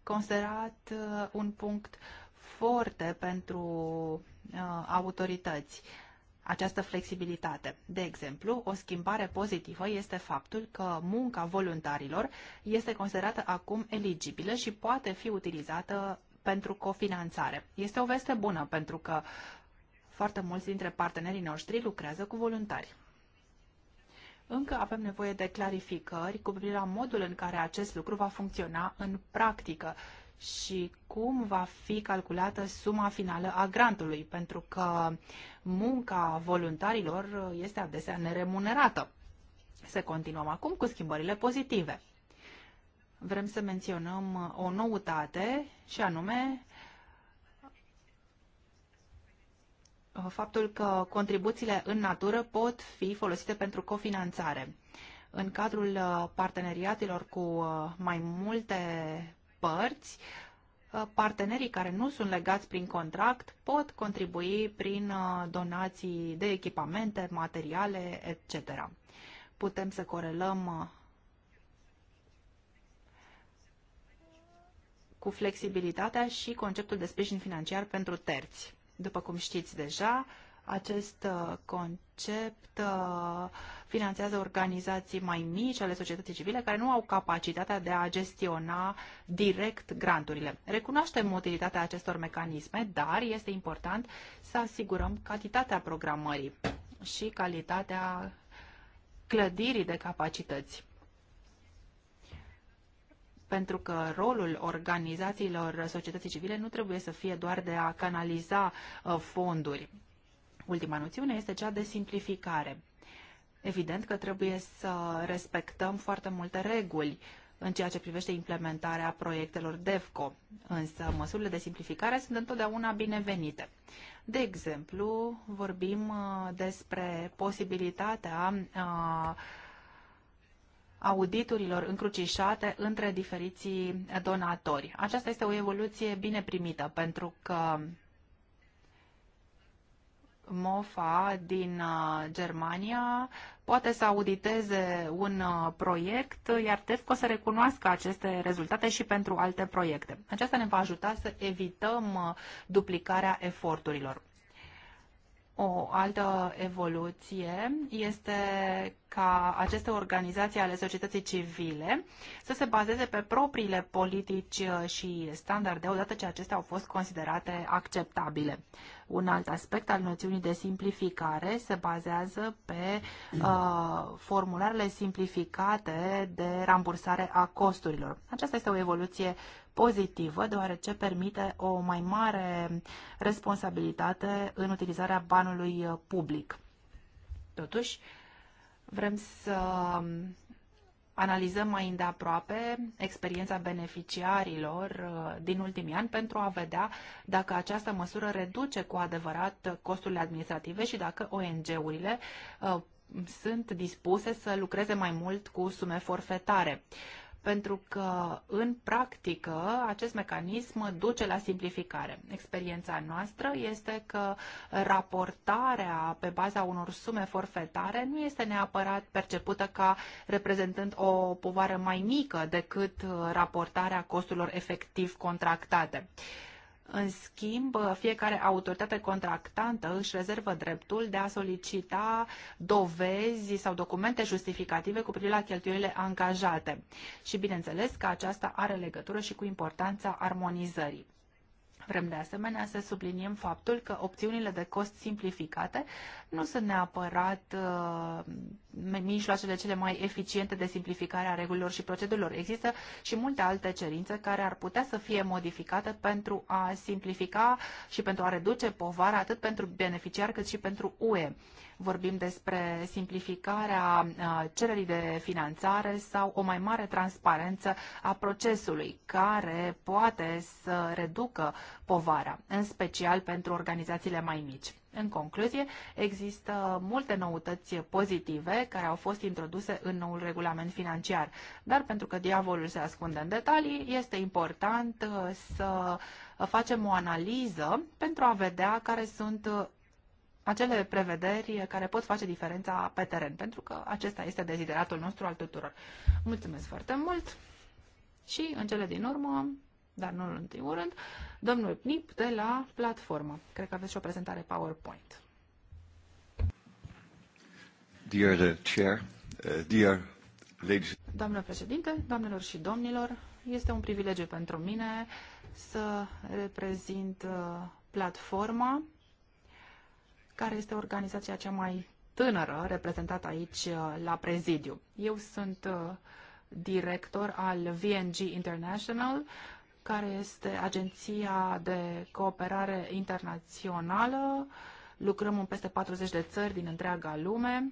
considerat uh, un punct foarte pentru uh, autorități această flexibilitate. De exemplu, o schimbare pozitivă este faptul că munca voluntarilor este considerată acum eligibilă și poate fi utilizată pentru cofinanțare. Este o veste bună pentru că foarte mulți dintre partenerii noștri lucrează cu voluntari. Încă avem nevoie de clarificări cu privire la modul în care acest lucru va funcționa în practică și cum va fi calculată suma finală a grantului, pentru că munca voluntarilor este adesea neremunerată. Să continuăm acum cu schimbările pozitive. Vrem să menționăm o noutate și anume faptul că contribuțiile în natură pot fi folosite pentru cofinanțare. În cadrul uh, parteneriatelor cu uh, mai multe părți, uh, partenerii care nu sunt legați prin contract pot contribui prin donații de echipamente, materiale, etc. Putem să corelăm cu flexibilitatea și conceptul de sprijin financiar pentru terți. După cum știți deja, acest uh, concept uh, finanțează organizații mai mici ale societății civile care nu au capacitatea de a gestiona direct granturile. Recunoaștem utilitatea acestor mecanisme, dar este important să asigurăm calitatea programării și calitatea clădirii de capacități pentru că rolul organizațiilor societății civile nu trebuie să fie doar de a canaliza uh, fonduri. Ultima noțiune este cea de simplificare. Evident că trebuie să respectăm foarte multe reguli în ceea ce privește implementarea proiectelor DEVCO, însă măsurile de simplificare sunt întotdeauna binevenite. De exemplu, vorbim uh, despre posibilitatea uh, auditurilor încrucișate între diferiții donatori. Aceasta este o evoluție bine primită pentru că MOFA din uh, Germania poate să auditeze un uh, proiect, iar TEFCO să recunoască aceste rezultate și pentru alte proiecte. Aceasta ne va ajuta să evităm uh, duplicarea eforturilor. O altă evoluție este ca aceste organizații ale societății civile să se bazeze pe propriile politici uh, și standarde, odată ce acestea au fost considerate acceptabile. Un alt aspect al noțiunii de simplificare se bazează pe uh, formularele simplificate de rambursare a costurilor. Aceasta este o evoluție pozitivă, deoarece permite o mai mare responsabilitate în utilizarea banului uh, public. Totuși, vrem să um, analizăm mai îndeaproape experiența beneficiarilor uh, din ultimii ani pentru a vedea dacă această măsură reduce cu adevărat costurile administrative și dacă ONG-urile uh, sunt dispuse să lucreze mai mult cu sume forfetare pentru că, în practică, acest mecanism duce la simplificare. Experiența noastră este că raportarea pe baza unor sume forfetare nu este neapărat percepută ca reprezentând o povară mai mică decât raportarea costurilor efectiv contractate. În schimb, fiecare autoritate contractantă își rezervă dreptul de a solicita dovezi sau documente justificative cu privire la cheltuielile angajate. Și bineînțeles că aceasta are legătură și cu importanța armonizării. Vrem de asemenea să subliniem faptul că opțiunile de cost simplificate nu sunt neapărat uh, mijloacele cele mai eficiente de simplificare a regulilor și procedurilor. Există și multe alte cerințe care ar putea să fie modificate pentru a simplifica și pentru a reduce povara atât pentru beneficiar cât și pentru UE. Uh, Vorbim despre simplificarea cererii de finanțare sau o mai mare transparență a procesului, care poate să reducă povara, în special pentru organizațiile mai mici. În concluzie, există multe noutăți pozitive care au fost introduse în noul regulament financiar, dar pentru că diavolul se ascunde în detalii, este important uh, să facem o analiză pentru a vedea care sunt uh, acele prevederi care pot face diferența pe teren, pentru că acesta este dezideratul nostru al tuturor. Mulțumesc foarte mult și, în cele din urmă, dar nu în ultimul rând, domnul Pnip de la platformă. Cred că aveți și o prezentare PowerPoint. Dear the uh, chair, uh, dear ladies... Doamnă președinte, doamnelor și domnilor, este un privilegiu pentru mine să reprezint uh, platforma care este organizația cea mai tânără reprezentată aici uh, la prezidiu. Eu sunt uh, director al VNG International, care este agenția de cooperare internațională. Lucrăm în peste 40 de țări din întreaga lume,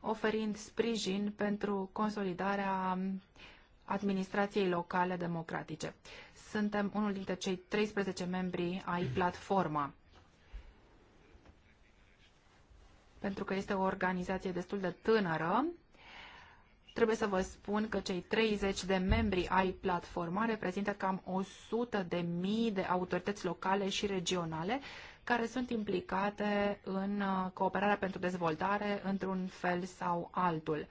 oferind sprijin pentru consolidarea administrației locale democratice. Suntem unul dintre cei 13 membri ai platforma pentru că este o organizație destul de tânără. Trebuie să vă spun că cei 30 de membri ai platforma reprezintă cam 100 de mii de autorități locale și regionale care sunt implicate în uh, cooperarea pentru dezvoltare într-un fel sau altul.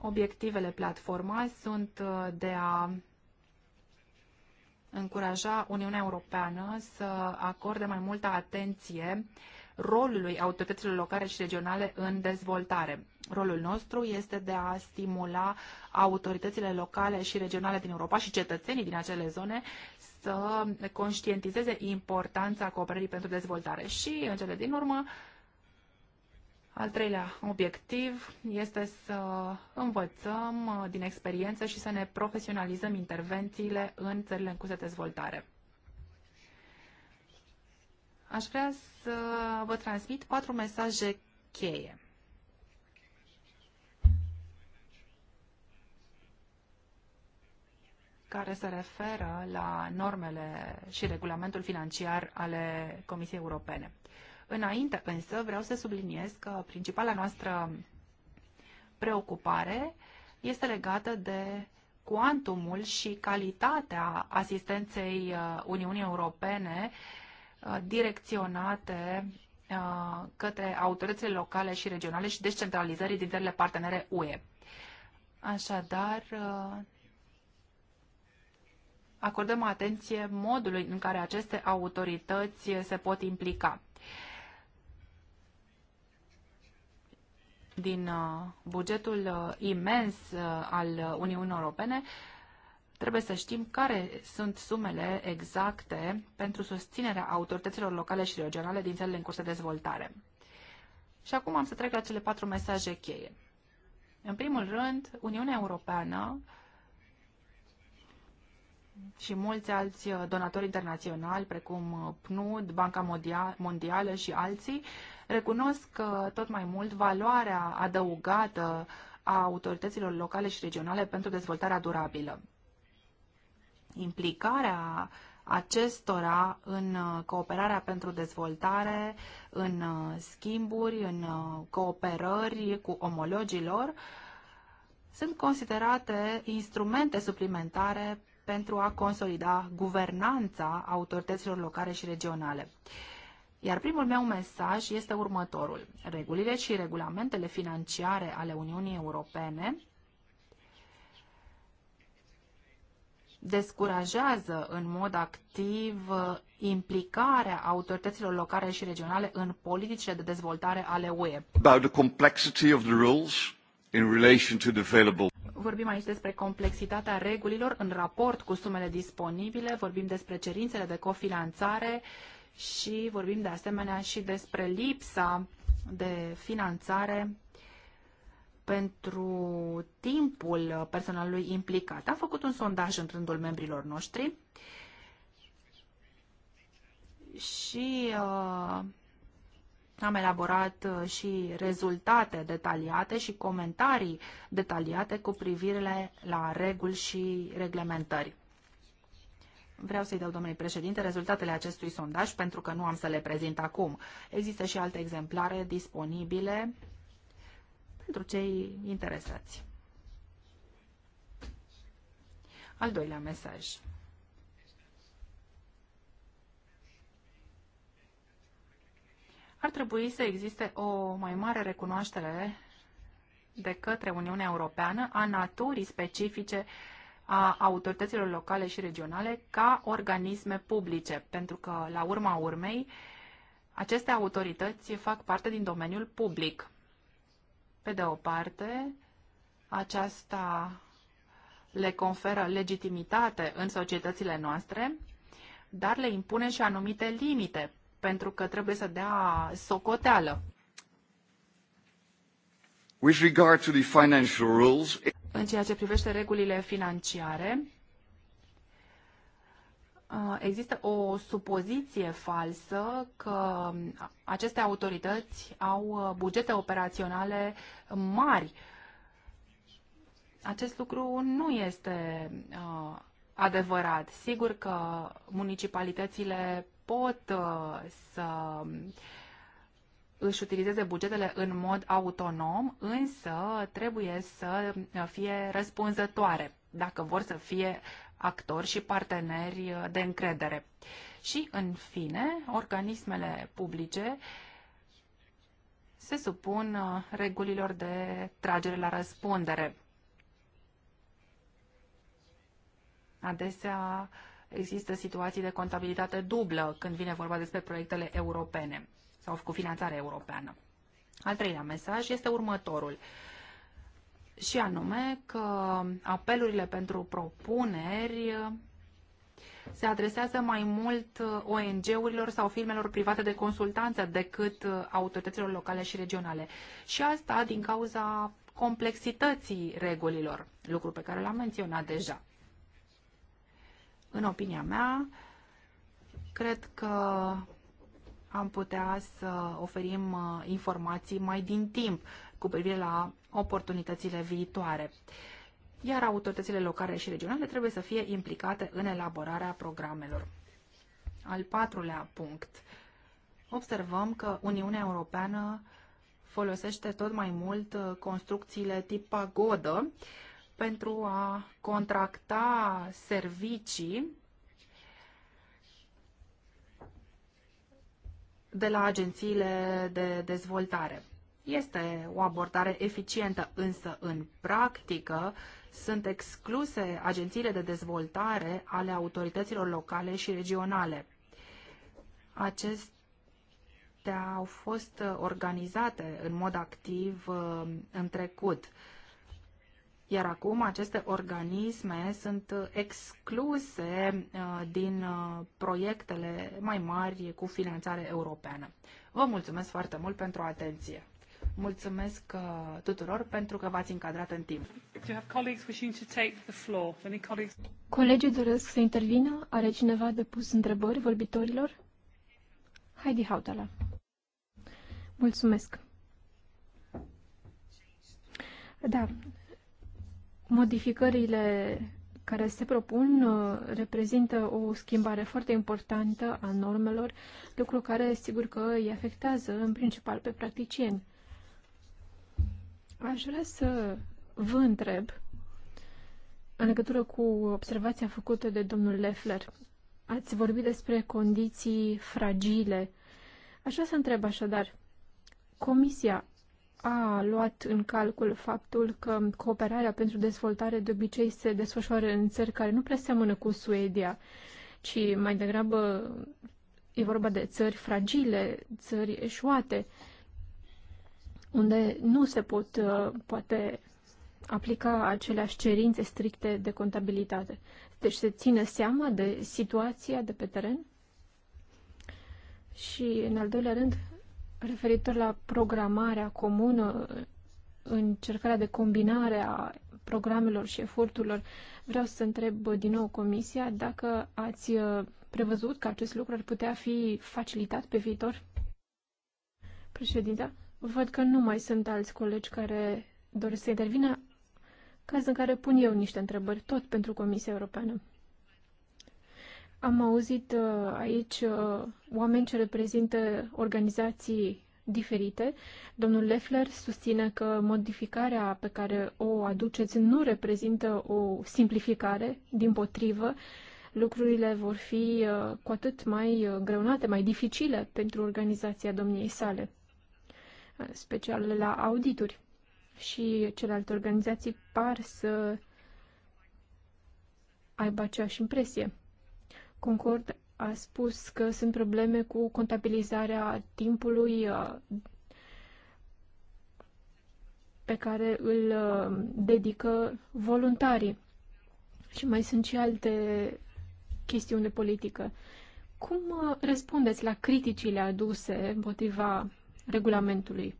Obiectivele platformei sunt uh, de a încuraja Uniunea Europeană să acorde mai multă atenție rolului autorităților locale și regionale în dezvoltare. Rolul nostru este de a stimula autoritățile locale și regionale din Europa și cetățenii din acele zone să conștientizeze importanța cooperării pentru dezvoltare. Și, în cele din urmă, al treilea obiectiv este să învățăm uh, din experiență și să ne profesionalizăm intervențiile în țările în curs de dezvoltare. Aș vrea să vă transmit patru mesaje cheie. care se referă la normele și regulamentul financiar ale Comisiei Europene. Înainte însă vreau să subliniez că principala noastră preocupare este legată de cuantumul și calitatea asistenței uh, Uniunii Europene uh, Uh, direcționate uh, către autoritățile locale și regionale și descentralizării din țările partenere UE. Așadar, uh, acordăm atenție modului în care aceste autorități se pot implica. Din bugetul imens al Uniunii Europene, Trebuie să știm care sunt sumele exacte pentru susținerea autorităților locale și regionale din țările în curs de dezvoltare. Și acum am să trec la cele patru mesaje cheie. În primul rând, Uniunea Europeană și mulți alți donatori internaționali, precum PNUD, Banca Mondială și alții, recunosc tot mai mult valoarea adăugată a autorităților locale și regionale pentru dezvoltarea durabilă implicarea acestora în uh, cooperarea pentru dezvoltare, în uh, schimburi, în uh, cooperări cu omologilor, sunt considerate instrumente suplimentare pentru a consolida guvernanța autorităților locale și regionale. Iar primul meu mesaj este următorul. Regulile și regulamentele financiare ale Uniunii Europene descurajează în mod activ uh, implicarea autorităților locale și regionale în politicile de dezvoltare ale UE. About the complexity of the rules in relation to the available Vorbim aici despre complexitatea regulilor în raport cu sumele disponibile, vorbim despre cerințele de cofinanțare și vorbim de asemenea și despre lipsa de finanțare pentru timpul personalului implicat. Am făcut un sondaj în rândul membrilor noștri și uh, am elaborat uh, și rezultate detaliate și comentarii detaliate cu privire la reguli și reglementări. Vreau să-i dau, domnului președinte, rezultatele acestui sondaj, pentru că nu am să le prezint acum. Există și alte exemplare disponibile pentru cei interesați. Al doilea mesaj. Ar trebui să existe o mai mare recunoaștere de către Uniunea Europeană a naturii specifice a autorităților locale și regionale ca organisme publice, pentru că, la urma urmei, aceste autorități fac parte din domeniul public. Pe de o parte, aceasta le conferă legitimitate în societățile noastre, dar le impune și anumite limite, pentru că trebuie să dea socoteală. With regard to the financial rules, în ceea ce privește regulile financiare, există o supoziție falsă că aceste autorități au uh, bugete operaționale mari. Acest lucru nu este uh, adevărat. Sigur că municipalitățile pot uh, să își utilizeze bugetele în mod autonom, însă trebuie să fie răspunzătoare dacă vor să fie actori și parteneri de încredere. Și, în fine, organismele publice se supun uh, regulilor de tragere la răspundere. Adesea există situații de contabilitate dublă când vine vorba despre proiectele europene sau cu finanțare europeană. Al treilea mesaj este următorul și anume că apelurile pentru propuneri se adresează mai mult ONG-urilor sau firmelor private de consultanță decât autorităților locale și regionale. Și asta din cauza complexității regulilor, lucru pe care l-am menționat deja. În opinia mea, cred că am putea să oferim uh, informații mai din timp cu privire la oportunitățile viitoare. Iar autoritățile locale și regionale trebuie să fie implicate în elaborarea programelor. Al patrulea punct. Observăm că Uniunea Europeană folosește tot mai mult uh, construcțiile tip pagodă pentru a contracta servicii de la agențiile de dezvoltare. Este o abordare eficientă, însă în practică sunt excluse agențiile de dezvoltare ale autorităților locale și regionale. Acestea au fost organizate în mod activ uh, în trecut, iar acum aceste organisme sunt excluse uh, din uh, proiectele mai mari cu finanțare europeană. Vă mulțumesc foarte mult pentru atenție! Mulțumesc uh, tuturor pentru că v-ați încadrat în timp. Colegii doresc să intervină? Are cineva de pus întrebări vorbitorilor? Heidi Hautala. Mulțumesc. Da. Modificările care se propun uh, reprezintă o schimbare foarte importantă a normelor, lucru care sigur că îi afectează în principal pe practicieni. Aș vrea să vă întreb în legătură cu observația făcută de domnul Leffler. Ați vorbit despre condiții fragile. Aș vrea să întreb așadar, Comisia a luat în calcul faptul că cooperarea pentru dezvoltare de obicei se desfășoară în țări care nu prea seamănă cu Suedia, ci mai degrabă e vorba de țări fragile, țări eșuate unde nu se pot uh, poate aplica aceleași cerințe stricte de contabilitate. Deci se ține seama de situația de pe teren și, în al doilea rând, referitor la programarea comună, încercarea de combinare a programelor și eforturilor, vreau să întreb din nou Comisia dacă ați uh, prevăzut că acest lucru ar putea fi facilitat pe viitor? Președinte, Văd că nu mai sunt alți colegi care doresc să intervină, caz în care pun eu niște întrebări, tot pentru Comisia Europeană. Am auzit uh, aici uh, oameni ce reprezintă organizații diferite. Domnul Leffler susține că modificarea pe care o aduceți nu reprezintă o simplificare, din potrivă, lucrurile vor fi uh, cu atât mai greunate, mai dificile pentru organizația domniei sale special la audituri. Și celelalte organizații par să aibă aceeași impresie. Concord a spus că sunt probleme cu contabilizarea timpului pe care îl dedică voluntarii. Și mai sunt și alte chestiuni de politică. Cum răspundeți la criticile aduse împotriva regulamentului.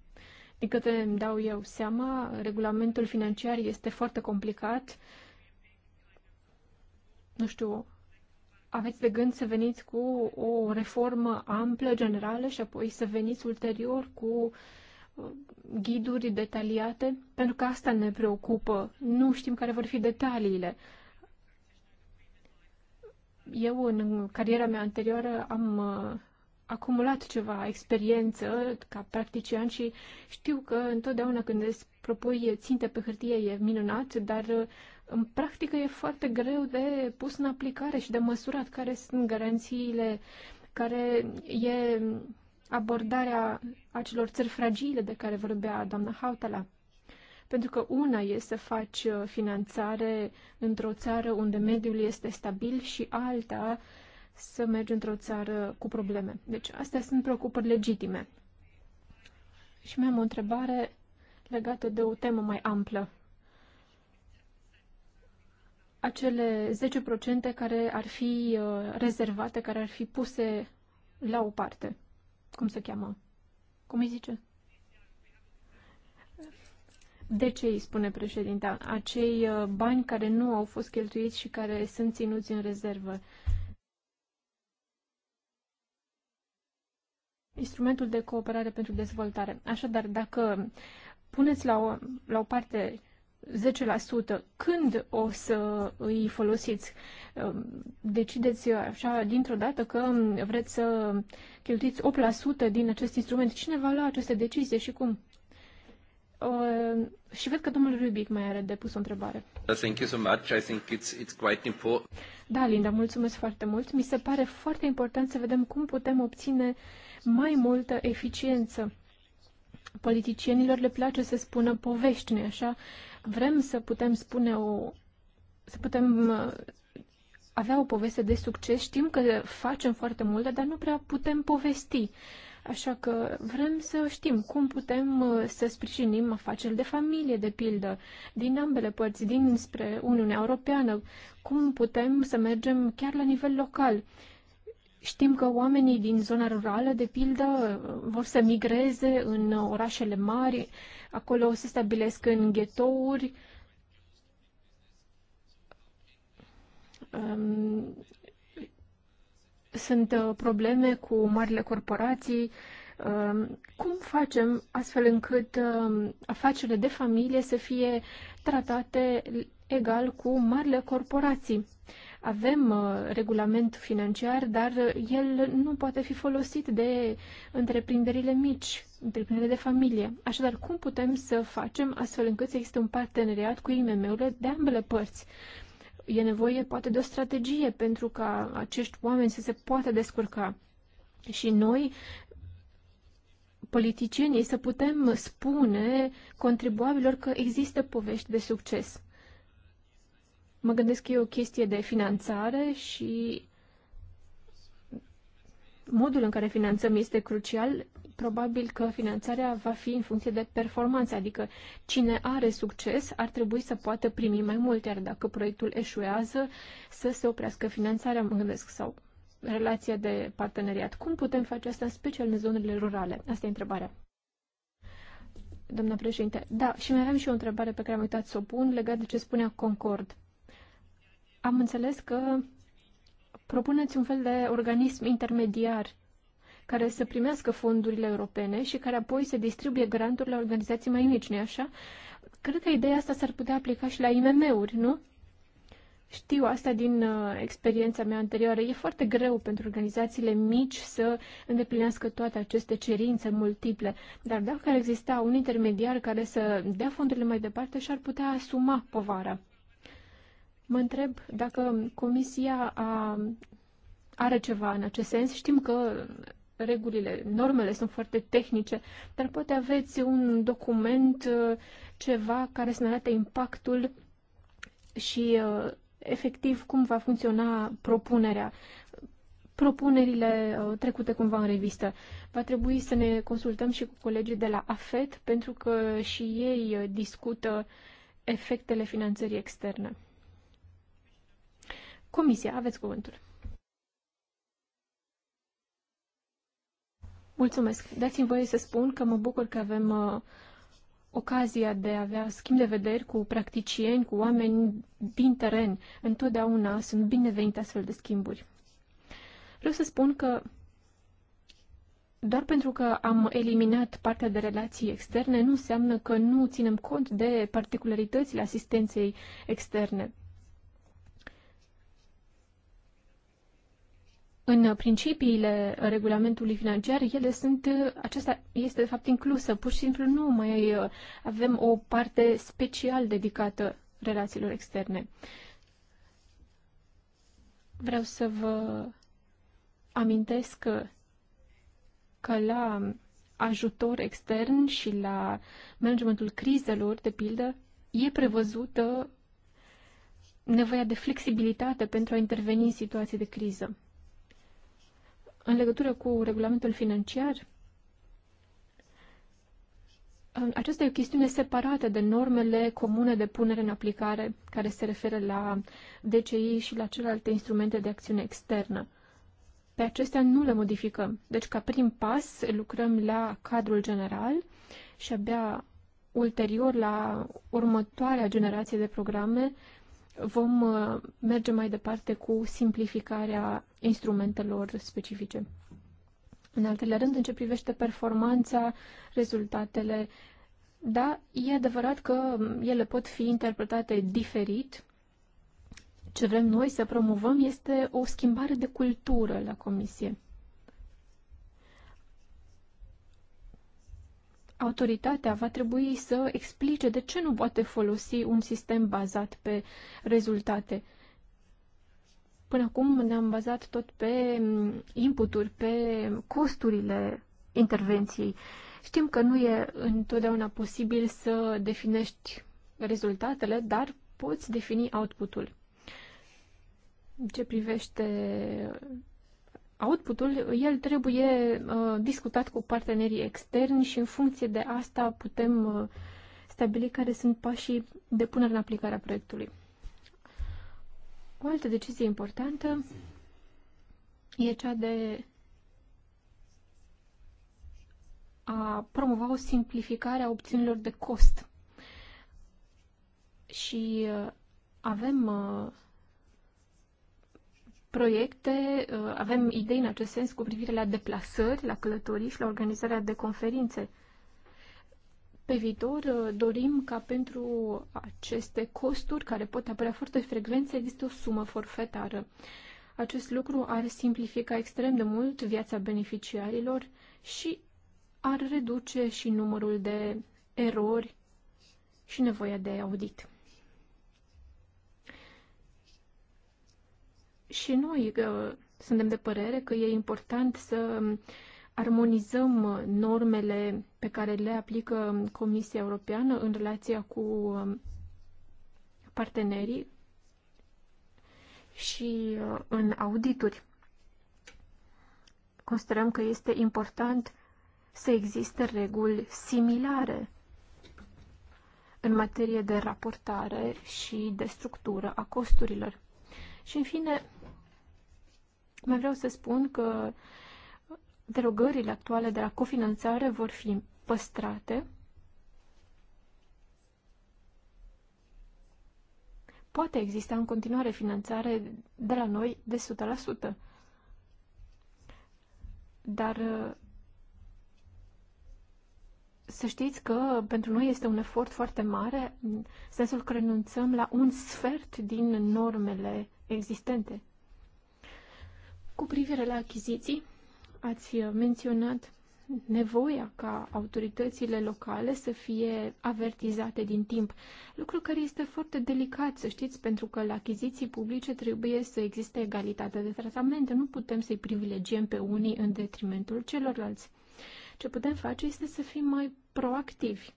Din câte îmi dau eu seama, regulamentul financiar este foarte complicat. Nu știu, aveți de gând să veniți cu o reformă amplă, generală și apoi să veniți ulterior cu uh, ghiduri detaliate? Pentru că asta ne preocupă. Nu știm care vor fi detaliile. Eu, în cariera mea anterioară, am uh, acumulat ceva experiență ca practician și știu că întotdeauna când îți propui ținte pe hârtie e minunat, dar uh, în practică e foarte greu de pus în aplicare și de măsurat care sunt garanțiile, care e abordarea acelor țări fragile de care vorbea doamna Hautala. Pentru că una e să faci uh, finanțare într-o țară unde mediul este stabil și alta să mergi într-o țară cu probleme. Deci astea sunt preocupări legitime. Și mai am o întrebare legată de o temă mai amplă. Acele 10% care ar fi uh, rezervate, care ar fi puse la o parte. Cum se cheamă? Cum îi zice? De ce îi spune președinta? Acei uh, bani care nu au fost cheltuiți și care sunt ținuți în rezervă. Uh, instrumentul de cooperare pentru dezvoltare. Așadar, dacă puneți la o, la o parte 10%, când o să îi folosiți? Um, decideți așa dintr-o dată că vreți să cheltuiți 8% din acest instrument. Cine va lua aceste decizii și cum? Uh, și văd că domnul Rubic mai are depus o întrebare. Thank you so much. I think it's, it's quite important. Da, Linda, mulțumesc foarte mult. Mi se pare foarte important să vedem cum putem obține uh, mai multă eficiență. Politicienilor le place să spună povești, nu așa? Vrem să putem spune o... să putem uh, avea o poveste de succes. Știm că facem foarte multe, dar nu prea putem povesti. Așa că vrem să știm cum putem uh, să sprijinim afaceri de familie, de pildă, din ambele părți, dinspre Uniunea Europeană, cum putem să mergem chiar la nivel local. Știm că oamenii din zona rurală, de pildă, vor să migreze în orașele mari, acolo se stabilesc în ghetouri. Sunt uh, probleme cu marile corporații. Cum facem astfel încât um, afacerile de familie să fie tratate egal cu marile corporații? Avem uh, regulament financiar, dar el nu poate fi folosit de întreprinderile mici, întreprinderile de familie. Așadar, cum putem să facem astfel încât să existe un parteneriat cu IMM-urile de ambele părți? E nevoie poate de o strategie pentru ca acești oameni să se poată descurca. Și noi, politicienii să putem spune contribuabilor că există povești de succes. Mă gândesc că e o chestie de finanțare și modul în care finanțăm este crucial. Probabil că finanțarea va fi în funcție de performanță, adică cine are succes ar trebui să poată primi mai mult, iar dacă proiectul eșuează, să se oprească finanțarea, mă gândesc, sau relația de parteneriat. Cum putem face asta, în special în zonele rurale? Asta e întrebarea. Doamna președinte, da, și mai aveam și o întrebare pe care am uitat să o pun legat de ce spunea Concord am înțeles că propuneți un fel de organism intermediar care să primească fondurile europene și care apoi să distribuie granturile la organizații mai mici, nu așa? Cred că ideea asta s-ar putea aplica și la IMM-uri, nu? Știu asta din uh, experiența mea anterioară. E foarte greu pentru organizațiile mici să îndeplinească toate aceste cerințe multiple. Dar dacă ar exista un intermediar care să dea fondurile mai departe și ar putea asuma povara. Mă întreb dacă Comisia a, are ceva în acest sens. Știm că regulile, normele sunt foarte tehnice, dar poate aveți un document, uh, ceva care să ne arate impactul și uh, efectiv cum va funcționa propunerea. Propunerile uh, trecute cumva în revistă. Va trebui să ne consultăm și cu colegii de la AFET pentru că și ei discută efectele finanțării externe. Comisia, aveți cuvântul. Mulțumesc. Dați-mi voie să spun că mă bucur că avem uh, ocazia de a avea schimb de vederi cu practicieni, cu oameni din teren. Întotdeauna sunt binevenite astfel de schimburi. Vreau să spun că doar pentru că am eliminat partea de relații externe, nu înseamnă că nu ținem cont de particularitățile asistenței externe. în principiile regulamentului financiar, ele sunt, aceasta este de fapt inclusă, pur și simplu nu mai uh, avem o parte special dedicată relațiilor externe. Vreau să vă amintesc că, că la ajutor extern și la managementul crizelor, de pildă, e prevăzută nevoia de flexibilitate pentru a interveni în situații de criză. În legătură cu regulamentul financiar, aceasta e o chestiune separată de normele comune de punere în aplicare care se referă la DCI și la celelalte instrumente de acțiune externă. Pe acestea nu le modificăm. Deci, ca prim pas, lucrăm la cadrul general și abia ulterior, la următoarea generație de programe, vom uh, merge mai departe cu simplificarea instrumentelor specifice. În altele rând, în ce privește performanța, rezultatele, da, e adevărat că ele pot fi interpretate diferit. Ce vrem noi să promovăm este o schimbare de cultură la comisie. Autoritatea va trebui să explice de ce nu poate folosi un sistem bazat pe rezultate Până acum ne-am bazat tot pe mm, inputuri, pe costurile intervenției. Știm că nu e întotdeauna posibil să definești rezultatele, dar poți defini outputul. În ce privește outputul, el trebuie uh, discutat cu partenerii externi și în funcție de asta putem uh, stabili care sunt pașii de punere în aplicare a proiectului. O altă decizie importantă e cea de a promova o simplificare a opțiunilor de cost. Și uh, avem uh, proiecte, uh, avem idei în acest sens cu privire la deplasări, la călătorii și la organizarea de conferințe. Pe viitor uh, dorim ca pentru aceste costuri care pot apărea foarte frecvent să există o sumă forfetară. Acest lucru ar simplifica extrem de mult viața beneficiarilor și ar reduce și numărul de erori și nevoia de audit. Și noi uh, suntem de părere că e important să armonizăm normele pe care le aplică Comisia Europeană în relația cu um, partenerii și uh, în audituri. Considerăm că este important să existe reguli similare în materie de raportare și de structură a costurilor. Și, în fine, mai vreau să spun că uh, derogările actuale de la cofinanțare vor fi păstrate. Poate exista în continuare finanțare de la noi de 100%. Dar uh, să știți că pentru noi este un efort foarte mare, în sensul că renunțăm la un sfert din normele existente. Cu privire la achiziții, ați menționat nevoia ca autoritățile locale să fie avertizate din timp, lucru care este foarte delicat, să știți, pentru că la achiziții publice trebuie să existe egalitate de tratament, nu putem să-i privilegiem pe unii în detrimentul celorlalți. Ce putem face este să fim mai proactivi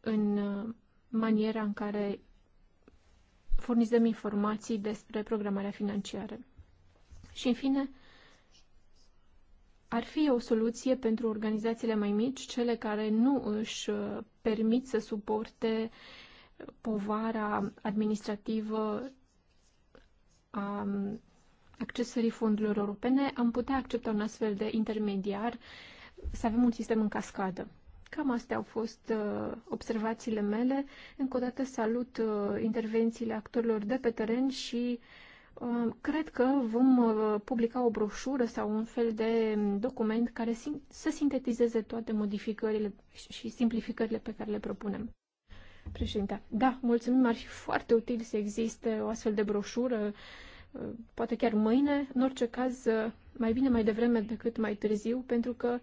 în uh, maniera în care furnizăm informații despre programarea financiară. Și, în fine, ar fi o soluție pentru organizațiile mai mici, cele care nu își uh, permit să suporte povara administrativă a um, accesării fondurilor europene, am putea accepta un astfel de intermediar, să avem un sistem în cascadă. Cam astea au fost uh, observațiile mele. Încă o dată salut uh, intervențiile actorilor de pe teren și uh, Uh, cred că vom uh, publica o broșură sau un fel de document care să sintetizeze toate modificările și simplificările pe care le propunem. Președinte, da, mulțumim, ar fi foarte util să existe o astfel de broșură, uh, poate chiar mâine, în orice caz, mai bine mai devreme decât mai târziu, pentru că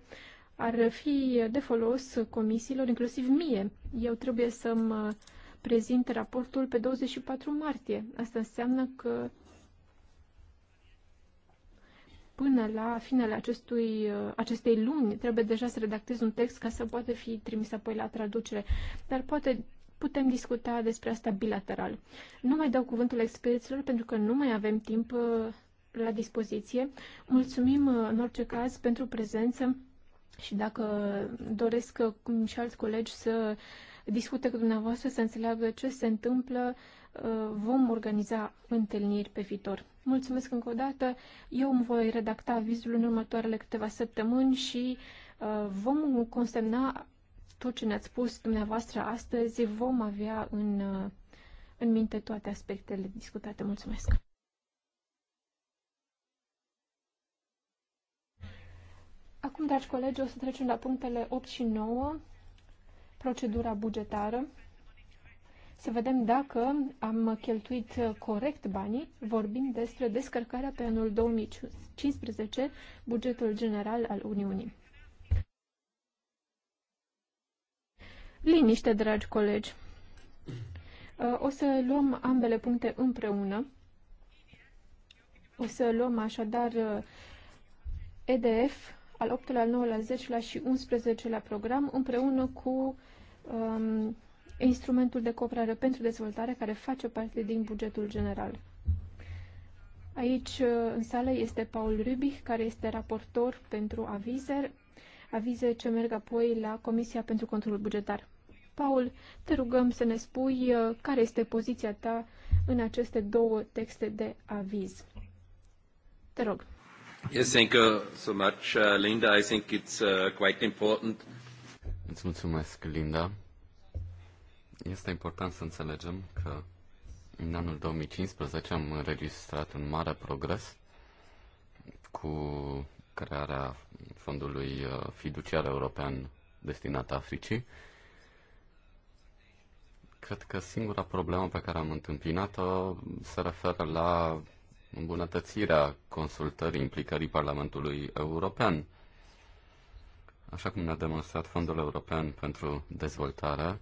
ar fi de folos comisiilor, inclusiv mie. Eu trebuie să-mi prezint raportul pe 24 martie. Asta înseamnă că până la finele acestui, acestei luni trebuie deja să redactez un text ca să poată fi trimis apoi la traducere. Dar poate putem discuta despre asta bilateral. Nu mai dau cuvântul experților pentru că nu mai avem timp uh, la dispoziție. Mulțumim uh, în orice caz pentru prezență și dacă doresc, uh, și alți colegi, să discute cu dumneavoastră, să înțeleagă ce se întâmplă, vom organiza întâlniri pe viitor. Mulțumesc încă o dată. Eu îmi voi redacta vizul în următoarele câteva săptămâni și uh, vom consemna tot ce ne-ați spus dumneavoastră astăzi. Vom avea în, uh, în minte toate aspectele discutate. Mulțumesc! Acum, dragi colegi, o să trecem la punctele 8 și 9, procedura bugetară să vedem dacă am cheltuit corect banii. Vorbim despre descărcarea pe anul 2015, bugetul general al Uniunii. Liniște, dragi colegi! O să luăm ambele puncte împreună. O să luăm așadar EDF al 8-lea, al 9-lea, 10-lea și 11-lea program împreună cu um, instrumentul de cooperare pentru dezvoltare care face parte din bugetul general. Aici uh, în sală este Paul Rubich, care este raportor pentru avize, avize ce merg apoi la Comisia pentru controlul Bugetar. Paul, te rugăm să ne spui uh, care este poziția ta în aceste două texte de aviz. Te rog. Yes, thank you so much, uh, Linda. I think it's uh, quite important. Îți mulțumesc, Linda. Este important să înțelegem că în anul 2015 am înregistrat un mare progres cu crearea fondului uh, fiduciar european destinat Africii. Cred că singura problemă pe care am întâmpinat-o se referă la îmbunătățirea consultării implicării Parlamentului European. Așa cum ne-a demonstrat Fondul European pentru Dezvoltare,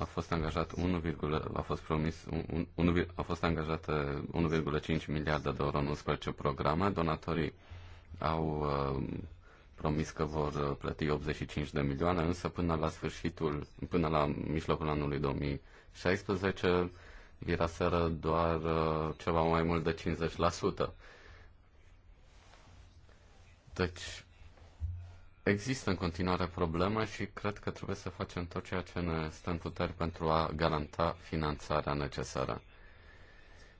a fost angajat 1, a fost promis 1, 1 a fost angajat 1,5 miliarde de euro în 11 programe. Donatorii au uh, promis că vor uh, plăti 85 de milioane, însă până la sfârșitul, până la mijlocul anului 2016 seră doar uh, ceva mai mult de 50%. Deci, Există în continuare probleme și cred că trebuie să facem tot ceea ce ne stă în puteri pentru a garanta finanțarea necesară.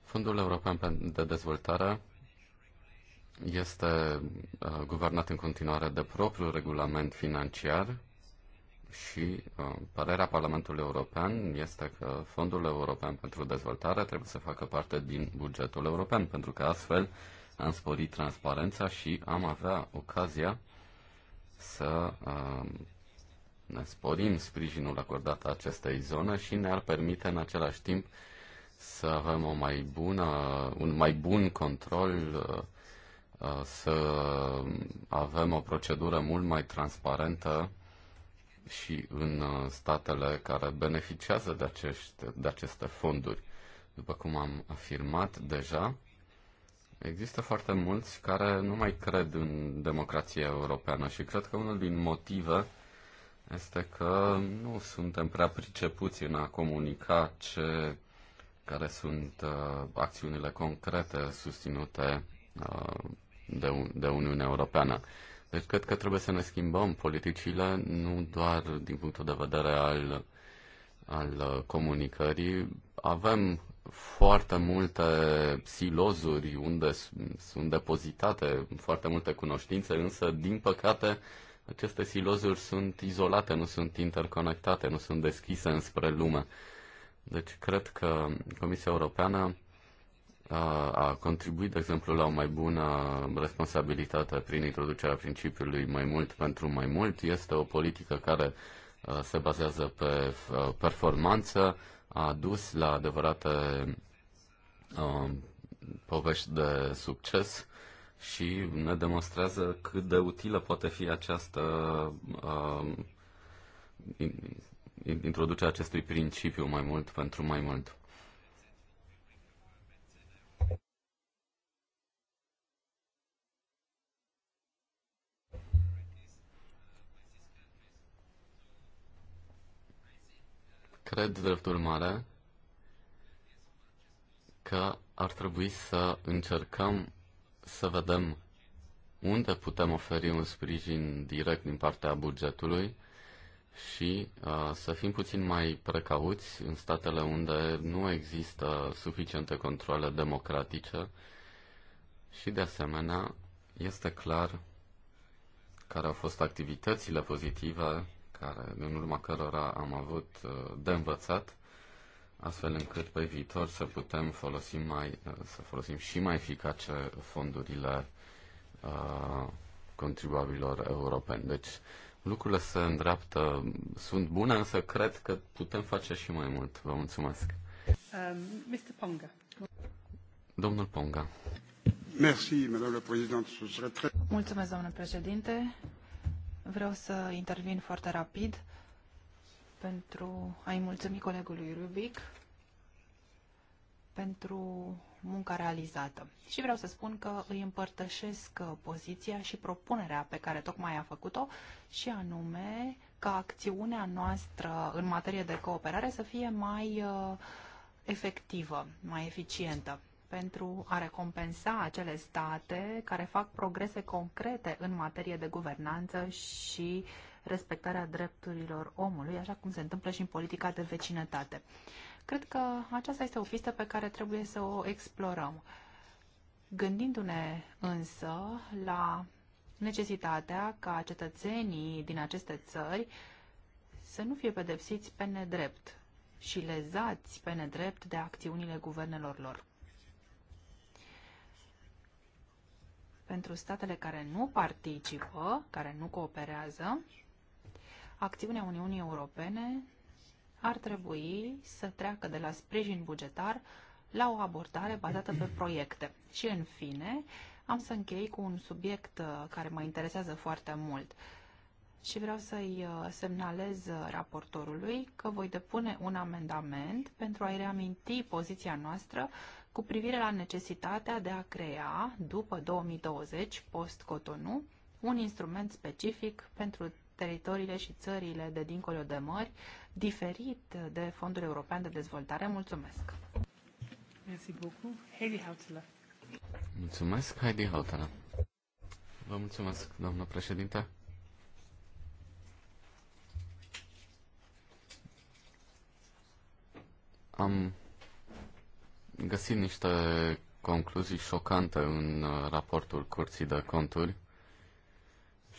Fondul European de Dezvoltare este uh, guvernat în continuare de propriul regulament financiar și uh, părerea Parlamentului European este că Fondul European pentru Dezvoltare trebuie să facă parte din bugetul european, pentru că astfel am sporit transparența și am avea ocazia să uh, ne sporim sprijinul acordat acestei zone și ne-ar permite în același timp să avem o mai bună, un mai bun control, uh, uh, să avem o procedură mult mai transparentă și în statele care beneficiază de, acești, de aceste fonduri. După cum am afirmat deja, Există foarte mulți care nu mai cred în democrația europeană și cred că unul din motive este că nu suntem prea pricepuți în a comunica ce, care sunt uh, acțiunile concrete susținute uh, de, de Uniunea Europeană. Deci cred că trebuie să ne schimbăm politicile, nu doar din punctul de vedere al, al uh, comunicării. Avem foarte multe silozuri unde sunt depozitate foarte multe cunoștințe, însă, din păcate, aceste silozuri sunt izolate, nu sunt interconectate, nu sunt deschise înspre lume. Deci, cred că Comisia Europeană a contribuit, de exemplu, la o mai bună responsabilitate prin introducerea principiului mai mult pentru mai mult. Este o politică care se bazează pe performanță, a dus la adevărate uh, povești de succes și ne demonstrează cât de utilă poate fi această uh, introducerea acestui principiu mai mult pentru mai mult. Cred, drept urmare, că ar trebui să încercăm să vedem unde putem oferi un sprijin direct din partea bugetului și uh, să fim puțin mai precauți în statele unde nu există suficiente controle democratice și, de asemenea, este clar care au fost activitățile pozitive care, în urma cărora am avut uh, de învățat, astfel încât pe viitor să putem folosi mai, uh, să folosim și mai eficace fondurile uh, contribuabilor europeni. Deci, lucrurile se îndreaptă, sunt bune, însă cred că putem face și mai mult. Vă mulțumesc. Um, Mr. Ponga. Domnul Ponga. Mulțumesc, domnule președinte. Vreau să intervin foarte rapid pentru a-i mulțumi colegului Rubic pentru munca realizată. Și vreau să spun că îi împărtășesc poziția și propunerea pe care tocmai a făcut-o și anume ca acțiunea noastră în materie de cooperare să fie mai uh, efectivă, mai eficientă pentru a recompensa acele state care fac progrese concrete în materie de guvernanță și respectarea drepturilor omului, așa cum se întâmplă și în politica de vecinătate. Cred că aceasta este o pistă pe care trebuie să o explorăm. Gândindu-ne însă la necesitatea ca cetățenii din aceste țări să nu fie pedepsiți pe nedrept și lezați pe nedrept de acțiunile guvernelor lor. pentru statele care nu participă, care nu cooperează, acțiunea Uniunii Europene ar trebui să treacă de la sprijin bugetar la o abordare bazată pe proiecte. Și, în fine, am să închei cu un subiect uh, care mă interesează foarte mult și vreau să-i uh, semnalez uh, raportorului că voi depune un amendament pentru a-i reaminti poziția noastră cu privire la necesitatea de a crea, după 2020, post-Cotonou, un instrument specific pentru teritoriile și țările de dincolo de mări, diferit de Fondul European de Dezvoltare. Mulțumesc! Merci beaucoup. Heidi Hautala. Mulțumesc, Heidi Hautala. Vă mulțumesc, doamnă președinte. Am găsit niște concluzii șocante în uh, raportul Curții de Conturi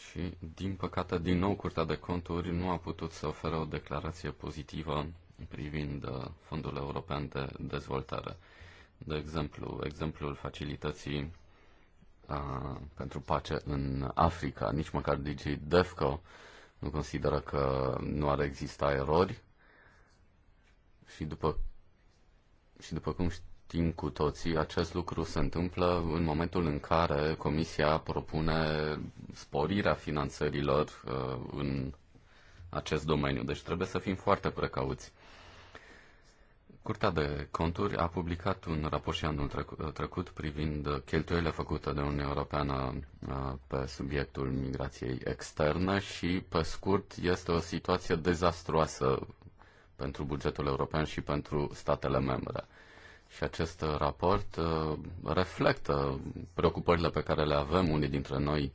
și, din păcate, din nou Curtea de Conturi nu a putut să ofere o declarație pozitivă privind uh, Fondul European de Dezvoltare. De exemplu, exemplul facilității a, uh, pentru pace în Africa, nici măcar DJ DEFCO nu consideră că nu ar exista erori și după și după cum știu, știm cu toții, acest lucru se întâmplă în momentul în care Comisia propune sporirea finanțărilor uh, în acest domeniu. Deci trebuie să fim foarte precauți. Curtea de Conturi a publicat un raport și anul uh, trecut privind cheltuielile făcute de Uniunea Europeană uh, pe subiectul migrației externe și, pe scurt, este o situație dezastroasă pentru bugetul european și pentru statele membre. Și acest uh, raport uh, reflectă preocupările pe care le avem unii dintre noi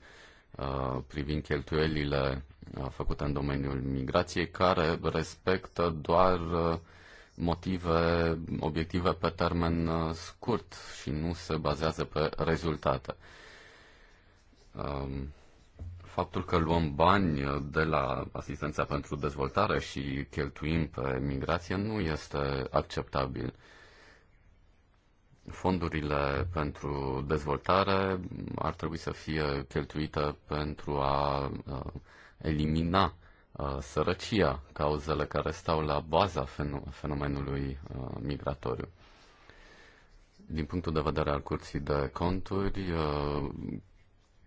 uh, privind cheltuielile făcute în domeniul migrației, care respectă doar motive, obiective pe termen scurt și nu se bazează pe rezultate. Um, faptul că luăm bani de la asistența pentru dezvoltare și cheltuim pe migrație nu este acceptabil fondurile pentru dezvoltare ar trebui să fie cheltuite pentru a elimina sărăcia, cauzele care stau la baza fenomenului migratoriu. Din punctul de vedere al curții de conturi,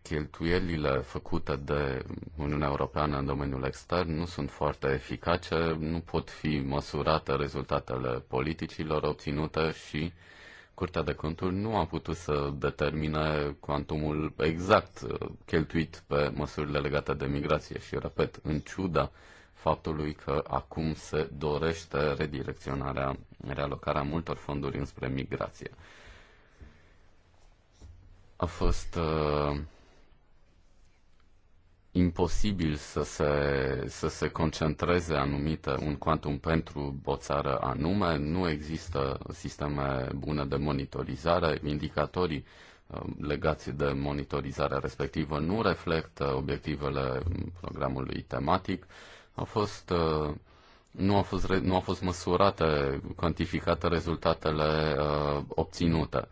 cheltuielile făcute de Uniunea Europeană în domeniul extern nu sunt foarte eficace, nu pot fi măsurate rezultatele politicilor obținute și uh, Curtea de Conturi nu a putut să determine cuantumul exact uh, cheltuit pe măsurile legate de migrație și, repet, în ciuda faptului că acum se dorește redirecționarea, realocarea multor fonduri înspre migrație. A fost uh, imposibil să se, să se concentreze anumite un quantum pentru o țară anume, nu există sisteme bune de monitorizare, indicatorii um, legați de monitorizarea respectivă nu reflectă obiectivele um, programului tematic, au fost, uh, nu, au fost, nu au fost măsurate, cantificate rezultatele uh, obținute.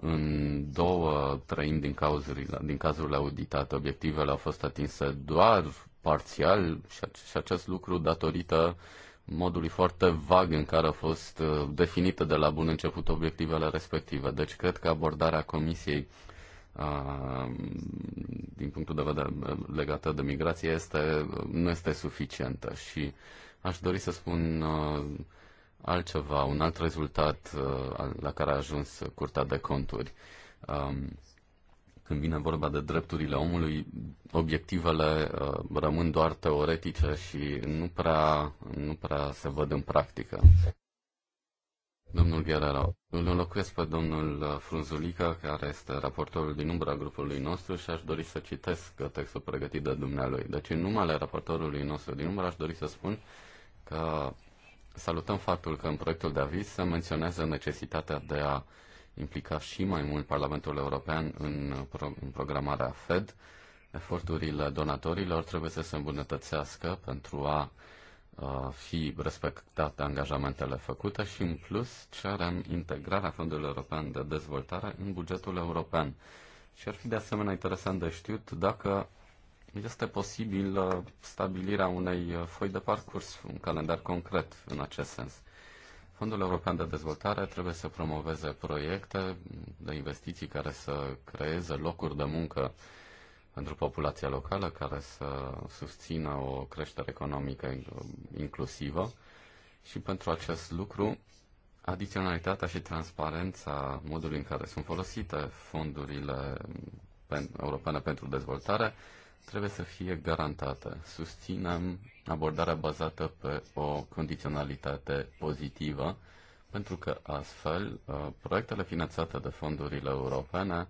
În două trăim din, cauzurile, din cazurile auditate, obiectivele au fost atinse doar parțial și acest lucru datorită modului foarte vag în care au fost uh, definite de la bun început obiectivele respective. Deci cred că abordarea Comisiei uh, din punctul de vedere uh, legată de migrație este, nu este suficientă și aș dori să spun altceva, un alt rezultat uh, la care a ajuns Curtea de Conturi. Um, când vine vorba de drepturile omului, obiectivele uh, rămân doar teoretice și nu prea, nu prea se văd în practică. Domnul Guerrero, îl înlocuiesc pe domnul uh, Frunzulica, care este raportorul din umbra grupului nostru și aș dori să citesc textul pregătit de dumnealui. Deci, în numele raportorului nostru din umbra, aș dori să spun că Salutăm faptul că în proiectul de aviz se menționează necesitatea de a implica și mai mult Parlamentul European în, pro- în programarea Fed. Eforturile donatorilor trebuie să se îmbunătățească pentru a fi respectate angajamentele făcute și, în plus, cerem integrarea Fondului European de Dezvoltare în bugetul european. Și ar fi de asemenea interesant de știut dacă este posibil uh, stabilirea unei uh, foi de parcurs, un calendar concret în acest sens. Fondul European de Dezvoltare trebuie să promoveze proiecte de investiții care să creeze locuri de muncă pentru populația locală, care să susțină o creștere economică inclusivă și pentru acest lucru adiționalitatea și transparența modului în care sunt folosite fondurile europene pentru dezvoltare trebuie să fie garantată. Susținem abordarea bazată pe o condiționalitate pozitivă, pentru că astfel uh, proiectele finanțate de fondurile europene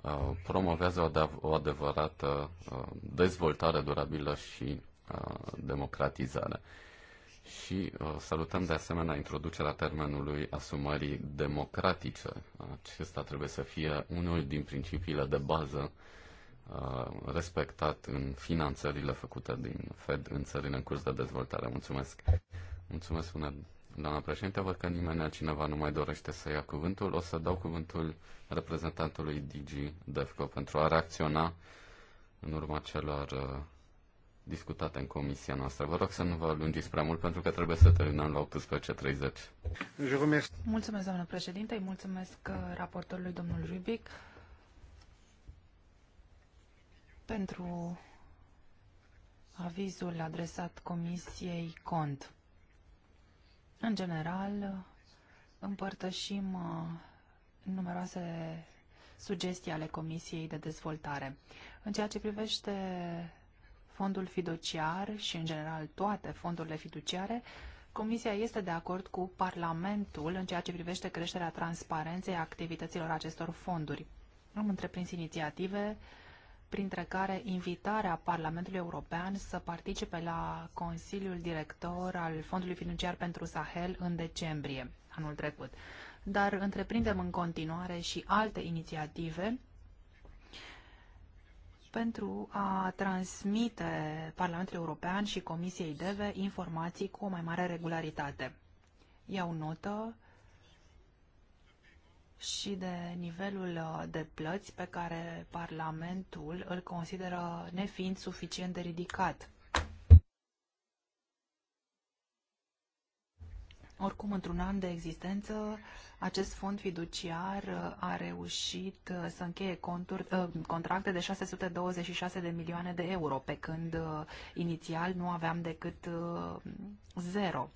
uh, promovează o adevărată uh, dezvoltare durabilă și democratizare. Și salutăm de asemenea introducerea termenului asumării democratice. Acesta trebuie să fie unul din principiile de bază Uh, respectat în finanțările făcute din Fed în țările în curs de dezvoltare. Mulțumesc! Mulțumesc, bună, doamna președinte. Văd că nimeni altcineva nu mai dorește să ia cuvântul. O să dau cuvântul reprezentantului DG DEFCO pentru a reacționa în urma celor uh, discutate în comisia noastră. Vă rog să nu vă lungiți prea mult pentru că trebuie să terminăm la 18.30. Mulțumesc, doamnă președinte, mulțumesc uh, raportorului domnul Rubic pentru avizul adresat Comisiei Cont. În general, împărtășim uh, numeroase sugestii ale Comisiei de Dezvoltare. În ceea ce privește fondul fiduciar și, în general, toate fondurile fiduciare, Comisia este de acord cu Parlamentul în ceea ce privește creșterea transparenței activităților acestor fonduri. Am întreprins inițiative uh, printre care invitarea Parlamentului European să participe la Consiliul Director al Fondului Financiar pentru Sahel în decembrie anul trecut. Dar întreprindem în continuare și alte inițiative pentru a transmite Parlamentului European și Comisiei DEVE informații cu o mai mare regularitate. Iau notă și de nivelul uh, de plăți pe care Parlamentul îl consideră nefiind suficient de ridicat. Oricum, într-un an de existență, acest fond fiduciar uh, a reușit uh, să încheie conturi, uh, contracte de 626 de milioane de euro, pe când inițial nu aveam decât zero.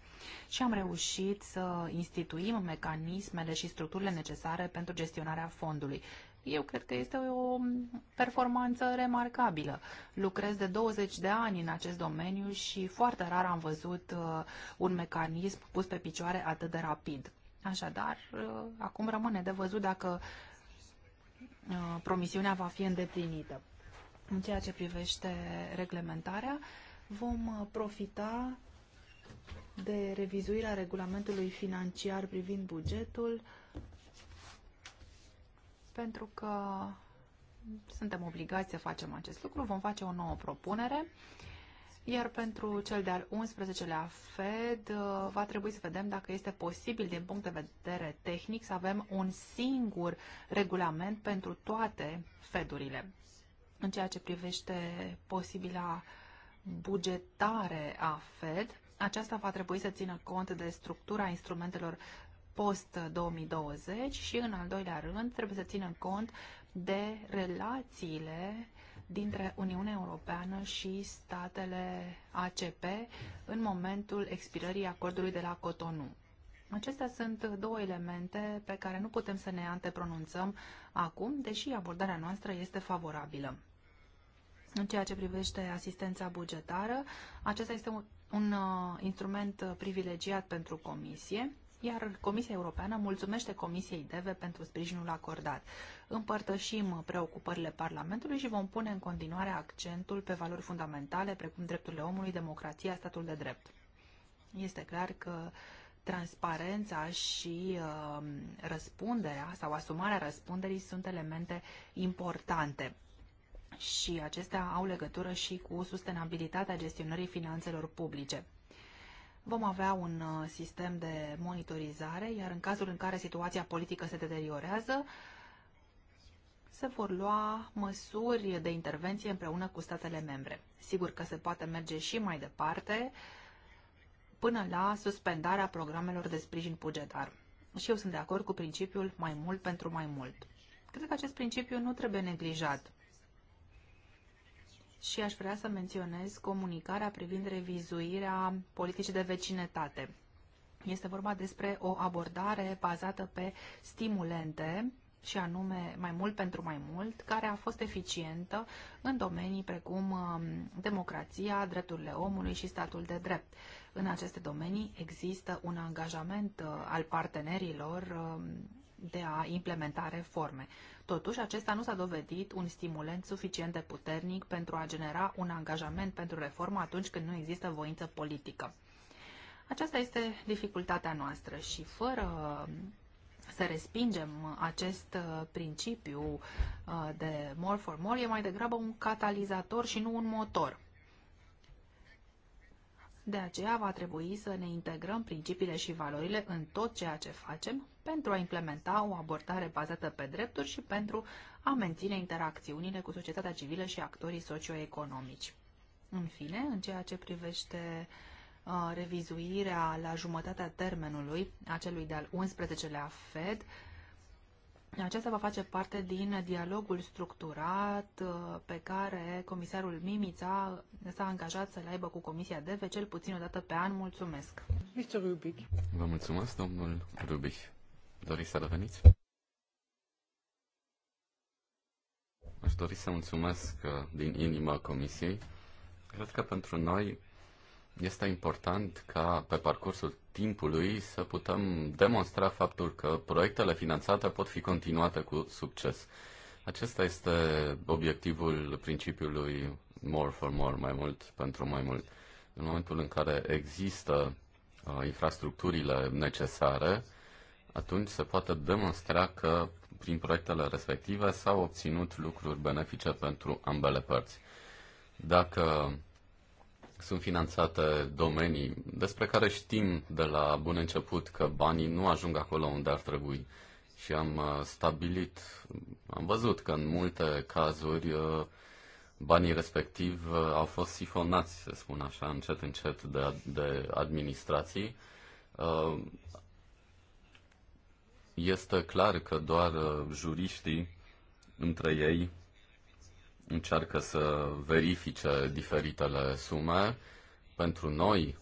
Și am reușit să instituim mecanismele și structurile necesare pentru gestionarea fondului eu cred că este o performanță remarcabilă. Lucrez de 20 de ani în acest domeniu și foarte rar am văzut uh, un mecanism pus pe picioare atât de rapid. Așadar, uh, acum rămâne de văzut dacă uh, promisiunea va fi îndeplinită. În ceea ce privește reglementarea, vom profita de revizuirea regulamentului financiar privind bugetul pentru că suntem obligați să facem acest lucru. Vom face o nouă propunere. Iar pentru cel de-al 11-lea FED uh, va trebui să vedem dacă este posibil din punct de vedere tehnic să avem un singur regulament pentru toate FED-urile. În ceea ce privește posibila bugetare a FED, aceasta va trebui să țină cont de structura instrumentelor post-2020 și, în al doilea rând, trebuie să ținem cont de relațiile dintre Uniunea Europeană și statele ACP în momentul expirării acordului de la Cotonou. Acestea sunt două elemente pe care nu putem să ne antepronunțăm acum, deși abordarea noastră este favorabilă. În ceea ce privește asistența bugetară, acesta este un, un uh, instrument privilegiat pentru Comisie iar Comisia Europeană mulțumește Comisiei DEVE pentru sprijinul acordat. Împărtășim preocupările Parlamentului și vom pune în continuare accentul pe valori fundamentale, precum drepturile omului, democrația, statul de drept. Este clar că transparența și uh, răspunderea sau asumarea răspunderii sunt elemente importante și acestea au legătură și cu sustenabilitatea gestionării finanțelor publice vom avea un uh, sistem de monitorizare, iar în cazul în care situația politică se deteriorează, se vor lua măsuri de intervenție împreună cu statele membre. Sigur că se poate merge și mai departe, până la suspendarea programelor de sprijin bugetar. Și eu sunt de acord cu principiul mai mult pentru mai mult. Cred că acest principiu nu trebuie neglijat și aș vrea să menționez comunicarea privind revizuirea politicii de vecinătate. Este vorba despre o abordare bazată pe stimulente și anume mai mult pentru mai mult, care a fost eficientă în domenii precum um, democrația, drepturile omului și statul de drept. În aceste domenii există un angajament uh, al partenerilor um, de a implementa reforme. Totuși, acesta nu s-a dovedit un stimulent suficient de puternic pentru a genera un angajament pentru reformă atunci când nu există voință politică. Aceasta este dificultatea noastră și fără um, să respingem acest uh, principiu uh, de more for more e mai degrabă un catalizator și nu un motor. De aceea va trebui să ne integrăm principiile și valorile în tot ceea ce facem pentru a implementa o abordare bazată pe drepturi și pentru a menține interacțiunile cu societatea civilă și actorii socioeconomici. În fine, în ceea ce privește uh, revizuirea la jumătatea termenului acelui de-al 11-lea FED, aceasta va face parte din dialogul structurat uh, pe care comisarul Mimița s-a angajat să-l aibă cu Comisia DEVE cel puțin o dată pe an. Mulțumesc! Mr. Rubic. Vă mulțumesc, domnul Rubic. Doriți să reveniți? Aș dori să mulțumesc uh, din inima Comisiei. Cred că pentru noi este important ca pe parcursul timpului să putem demonstra faptul că proiectele finanțate pot fi continuate cu succes. Acesta este obiectivul principiului more for more, mai mult pentru mai mult. În momentul în care există uh, infrastructurile necesare, atunci se poate demonstra că prin proiectele respective s-au obținut lucruri benefice pentru ambele părți. Dacă sunt finanțate domenii despre care știm de la bun început că banii nu ajung acolo unde ar trebui. Și am uh, stabilit, am văzut că în multe cazuri uh, banii respectiv uh, au fost sifonați, să spun așa, încet încet de, de administrații. Este clar că doar juriștii între ei încearcă să verifice diferitele sume. Pentru noi,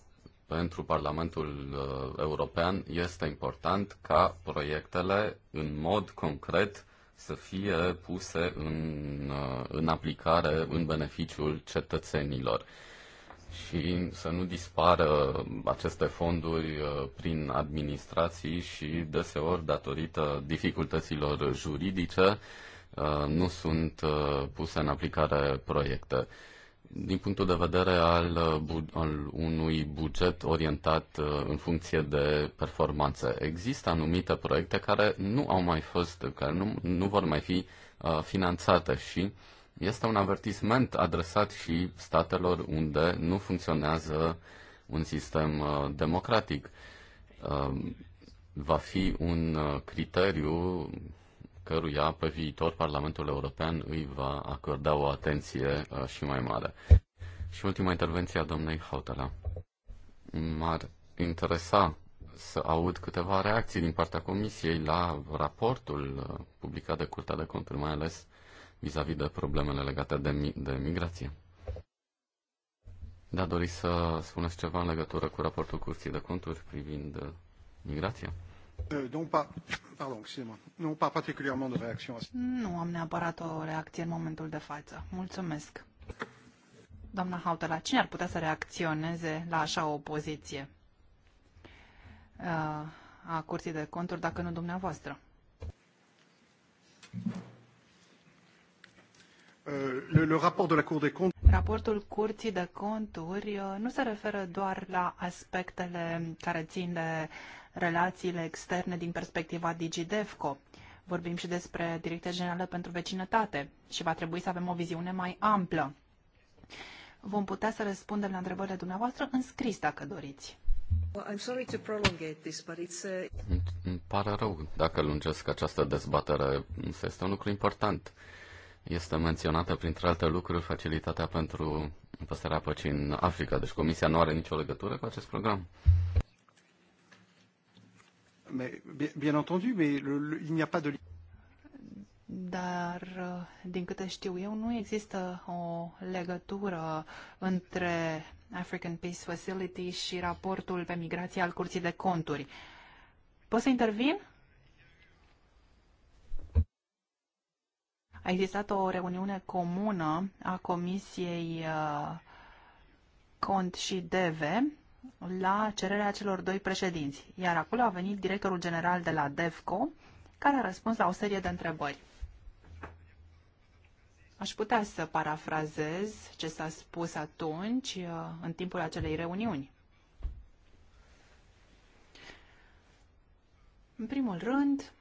pentru Parlamentul uh, European, este important ca proiectele în mod concret să fie puse în, uh, în aplicare în beneficiul cetățenilor și să nu dispară aceste fonduri uh, prin administrații și deseori datorită dificultăților juridice Uh, nu sunt uh, puse în aplicare proiecte. Din punctul de vedere al, uh, al unui buget orientat în funcție de performanță, există anumite proiecte care nu au mai fost, care nu, nu vor mai fi finanțate și este un avertisment adresat și statelor unde nu funcționează un sistem democratic va fi un criteriu căruia pe viitor Parlamentul European îi va acorda o atenție uh, și mai mare. Și ultima intervenție a domnei Hautala. M-ar interesa să aud câteva reacții din partea Comisiei la raportul uh, publicat de Curtea de Conturi, mai ales vis-a-vis -vis de problemele legate de, mi- de migrație. Da, doriți să spuneți ceva în legătură cu raportul Curții de Conturi privind uh, migrația? Euh, nu am neapărat o reacție în momentul de față. Mulțumesc. Doamna Hautala, cine ar putea să reacționeze la așa o poziție uh, a Curții de Conturi, dacă nu dumneavoastră? Euh, le, le raport de la Cour des Comptes Raportul Curții de Conturi uh, nu se referă doar la aspectele care țin de relațiile externe din perspectiva DigiDevco. Vorbim și despre Direcția Generală pentru Vecinătate și va trebui să avem o viziune mai amplă. Vom putea să răspundem la întrebările dumneavoastră în scris, dacă doriți. Uh, îmi pare rău dacă lungesc această dezbatere, însă este un lucru important. Este menționată, printre alte lucruri, facilitatea pentru păstrarea păcii în Africa, deci Comisia nu are nicio legătură cu acest program. Mais, bien entendu, mais le, le, il n'y a pas de dar uh, din câte știu eu nu există o legătură între African Peace Facility și raportul pe migrație al Curții de Conturi. Pot să intervin? A existat o reuniune comună a Comisiei uh, Cont și DEVE la cererea celor doi președinți, iar acolo a venit directorul general de la DEVCO, care a răspuns la o serie de întrebări. Aș putea să parafrazez ce s-a spus atunci, uh, în timpul acelei reuniuni. În primul rând,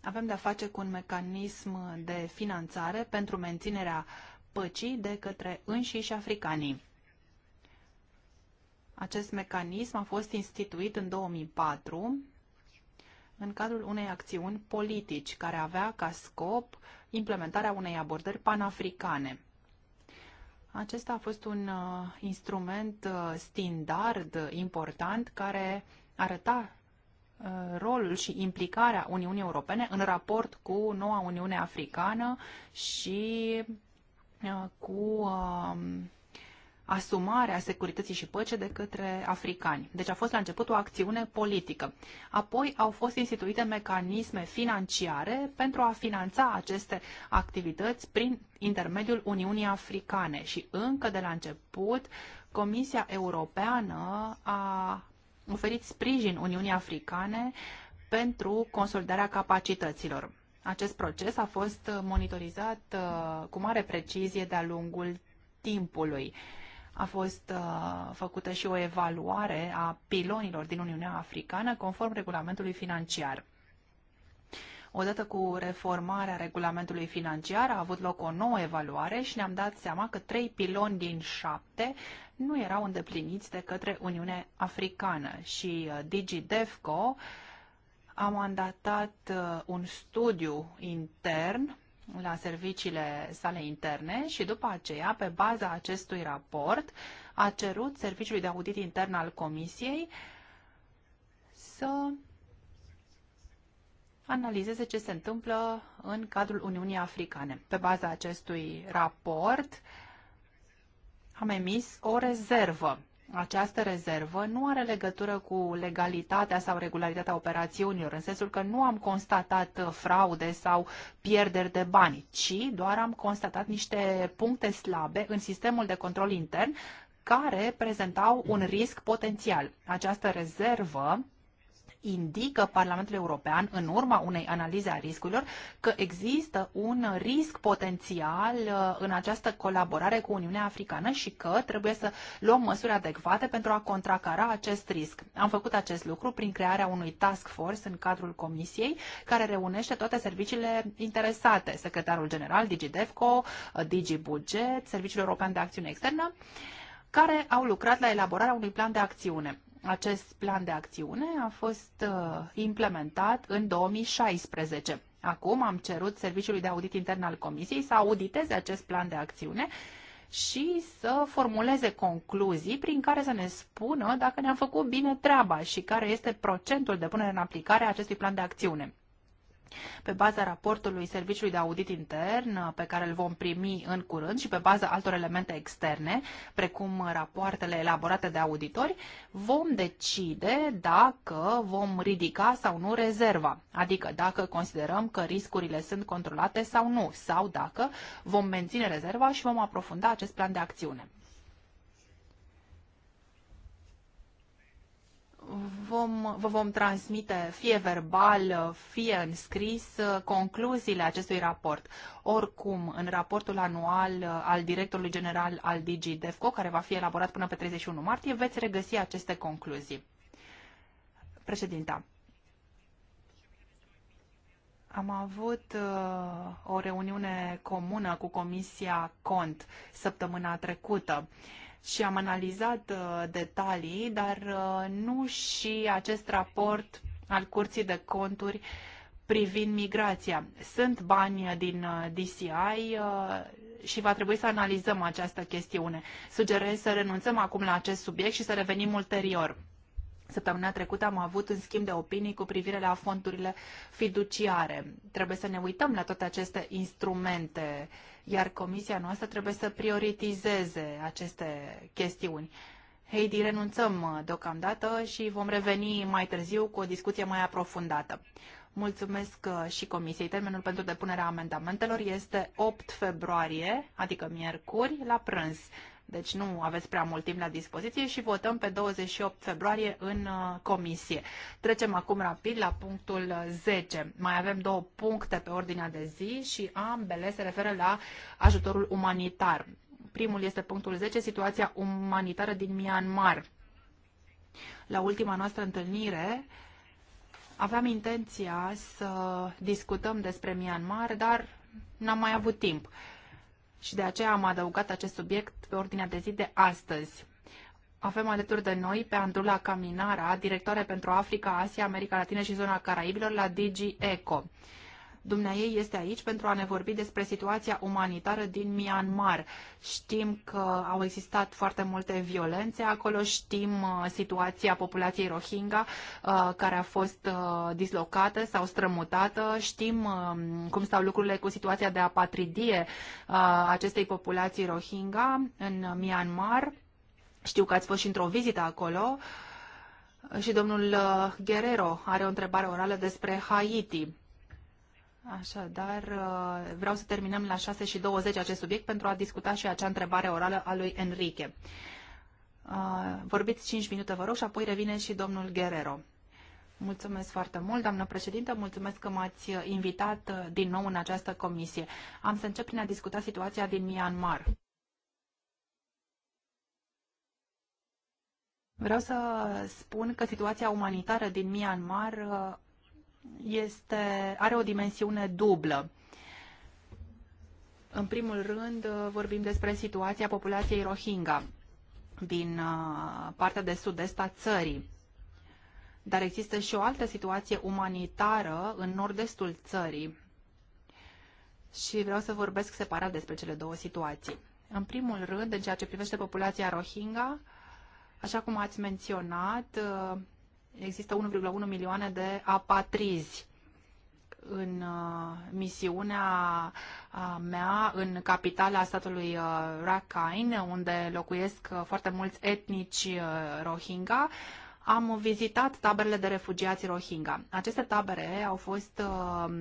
avem de-a face cu un mecanism de finanțare pentru menținerea uh, păcii de către înșiși africanii. Acest mecanism a fost instituit în 2004 în cadrul unei acțiuni politici care avea ca scop implementarea unei abordări panafricane. Acesta a fost un uh, instrument uh, standard important care arăta uh, rolul și implicarea Uniunii Europene în raport cu noua Uniune Africană și cu um, asumarea securității și păcii de către africani. Deci a fost la început o acțiune politică. Apoi au fost instituite mecanisme financiare pentru a finanța aceste activități prin intermediul Uniunii Africane și încă de la început Comisia Europeană a oferit sprijin Uniunii Africane pentru consolidarea capacităților. Acest proces a fost monitorizat uh, cu mare precizie de-a lungul timpului. A fost uh, făcută și o evaluare a pilonilor din Uniunea Africană conform regulamentului financiar. Odată cu reformarea regulamentului financiar a avut loc o nouă evaluare și ne-am dat seama că trei piloni din șapte nu erau îndepliniți de către Uniunea Africană și uh, DigiDefco a mandatat uh, un studiu intern la serviciile sale interne și după aceea, pe baza acestui raport, a cerut Serviciului de Audit Intern al Comisiei să analizeze ce se întâmplă în cadrul Uniunii Africane. Pe baza acestui raport am emis o rezervă această rezervă nu are legătură cu legalitatea sau regularitatea operațiunilor, în sensul că nu am constatat uh, fraude sau pierderi de bani, ci doar am constatat niște puncte slabe în sistemul de control intern care prezentau un risc potențial. Această rezervă indică Parlamentul European, în urma unei analize a riscurilor, că există un risc potențial uh, în această colaborare cu Uniunea Africană și că trebuie să luăm măsuri adecvate pentru a contracara acest risc. Am făcut acest lucru prin crearea unui task force în cadrul Comisiei, care reunește toate serviciile interesate, secretarul general, DigiDevco, uh, DigiBuget, Serviciul European de Acțiune Externă, care au lucrat la elaborarea unui plan de acțiune. Acest plan de acțiune a fost uh, implementat în 2016. Acum am cerut Serviciului de Audit Intern al Comisiei să auditeze acest plan de acțiune și să formuleze concluzii prin care să ne spună dacă ne-am făcut bine treaba și care este procentul de punere în aplicare a acestui plan de acțiune. Pe baza raportului Serviciului de Audit Intern, uh, pe care îl vom primi în curând și pe baza altor elemente externe, precum rapoartele elaborate de auditori, vom decide dacă vom ridica sau nu rezerva, adică dacă considerăm că riscurile sunt controlate sau nu, sau dacă vom menține rezerva și vom aprofunda acest plan de acțiune. vom, vă vom transmite fie verbal, fie în scris concluziile acestui raport. Oricum, în raportul anual uh, al directorului general al DG care va fi elaborat până pe 31 martie, veți regăsi aceste concluzii. Președinta, am avut uh, o reuniune comună cu Comisia CONT săptămâna trecută. Uh, și am analizat uh, detalii, dar uh, nu și acest raport al Curții de Conturi privind migrația. Sunt bani din uh, DCI și va trebui să analizăm această chestiune. Sugerez să renunțăm acum la acest subiect și să revenim ulterior. Săptămâna trecută am avut un schimb de opinii cu privire la fondurile fiduciare. Trebuie să ne uităm la toate aceste instrumente uh, iar comisia noastră trebuie să prioritizeze aceste chestiuni. Heidi, renunțăm uh, deocamdată și vom reveni mai târziu cu o discuție mai aprofundată. Mulțumesc uh, și comisiei. Termenul pentru depunerea amendamentelor este 8 februarie, adică miercuri, la prânz. Deci nu aveți prea mult timp la dispoziție și votăm pe 28 februarie în uh, comisie. Trecem acum rapid la punctul 10. Mai avem două puncte pe ordinea de zi și ambele se referă la ajutorul umanitar. Primul este punctul 10, situația umanitară din Myanmar. La ultima noastră întâlnire, Aveam intenția să discutăm despre Myanmar, dar n-am mai avut timp și de aceea am adăugat acest subiect pe ordinea de zi de astăzi. Avem alături de noi pe Andrula Caminara, directoare pentru Africa, Asia, America Latină și zona Caraibilor la DG ECO. Dumneaei este aici pentru a ne vorbi despre situația umanitară din Myanmar. Știm că au existat foarte multe violențe acolo, știm uh, situația populației Rohingya uh, care a fost uh, dislocată sau strămutată, știm um, cum stau lucrurile cu situația de apatridie acestei populații Rohingya în Myanmar. Știu că ați fost și într-o vizită acolo. Și domnul Guerrero are o întrebare orală despre Haiti. Așadar, uh, vreau să terminăm la 6 și 20 acest subiect pentru a discuta și acea întrebare orală a lui Enrique. Uh, vorbiți 5 minute, vă rog, și apoi revine și domnul Guerrero. Mulțumesc foarte mult, doamnă președintă, mulțumesc că m-ați invitat uh, din nou în această comisie. Am să încep prin a discuta situația din Myanmar. Vreau să spun că situația umanitară din Myanmar este, are o dimensiune dublă. În primul rând, vorbim despre situația populației Rohingya din uh, partea de sud-est a țării. Dar există și o altă situație umanitară în nord-estul țării. Și vreau să vorbesc separat despre cele două situații. În primul rând, în ceea ce privește populația Rohingya, așa cum ați menționat, uh, există 1,1 milioane de apatrizi în uh, misiunea uh, mea în capitala statului uh, Rakhine, unde locuiesc foarte mulți etnici Rohingya am vizitat taberele de refugiați Rohingya. Aceste tabere au fost uh,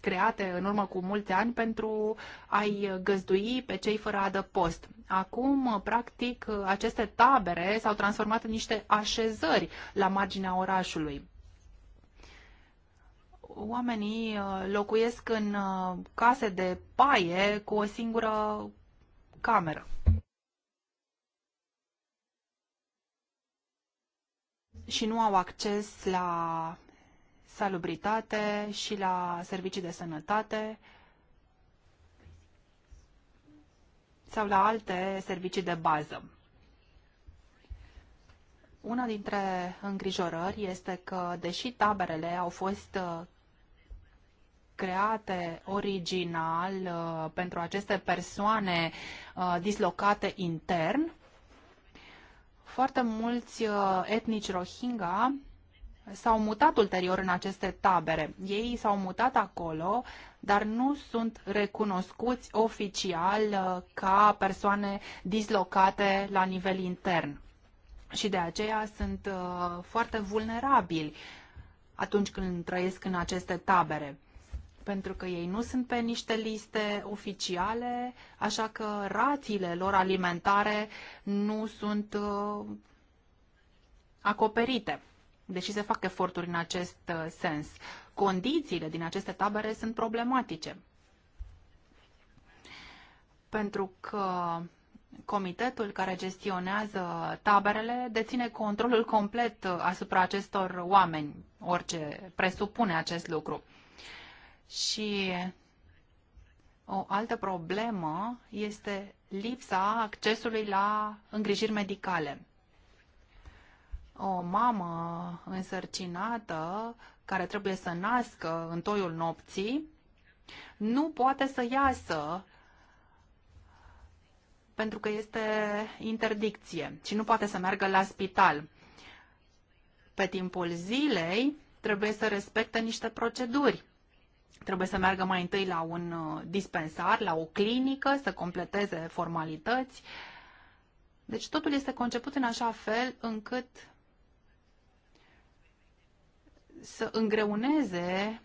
create în urmă cu mulți ani pentru a-i găzdui pe cei fără adăpost. Acum, practic, aceste tabere s-au transformat în niște așezări la marginea orașului oamenii uh, locuiesc în uh, case de paie cu o singură cameră. și nu au acces la salubritate și la servicii de sănătate sau la alte servicii de bază. Una dintre îngrijorări este că, deși taberele au fost uh, create original uh, pentru aceste persoane uh, dislocate intern, foarte mulți uh, etnici Rohingya s-au mutat ulterior în aceste tabere. Ei s-au mutat acolo, dar nu sunt recunoscuți oficial uh, ca persoane dislocate la nivel intern. Și de aceea sunt uh, foarte vulnerabili atunci când trăiesc în aceste tabere pentru că ei nu sunt pe niște liste oficiale, așa că rațiile lor alimentare nu sunt uh, acoperite, deși se fac eforturi în acest uh, sens. Condițiile din aceste tabere sunt problematice, pentru că comitetul care gestionează taberele deține controlul complet uh, asupra acestor oameni, orice presupune acest lucru. Și o altă problemă este lipsa accesului la îngrijiri medicale. O mamă însărcinată care trebuie să nască în toiul nopții nu poate să iasă pentru că este interdicție și nu poate să meargă la spital. Pe timpul zilei trebuie să respecte niște proceduri trebuie să meargă mai întâi la un uh, dispensar, la o clinică, să completeze formalități. Deci totul este conceput în așa fel încât să îngreuneze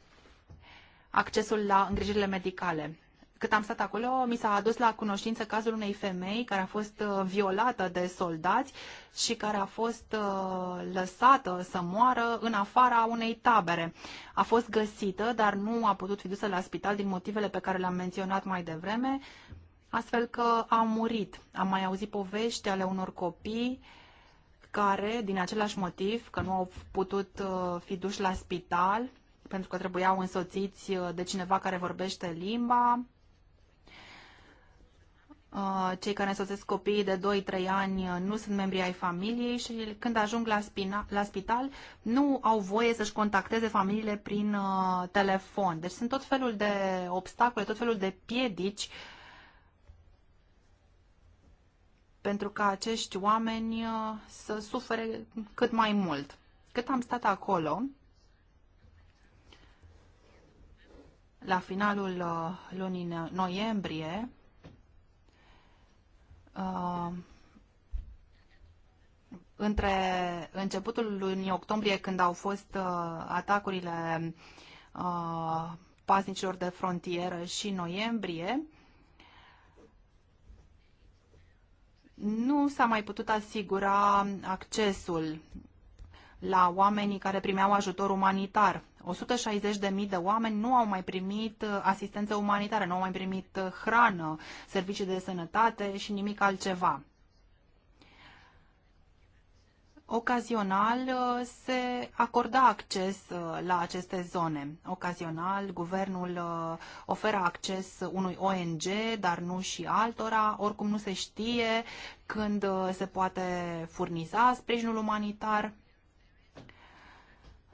accesul la îngrijirile medicale cât am stat acolo, mi s-a adus la cunoștință cazul unei femei care a fost uh, violată de soldați și care a fost uh, lăsată să moară în afara unei tabere. A fost găsită, dar nu a putut fi dusă la spital din motivele pe care le-am menționat mai devreme, astfel că a murit. Am mai auzit povești ale unor copii care, din același motiv, că nu au putut uh, fi duși la spital, pentru că trebuiau însoțiți de cineva care vorbește limba, Uh, cei care însoțesc copiii de 2-3 ani uh, nu sunt membri ai familiei și când ajung la, spina, la spital nu au voie să-și contacteze familiile prin uh, telefon. Deci sunt tot felul de obstacole, tot felul de piedici pentru ca acești oameni să sufere cât mai mult. Cât am stat acolo, la finalul lunii noiembrie, uh, între începutul lunii octombrie, când au fost uh, atacurile uh, pasnicilor de frontieră și noiembrie, nu s-a mai putut asigura accesul la oamenii care primeau ajutor umanitar. 160.000 de oameni nu au mai primit uh, asistență umanitară, nu au mai primit uh, hrană, servicii de sănătate și nimic altceva. Ocazional uh, se acorda acces la aceste zone. Ocazional, guvernul oferă acces unui ONG, dar nu și altora. Oricum nu se știe când se poate furniza sprijinul umanitar.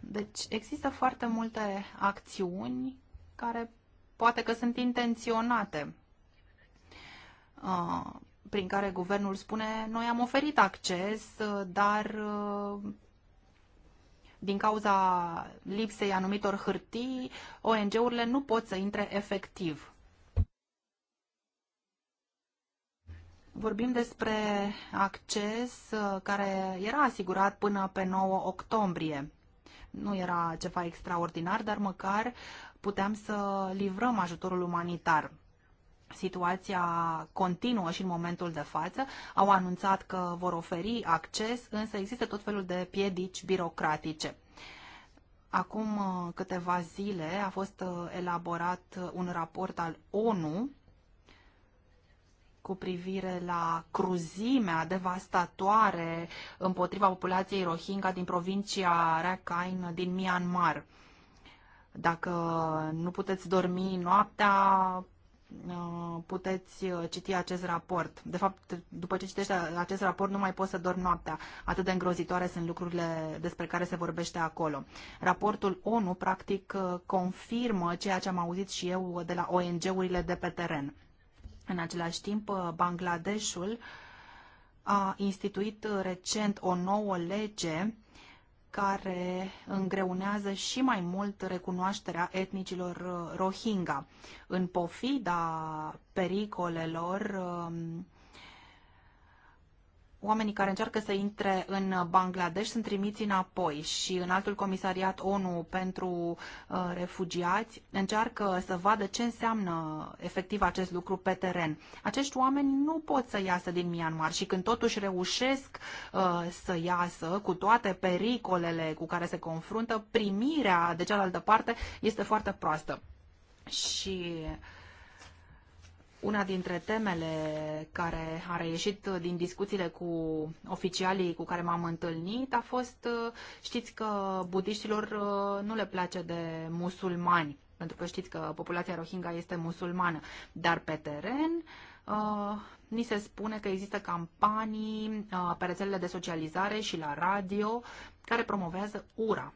Deci există foarte multe acțiuni care poate că sunt intenționate, uh, prin care guvernul spune noi am oferit acces, uh, dar uh, din cauza lipsei anumitor hârtii, ONG-urile nu pot să intre efectiv. Vorbim despre acces care era asigurat până pe 9 octombrie nu era ceva extraordinar, dar măcar puteam să livrăm ajutorul umanitar situația continuă și în momentul de față. Au anunțat că vor oferi acces, însă există tot felul de piedici birocratice. Acum uh, câteva zile a fost uh, elaborat uh, un raport al ONU cu privire la cruzimea devastatoare împotriva populației Rohingya din provincia Rakhine din Myanmar. Dacă nu puteți dormi noaptea, uh, puteți uh, citi acest raport. De fapt, după ce citești acest raport, nu mai poți să dormi noaptea. Atât de îngrozitoare sunt lucrurile despre care se vorbește acolo. Raportul ONU, practic, uh, confirmă ceea ce am auzit și eu de la ONG-urile de pe teren. În același timp, uh, Bangladeshul a instituit uh, recent o nouă lege care îngreunează și mai mult recunoașterea etnicilor uh, Rohingya, în pofida pericolelor um, oamenii care încearcă să intre în Bangladesh sunt trimiți înapoi și în altul comisariat ONU pentru uh, refugiați încearcă să vadă ce înseamnă efectiv acest lucru pe teren. Acești oameni nu pot să iasă din Myanmar și când totuși reușesc uh, să iasă cu toate pericolele cu care se confruntă, primirea de cealaltă parte este foarte proastă. Și uh, una dintre temele care a reieșit din discuțiile cu oficialii cu care m-am întâlnit a fost, știți că budiștilor uh, nu le place de musulmani, pentru că știți că populația Rohingya este musulmană, dar pe teren uh, ni se spune că există campanii uh, pe rețelele de socializare și la radio care promovează ura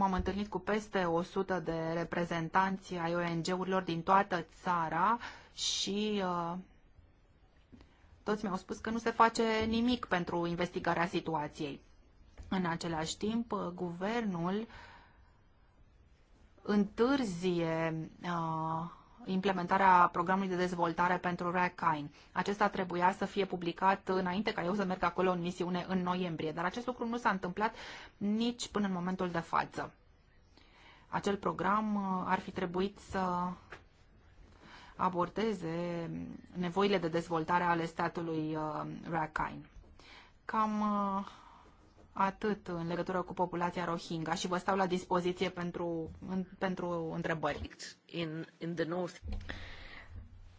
Acum am întâlnit cu peste 100 de reprezentanți ai ONG-urilor din toată țara și uh, toți mi-au spus că nu se face nimic pentru investigarea situației. În același timp, uh, guvernul întârzie uh, implementarea programului de dezvoltare pentru Rakhine. Acesta trebuia să fie publicat înainte ca eu să merg acolo în misiune în noiembrie, dar acest lucru nu s-a întâmplat nici până în momentul de față. Acel program uh, ar fi trebuit să abordeze nevoile de dezvoltare ale statului uh, Rakhine. Cam uh, Atât în legătură cu populația Rohingya și vă stau la dispoziție pentru, în, pentru întrebări. In, in the north.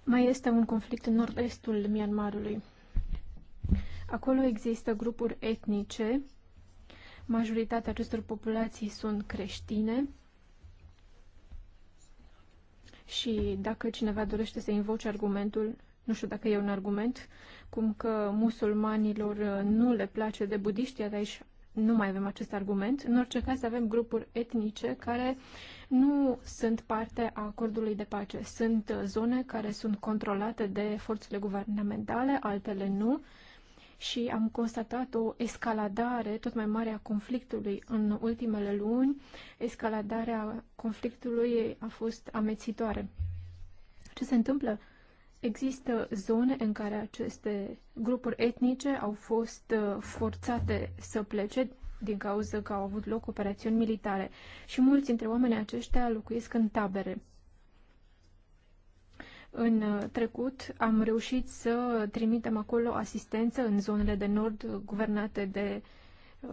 Mai este un conflict în nord-estul Myanmarului. Acolo există grupuri etnice. Majoritatea acestor populații sunt creștine. Și dacă cineva dorește să invoce argumentul nu știu dacă e un argument, cum că musulmanilor uh, nu le place de budiști, iar aici nu mai avem acest argument. În orice caz avem grupuri etnice care nu sunt parte a acordului de pace. Sunt uh, zone care sunt controlate de forțele guvernamentale, altele nu și am constatat o escaladare tot mai mare a conflictului în ultimele luni. Escaladarea conflictului a fost amețitoare. Ce se întâmplă? Există zone în care aceste grupuri etnice au fost uh, forțate să plece din cauza că au avut loc operațiuni militare și mulți dintre oamenii aceștia locuiesc în tabere. În uh, trecut am reușit să trimitem acolo asistență în zonele de nord guvernate de uh,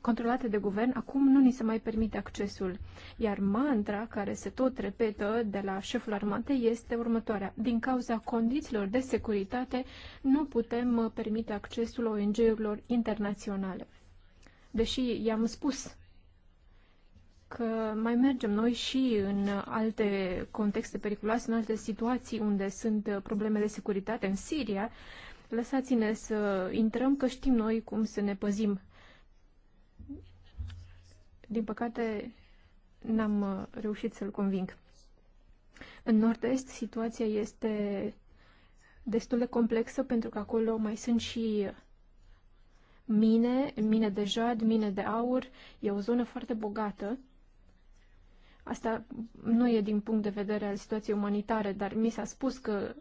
controlate de guvern, acum nu ni se mai permite accesul. Iar mantra care se tot repetă de la șeful armatei este următoarea. Din cauza condițiilor de securitate, nu putem uh, permite accesul ONG-urilor internaționale. Deși i-am spus că mai mergem noi și în alte contexte periculoase, în alte situații unde sunt uh, probleme de securitate, în Siria, lăsați-ne să uh, intrăm, că știm noi cum să ne păzim. Din păcate, n-am uh, reușit să-l conving. În nord-est, situația este destul de complexă, pentru că acolo mai sunt și mine, mine de jad, mine de aur. E o zonă foarte bogată. Asta nu e din punct de vedere al situației umanitare, dar mi s-a spus că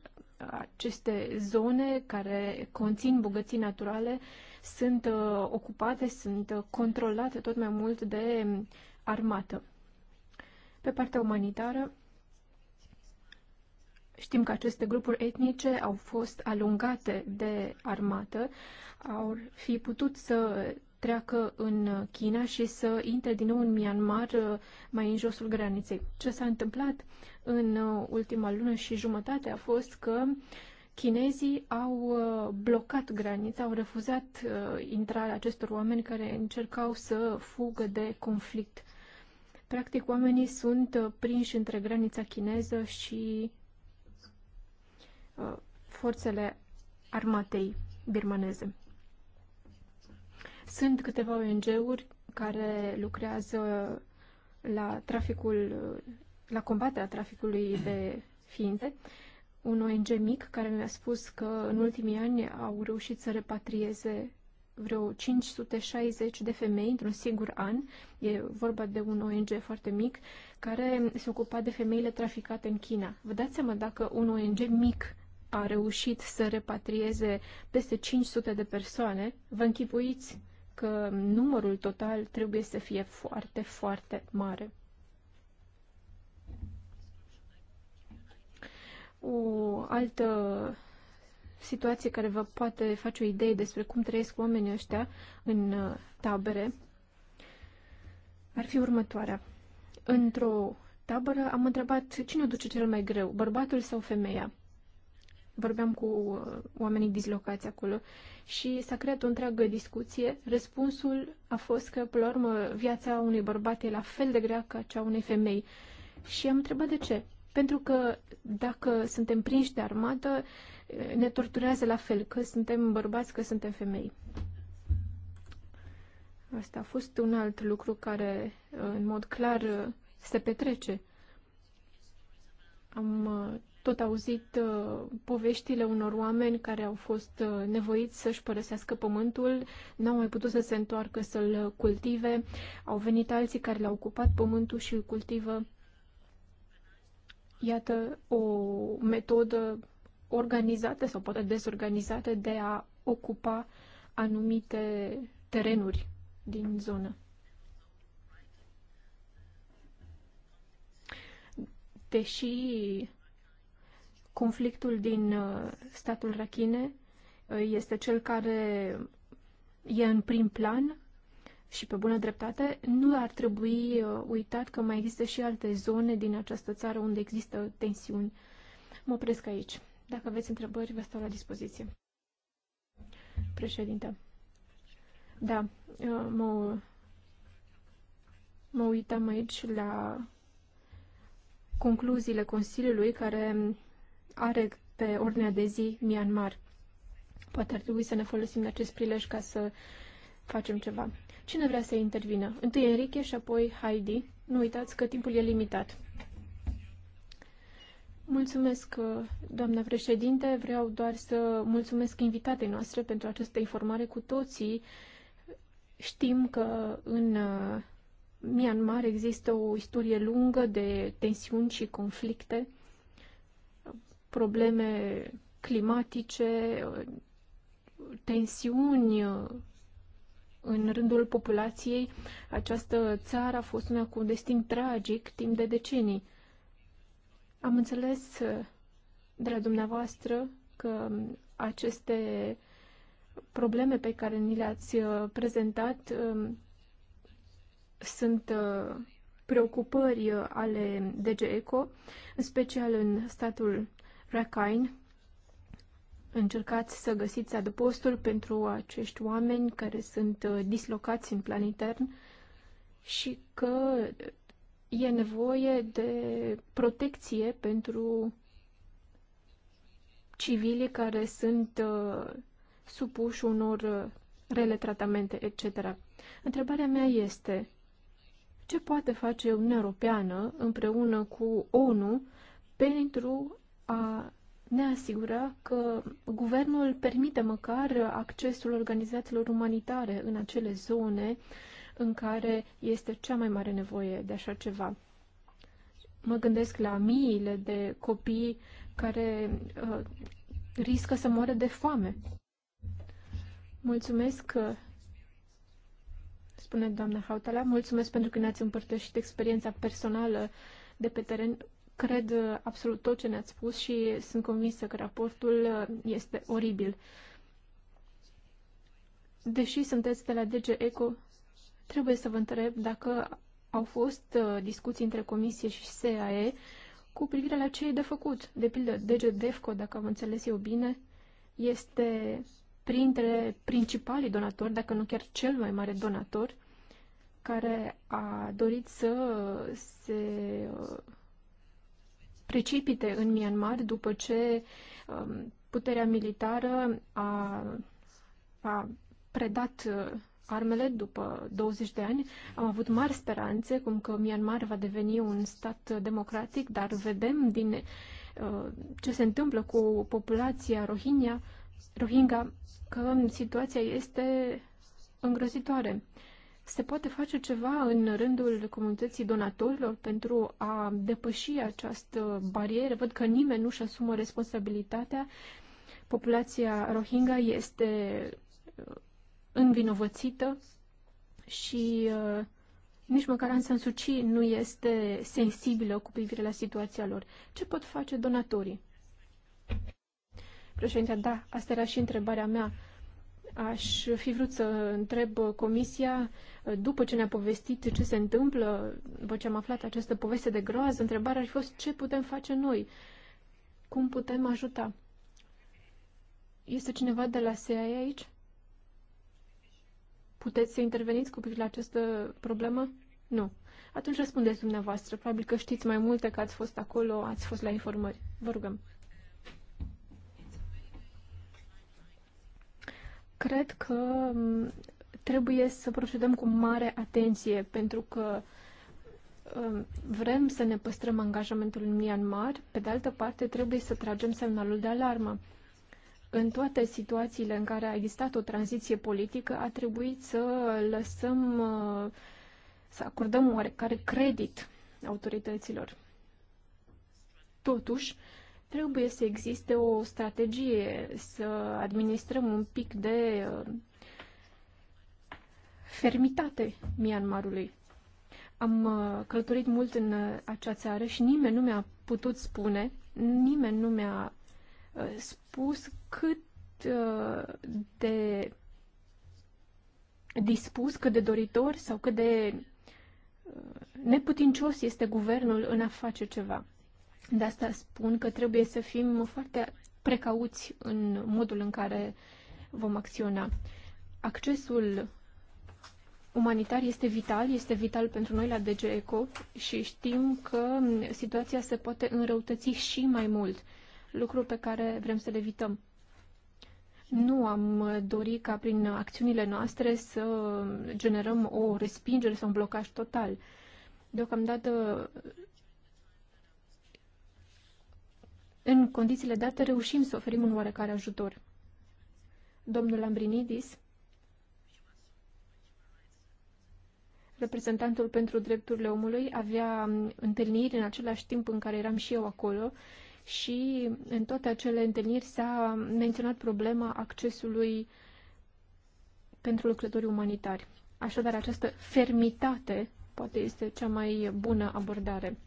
aceste zone care conțin bogății naturale uh, sunt uh, ocupate, sunt uh, controlate tot mai mult de armată. Pe partea umanitară, Știm că aceste grupuri etnice au fost alungate de armată, au fi putut să treacă în China și să intre din nou în Myanmar, uh, mai în josul graniței. Ce s-a întâmplat în ultima lună și jumătate a fost că Chinezii au uh, blocat granița, au refuzat uh, intrarea acestor oameni care încercau să fugă de conflict. Practic, oamenii sunt uh, prinși între granița chineză și forțele armatei birmaneze. Sunt câteva ONG-uri care lucrează la traficul, la combaterea traficului de ființe un ONG mic care mi-a spus că în ultimii ani au reușit să repatrieze vreo 560 de femei într-un singur an. E vorba de un ONG foarte mic care se ocupa de femeile traficate în China. Vă dați seama dacă un ONG mic a reușit să repatrieze peste 500 de persoane, vă închipuiți că numărul total trebuie să fie foarte, foarte mare. O altă situație care vă poate face o idee despre cum trăiesc oamenii ăștia în uh, tabere ar fi următoarea. Într-o tabără am întrebat cine o duce cel mai greu, bărbatul sau femeia. Vorbeam cu uh, oamenii dislocați acolo și s-a creat o întreagă discuție. Răspunsul a fost că, până la urmă, viața unui bărbat e la fel de grea ca cea unei femei. Și am întrebat de ce. Pentru că dacă suntem prinși de armată, ne torturează la fel, că suntem bărbați, că suntem femei. Asta a fost un alt lucru care, în mod clar, se petrece. Am uh, tot auzit uh, poveștile unor oameni care au fost uh, nevoiți să-și părăsească pământul, n-au mai putut să se întoarcă să-l cultive, au venit alții care le-au ocupat pământul și îl cultivă. Iată o metodă organizată sau poate dezorganizată de a ocupa anumite terenuri din zonă. Deși conflictul din uh, statul Rachine uh, este cel care e în prim plan, și pe bună dreptate, nu ar trebui uh, uitat că mai există și alte zone din această țară unde există tensiuni. Mă opresc aici. Dacă aveți întrebări, vă stau la dispoziție. Președinte. Da, uh, mă, mă uitam aici la concluziile Consiliului care are pe ordinea de zi Myanmar. Poate ar trebui să ne folosim de acest prilej ca să facem ceva. Cine vrea să intervină? Întâi Enrique și apoi Heidi. Nu uitați că timpul e limitat. Mulțumesc, uh, doamna președinte. Vreau doar să mulțumesc invitatei noastre pentru această informare. Cu toții știm că în uh, Myanmar există o istorie lungă de tensiuni și conflicte, probleme climatice, uh, tensiuni în rândul populației, această țară a fost una cu un destin tragic timp de decenii. Am înțeles de la dumneavoastră că aceste probleme pe care ni le-ați uh, prezentat um, sunt uh, preocupări uh, ale DGECO, în special în statul Rakhine, încercați să găsiți adăpostul pentru acești oameni care sunt uh, dislocați în plan intern și că e nevoie de protecție pentru civilii care sunt uh, supuși unor uh, rele tratamente, etc. Întrebarea mea este ce poate face Uniunea Europeană împreună cu ONU pentru a ne asigură că guvernul permite măcar accesul organizațiilor umanitare în acele zone în care este cea mai mare nevoie de așa ceva. Mă gândesc la miile de copii care uh, riscă să moară de foame. Mulțumesc, uh, spune doamna Hautala, mulțumesc pentru că ne-ați împărtășit experiența personală de pe teren cred uh, absolut tot ce ne-ați spus și sunt convinsă că raportul uh, este oribil. Deși sunteți de la DG Eco, trebuie să vă întreb dacă au fost uh, discuții între Comisie și SAE cu privire la ce e de făcut. De pildă, DG DEFCO, dacă am înțeles eu bine, este printre principalii donatori, dacă nu chiar cel mai mare donator, care a dorit să se precipite în Myanmar după ce um, puterea militară a, a predat uh, armele după 20 de ani. Am avut mari speranțe cum că Myanmar va deveni un stat democratic, dar vedem din uh, ce se întâmplă cu populația Rohingya, Rohingya că situația este îngrozitoare. Uh, se poate face ceva în rândul comunității donatorilor pentru a depăși această barieră? Văd că nimeni nu-și asumă responsabilitatea. Populația Rohingya este uh, învinovățită și uh, nici măcar în San Suu nu este sensibilă cu privire la situația lor. Ce pot face donatorii? Președinte, da, asta era și întrebarea mea. Aș fi vrut să întreb comisia, după ce ne-a povestit ce se întâmplă, după ce am aflat această poveste de groază, întrebarea ar fi fost ce putem face noi, cum putem ajuta. Este cineva de la CIA aici? Puteți să interveniți cu privire la această problemă? Nu. Atunci răspundeți dumneavoastră. Probabil că știți mai multe că ați fost acolo, ați fost la informări. Vă rugăm. Cred că trebuie să procedăm cu mare atenție pentru că vrem să ne păstrăm angajamentul în Myanmar, pe de altă parte trebuie să tragem semnalul de alarmă. În toate situațiile în care a existat o tranziție politică, a trebuit să lăsăm, să acordăm oarecare credit autorităților. Totuși, Trebuie să existe o strategie, să administrăm un pic de uh, fermitate Myanmarului. Am uh, călătorit mult în uh, acea țară și nimeni nu mi-a putut spune, nimeni nu mi-a spus cât de dispus, cât de doritor sau cât de neputincios este guvernul în a face ceva. De asta spun că trebuie să fim foarte precauți în modul în care vom acționa. Accesul umanitar este vital, este vital pentru noi la DG ECO și știm că situația se poate înrăutăți și mai mult, lucru pe care vrem să-l evităm. Nu am dorit ca prin acțiunile noastre să generăm o respingere sau un blocaj total. Deocamdată în condițiile date, reușim să oferim un oarecare ajutor. Domnul Lambrinidis, reprezentantul pentru drepturile omului, avea um, întâlniri în același timp în care eram și eu acolo și în toate acele întâlniri s-a um, menționat problema accesului pentru lucrătorii umanitari. Așadar, această fermitate poate este cea mai bună abordare.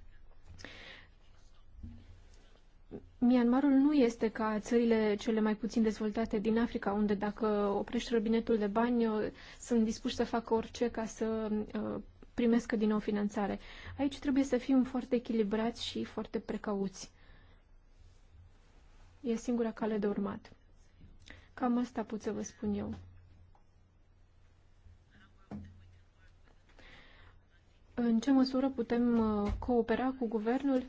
Myanmarul nu este ca țările cele mai puțin dezvoltate din Africa, unde dacă oprești robinetul de bani, sunt dispuși să facă orice ca să uh, primească din nou finanțare. Aici trebuie să fim foarte echilibrați și foarte precauți. E singura cale de urmat. Cam asta pot să vă spun eu. În ce măsură putem uh, coopera cu guvernul?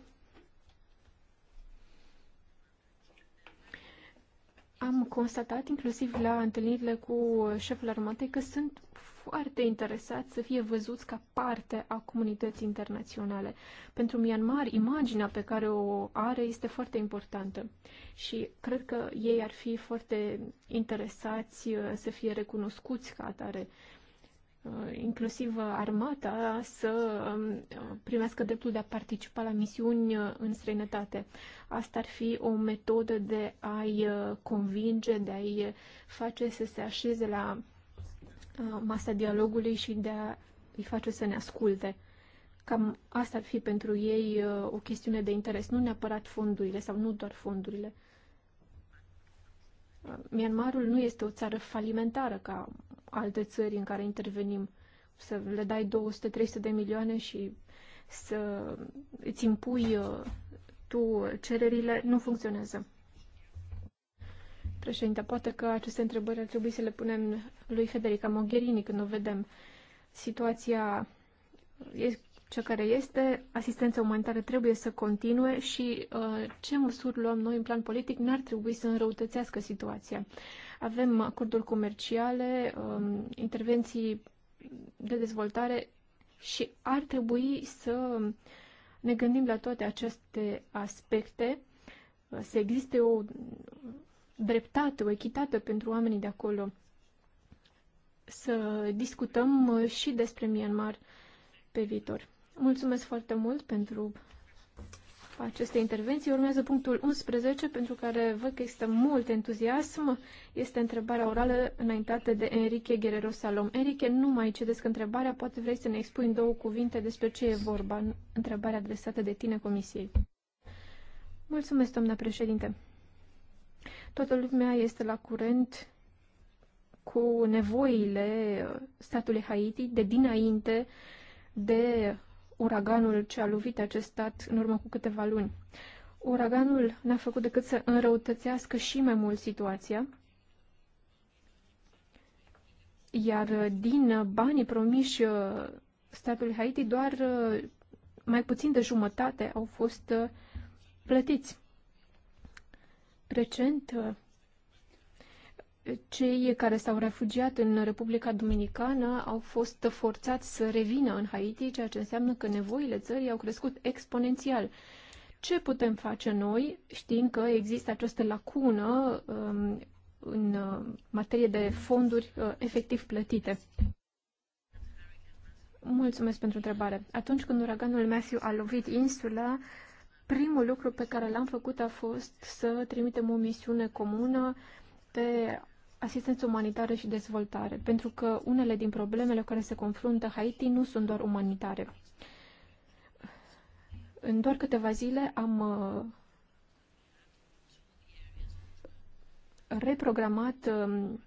Am constatat, inclusiv la întâlnirile cu șeful armatei, că sunt foarte interesat să fie văzuți ca parte a comunității internaționale. Pentru Myanmar, imaginea pe care o are este foarte importantă și cred că ei ar fi foarte interesați uh, să fie recunoscuți ca atare Uh, inclusiv armata, să um, primească dreptul de a participa la misiuni uh, în străinătate. Asta ar fi o metodă de a-i uh, convinge, de a-i face să se așeze la masa dialogului și de a-i face să ne asculte. Cam asta ar fi pentru ei o chestiune de interes, nu neapărat fondurile sau nu doar fondurile. Myanmarul nu este o țară falimentară ca alte țări în care intervenim, să le dai 200-300 de milioane și să îți impui uh, tu cererile, nu funcționează. Președinte, poate că aceste întrebări ar trebui să le punem lui Federica Mogherini când o vedem. Situația e cea care este, asistența umanitară trebuie să continue și uh, ce măsuri luăm noi în plan politic n-ar trebui să înrăutățească situația. Uh, avem acorduri comerciale, um, intervenții de dezvoltare și ar trebui să ne gândim la toate aceste aspecte, să existe o dreptate, o echitate pentru oamenii de acolo, să discutăm și despre Myanmar pe viitor. Mulțumesc foarte mult pentru acestei intervenții. Urmează punctul 11, pentru care văd că există mult entuziasm. Este întrebarea orală înaintată de Enrique Guerrero Salom. Enrique, nu mai cedesc întrebarea, poate vrei să ne expui în două cuvinte despre ce e vorba, întrebarea adresată de tine Comisiei. Mulțumesc, doamna președinte. Toată lumea este la curent cu nevoile statului Haiti de dinainte de uraganul ce a lovit acest stat în urmă cu câteva luni. Uraganul n-a făcut decât să înrăutățească și mai mult situația, iar din banii promiși uh, statului Haiti, doar uh, mai puțin de jumătate au fost uh, plătiți. Recent, cei care s-au refugiat în Republica Dominicană au fost forțați să revină în Haiti, ceea ce înseamnă că nevoile țării au crescut exponențial. Ce putem face noi, știind că există această lacună um, în uh, materie de fonduri uh, efectiv plătite? Mulțumesc pentru întrebare. Atunci când uraganul Matthew a lovit insula, primul lucru pe care l-am făcut a fost să trimitem o misiune comună uh, este asistență umanitară și dezvoltare, pentru că unele din problemele cu care se confruntă Haiti nu sunt doar umanitare. În doar câteva zile am uh, reprogramat um,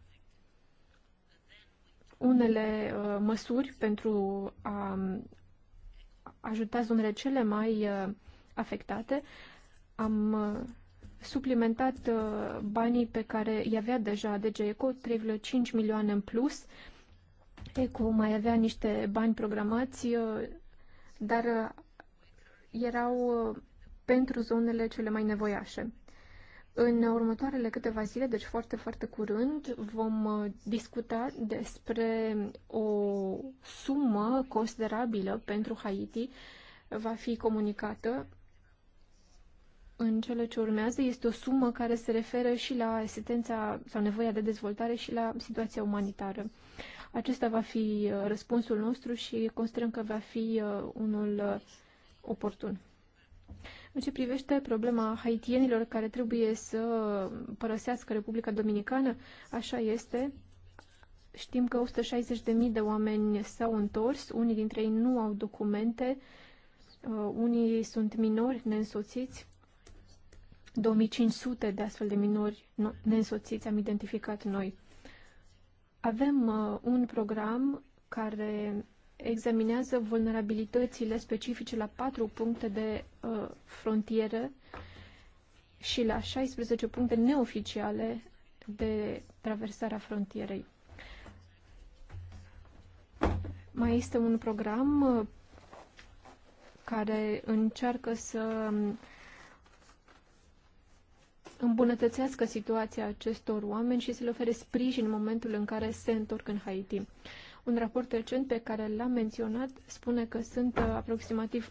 unele uh, măsuri pentru a um, ajuta zonele cele mai uh, afectate. Am suplimentat uh, banii pe care i avea deja DG Eco, 3,5 milioane în plus. Eco mai avea niște bani programați, uh, dar uh, erau pentru zonele cele mai nevoiașe. În următoarele câteva zile, deci foarte, foarte curând, vom discuta despre o sumă considerabilă pentru Haiti. Va fi comunicată în cele ce urmează este o sumă care se referă și la asistența sau nevoia de dezvoltare și la situația umanitară. Acesta va fi uh, răspunsul nostru și considerăm că va fi uh, unul uh, oportun. În ce privește problema haitienilor care trebuie să părăsească Republica Dominicană, așa este. Știm că 160.000 de oameni s-au întors, unii dintre ei nu au documente, unii sunt minori neînsoțiți. 2500 de astfel de minori neînsoțiți am identificat noi. Avem uh, un program care examinează vulnerabilitățile specifice la patru puncte de uh, frontieră și la 16 puncte neoficiale de traversarea frontierei. Mai este un program uh, care încearcă să um, îmbunătățească situația acestor oameni și să le ofere sprijin în momentul în care se întorc în Haiti. Un raport recent pe care l-am menționat spune că sunt uh, aproximativ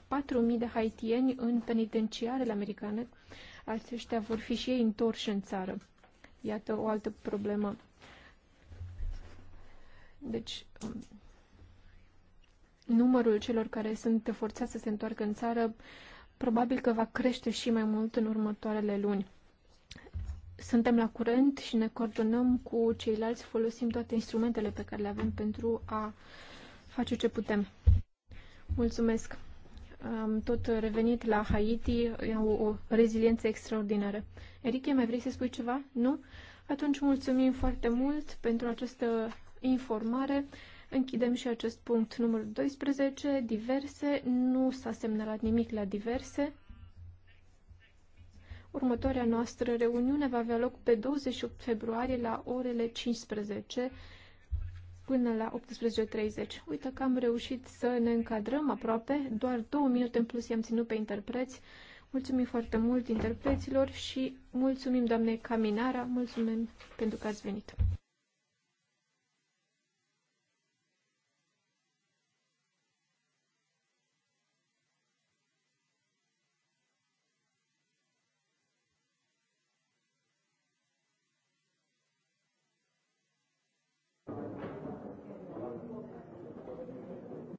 4.000 de haitieni în penitenciarele americane. Aceștia vor fi și ei întorși în țară. Iată o altă problemă. Deci, um, numărul celor care sunt forțați să se întoarcă în țară probabil că va crește și mai mult în următoarele luni suntem la curent și ne coordonăm cu ceilalți, folosim toate instrumentele pe care le avem pentru a face ce putem. Mulțumesc! Am tot revenit la Haiti, au o reziliență extraordinară. Erike, mai vrei să spui ceva? Nu? Atunci mulțumim foarte mult pentru această informare. Închidem și acest punct numărul 12, diverse. Nu s-a semnalat nimic la diverse. Următoarea noastră reuniune va avea loc pe 28 februarie la orele 15 până la 18.30. Uite că am reușit să ne încadrăm aproape, doar două minute în plus i-am ținut pe interpreți. Mulțumim foarte mult interpreților și mulțumim doamnei Caminara, mulțumim pentru că ați venit.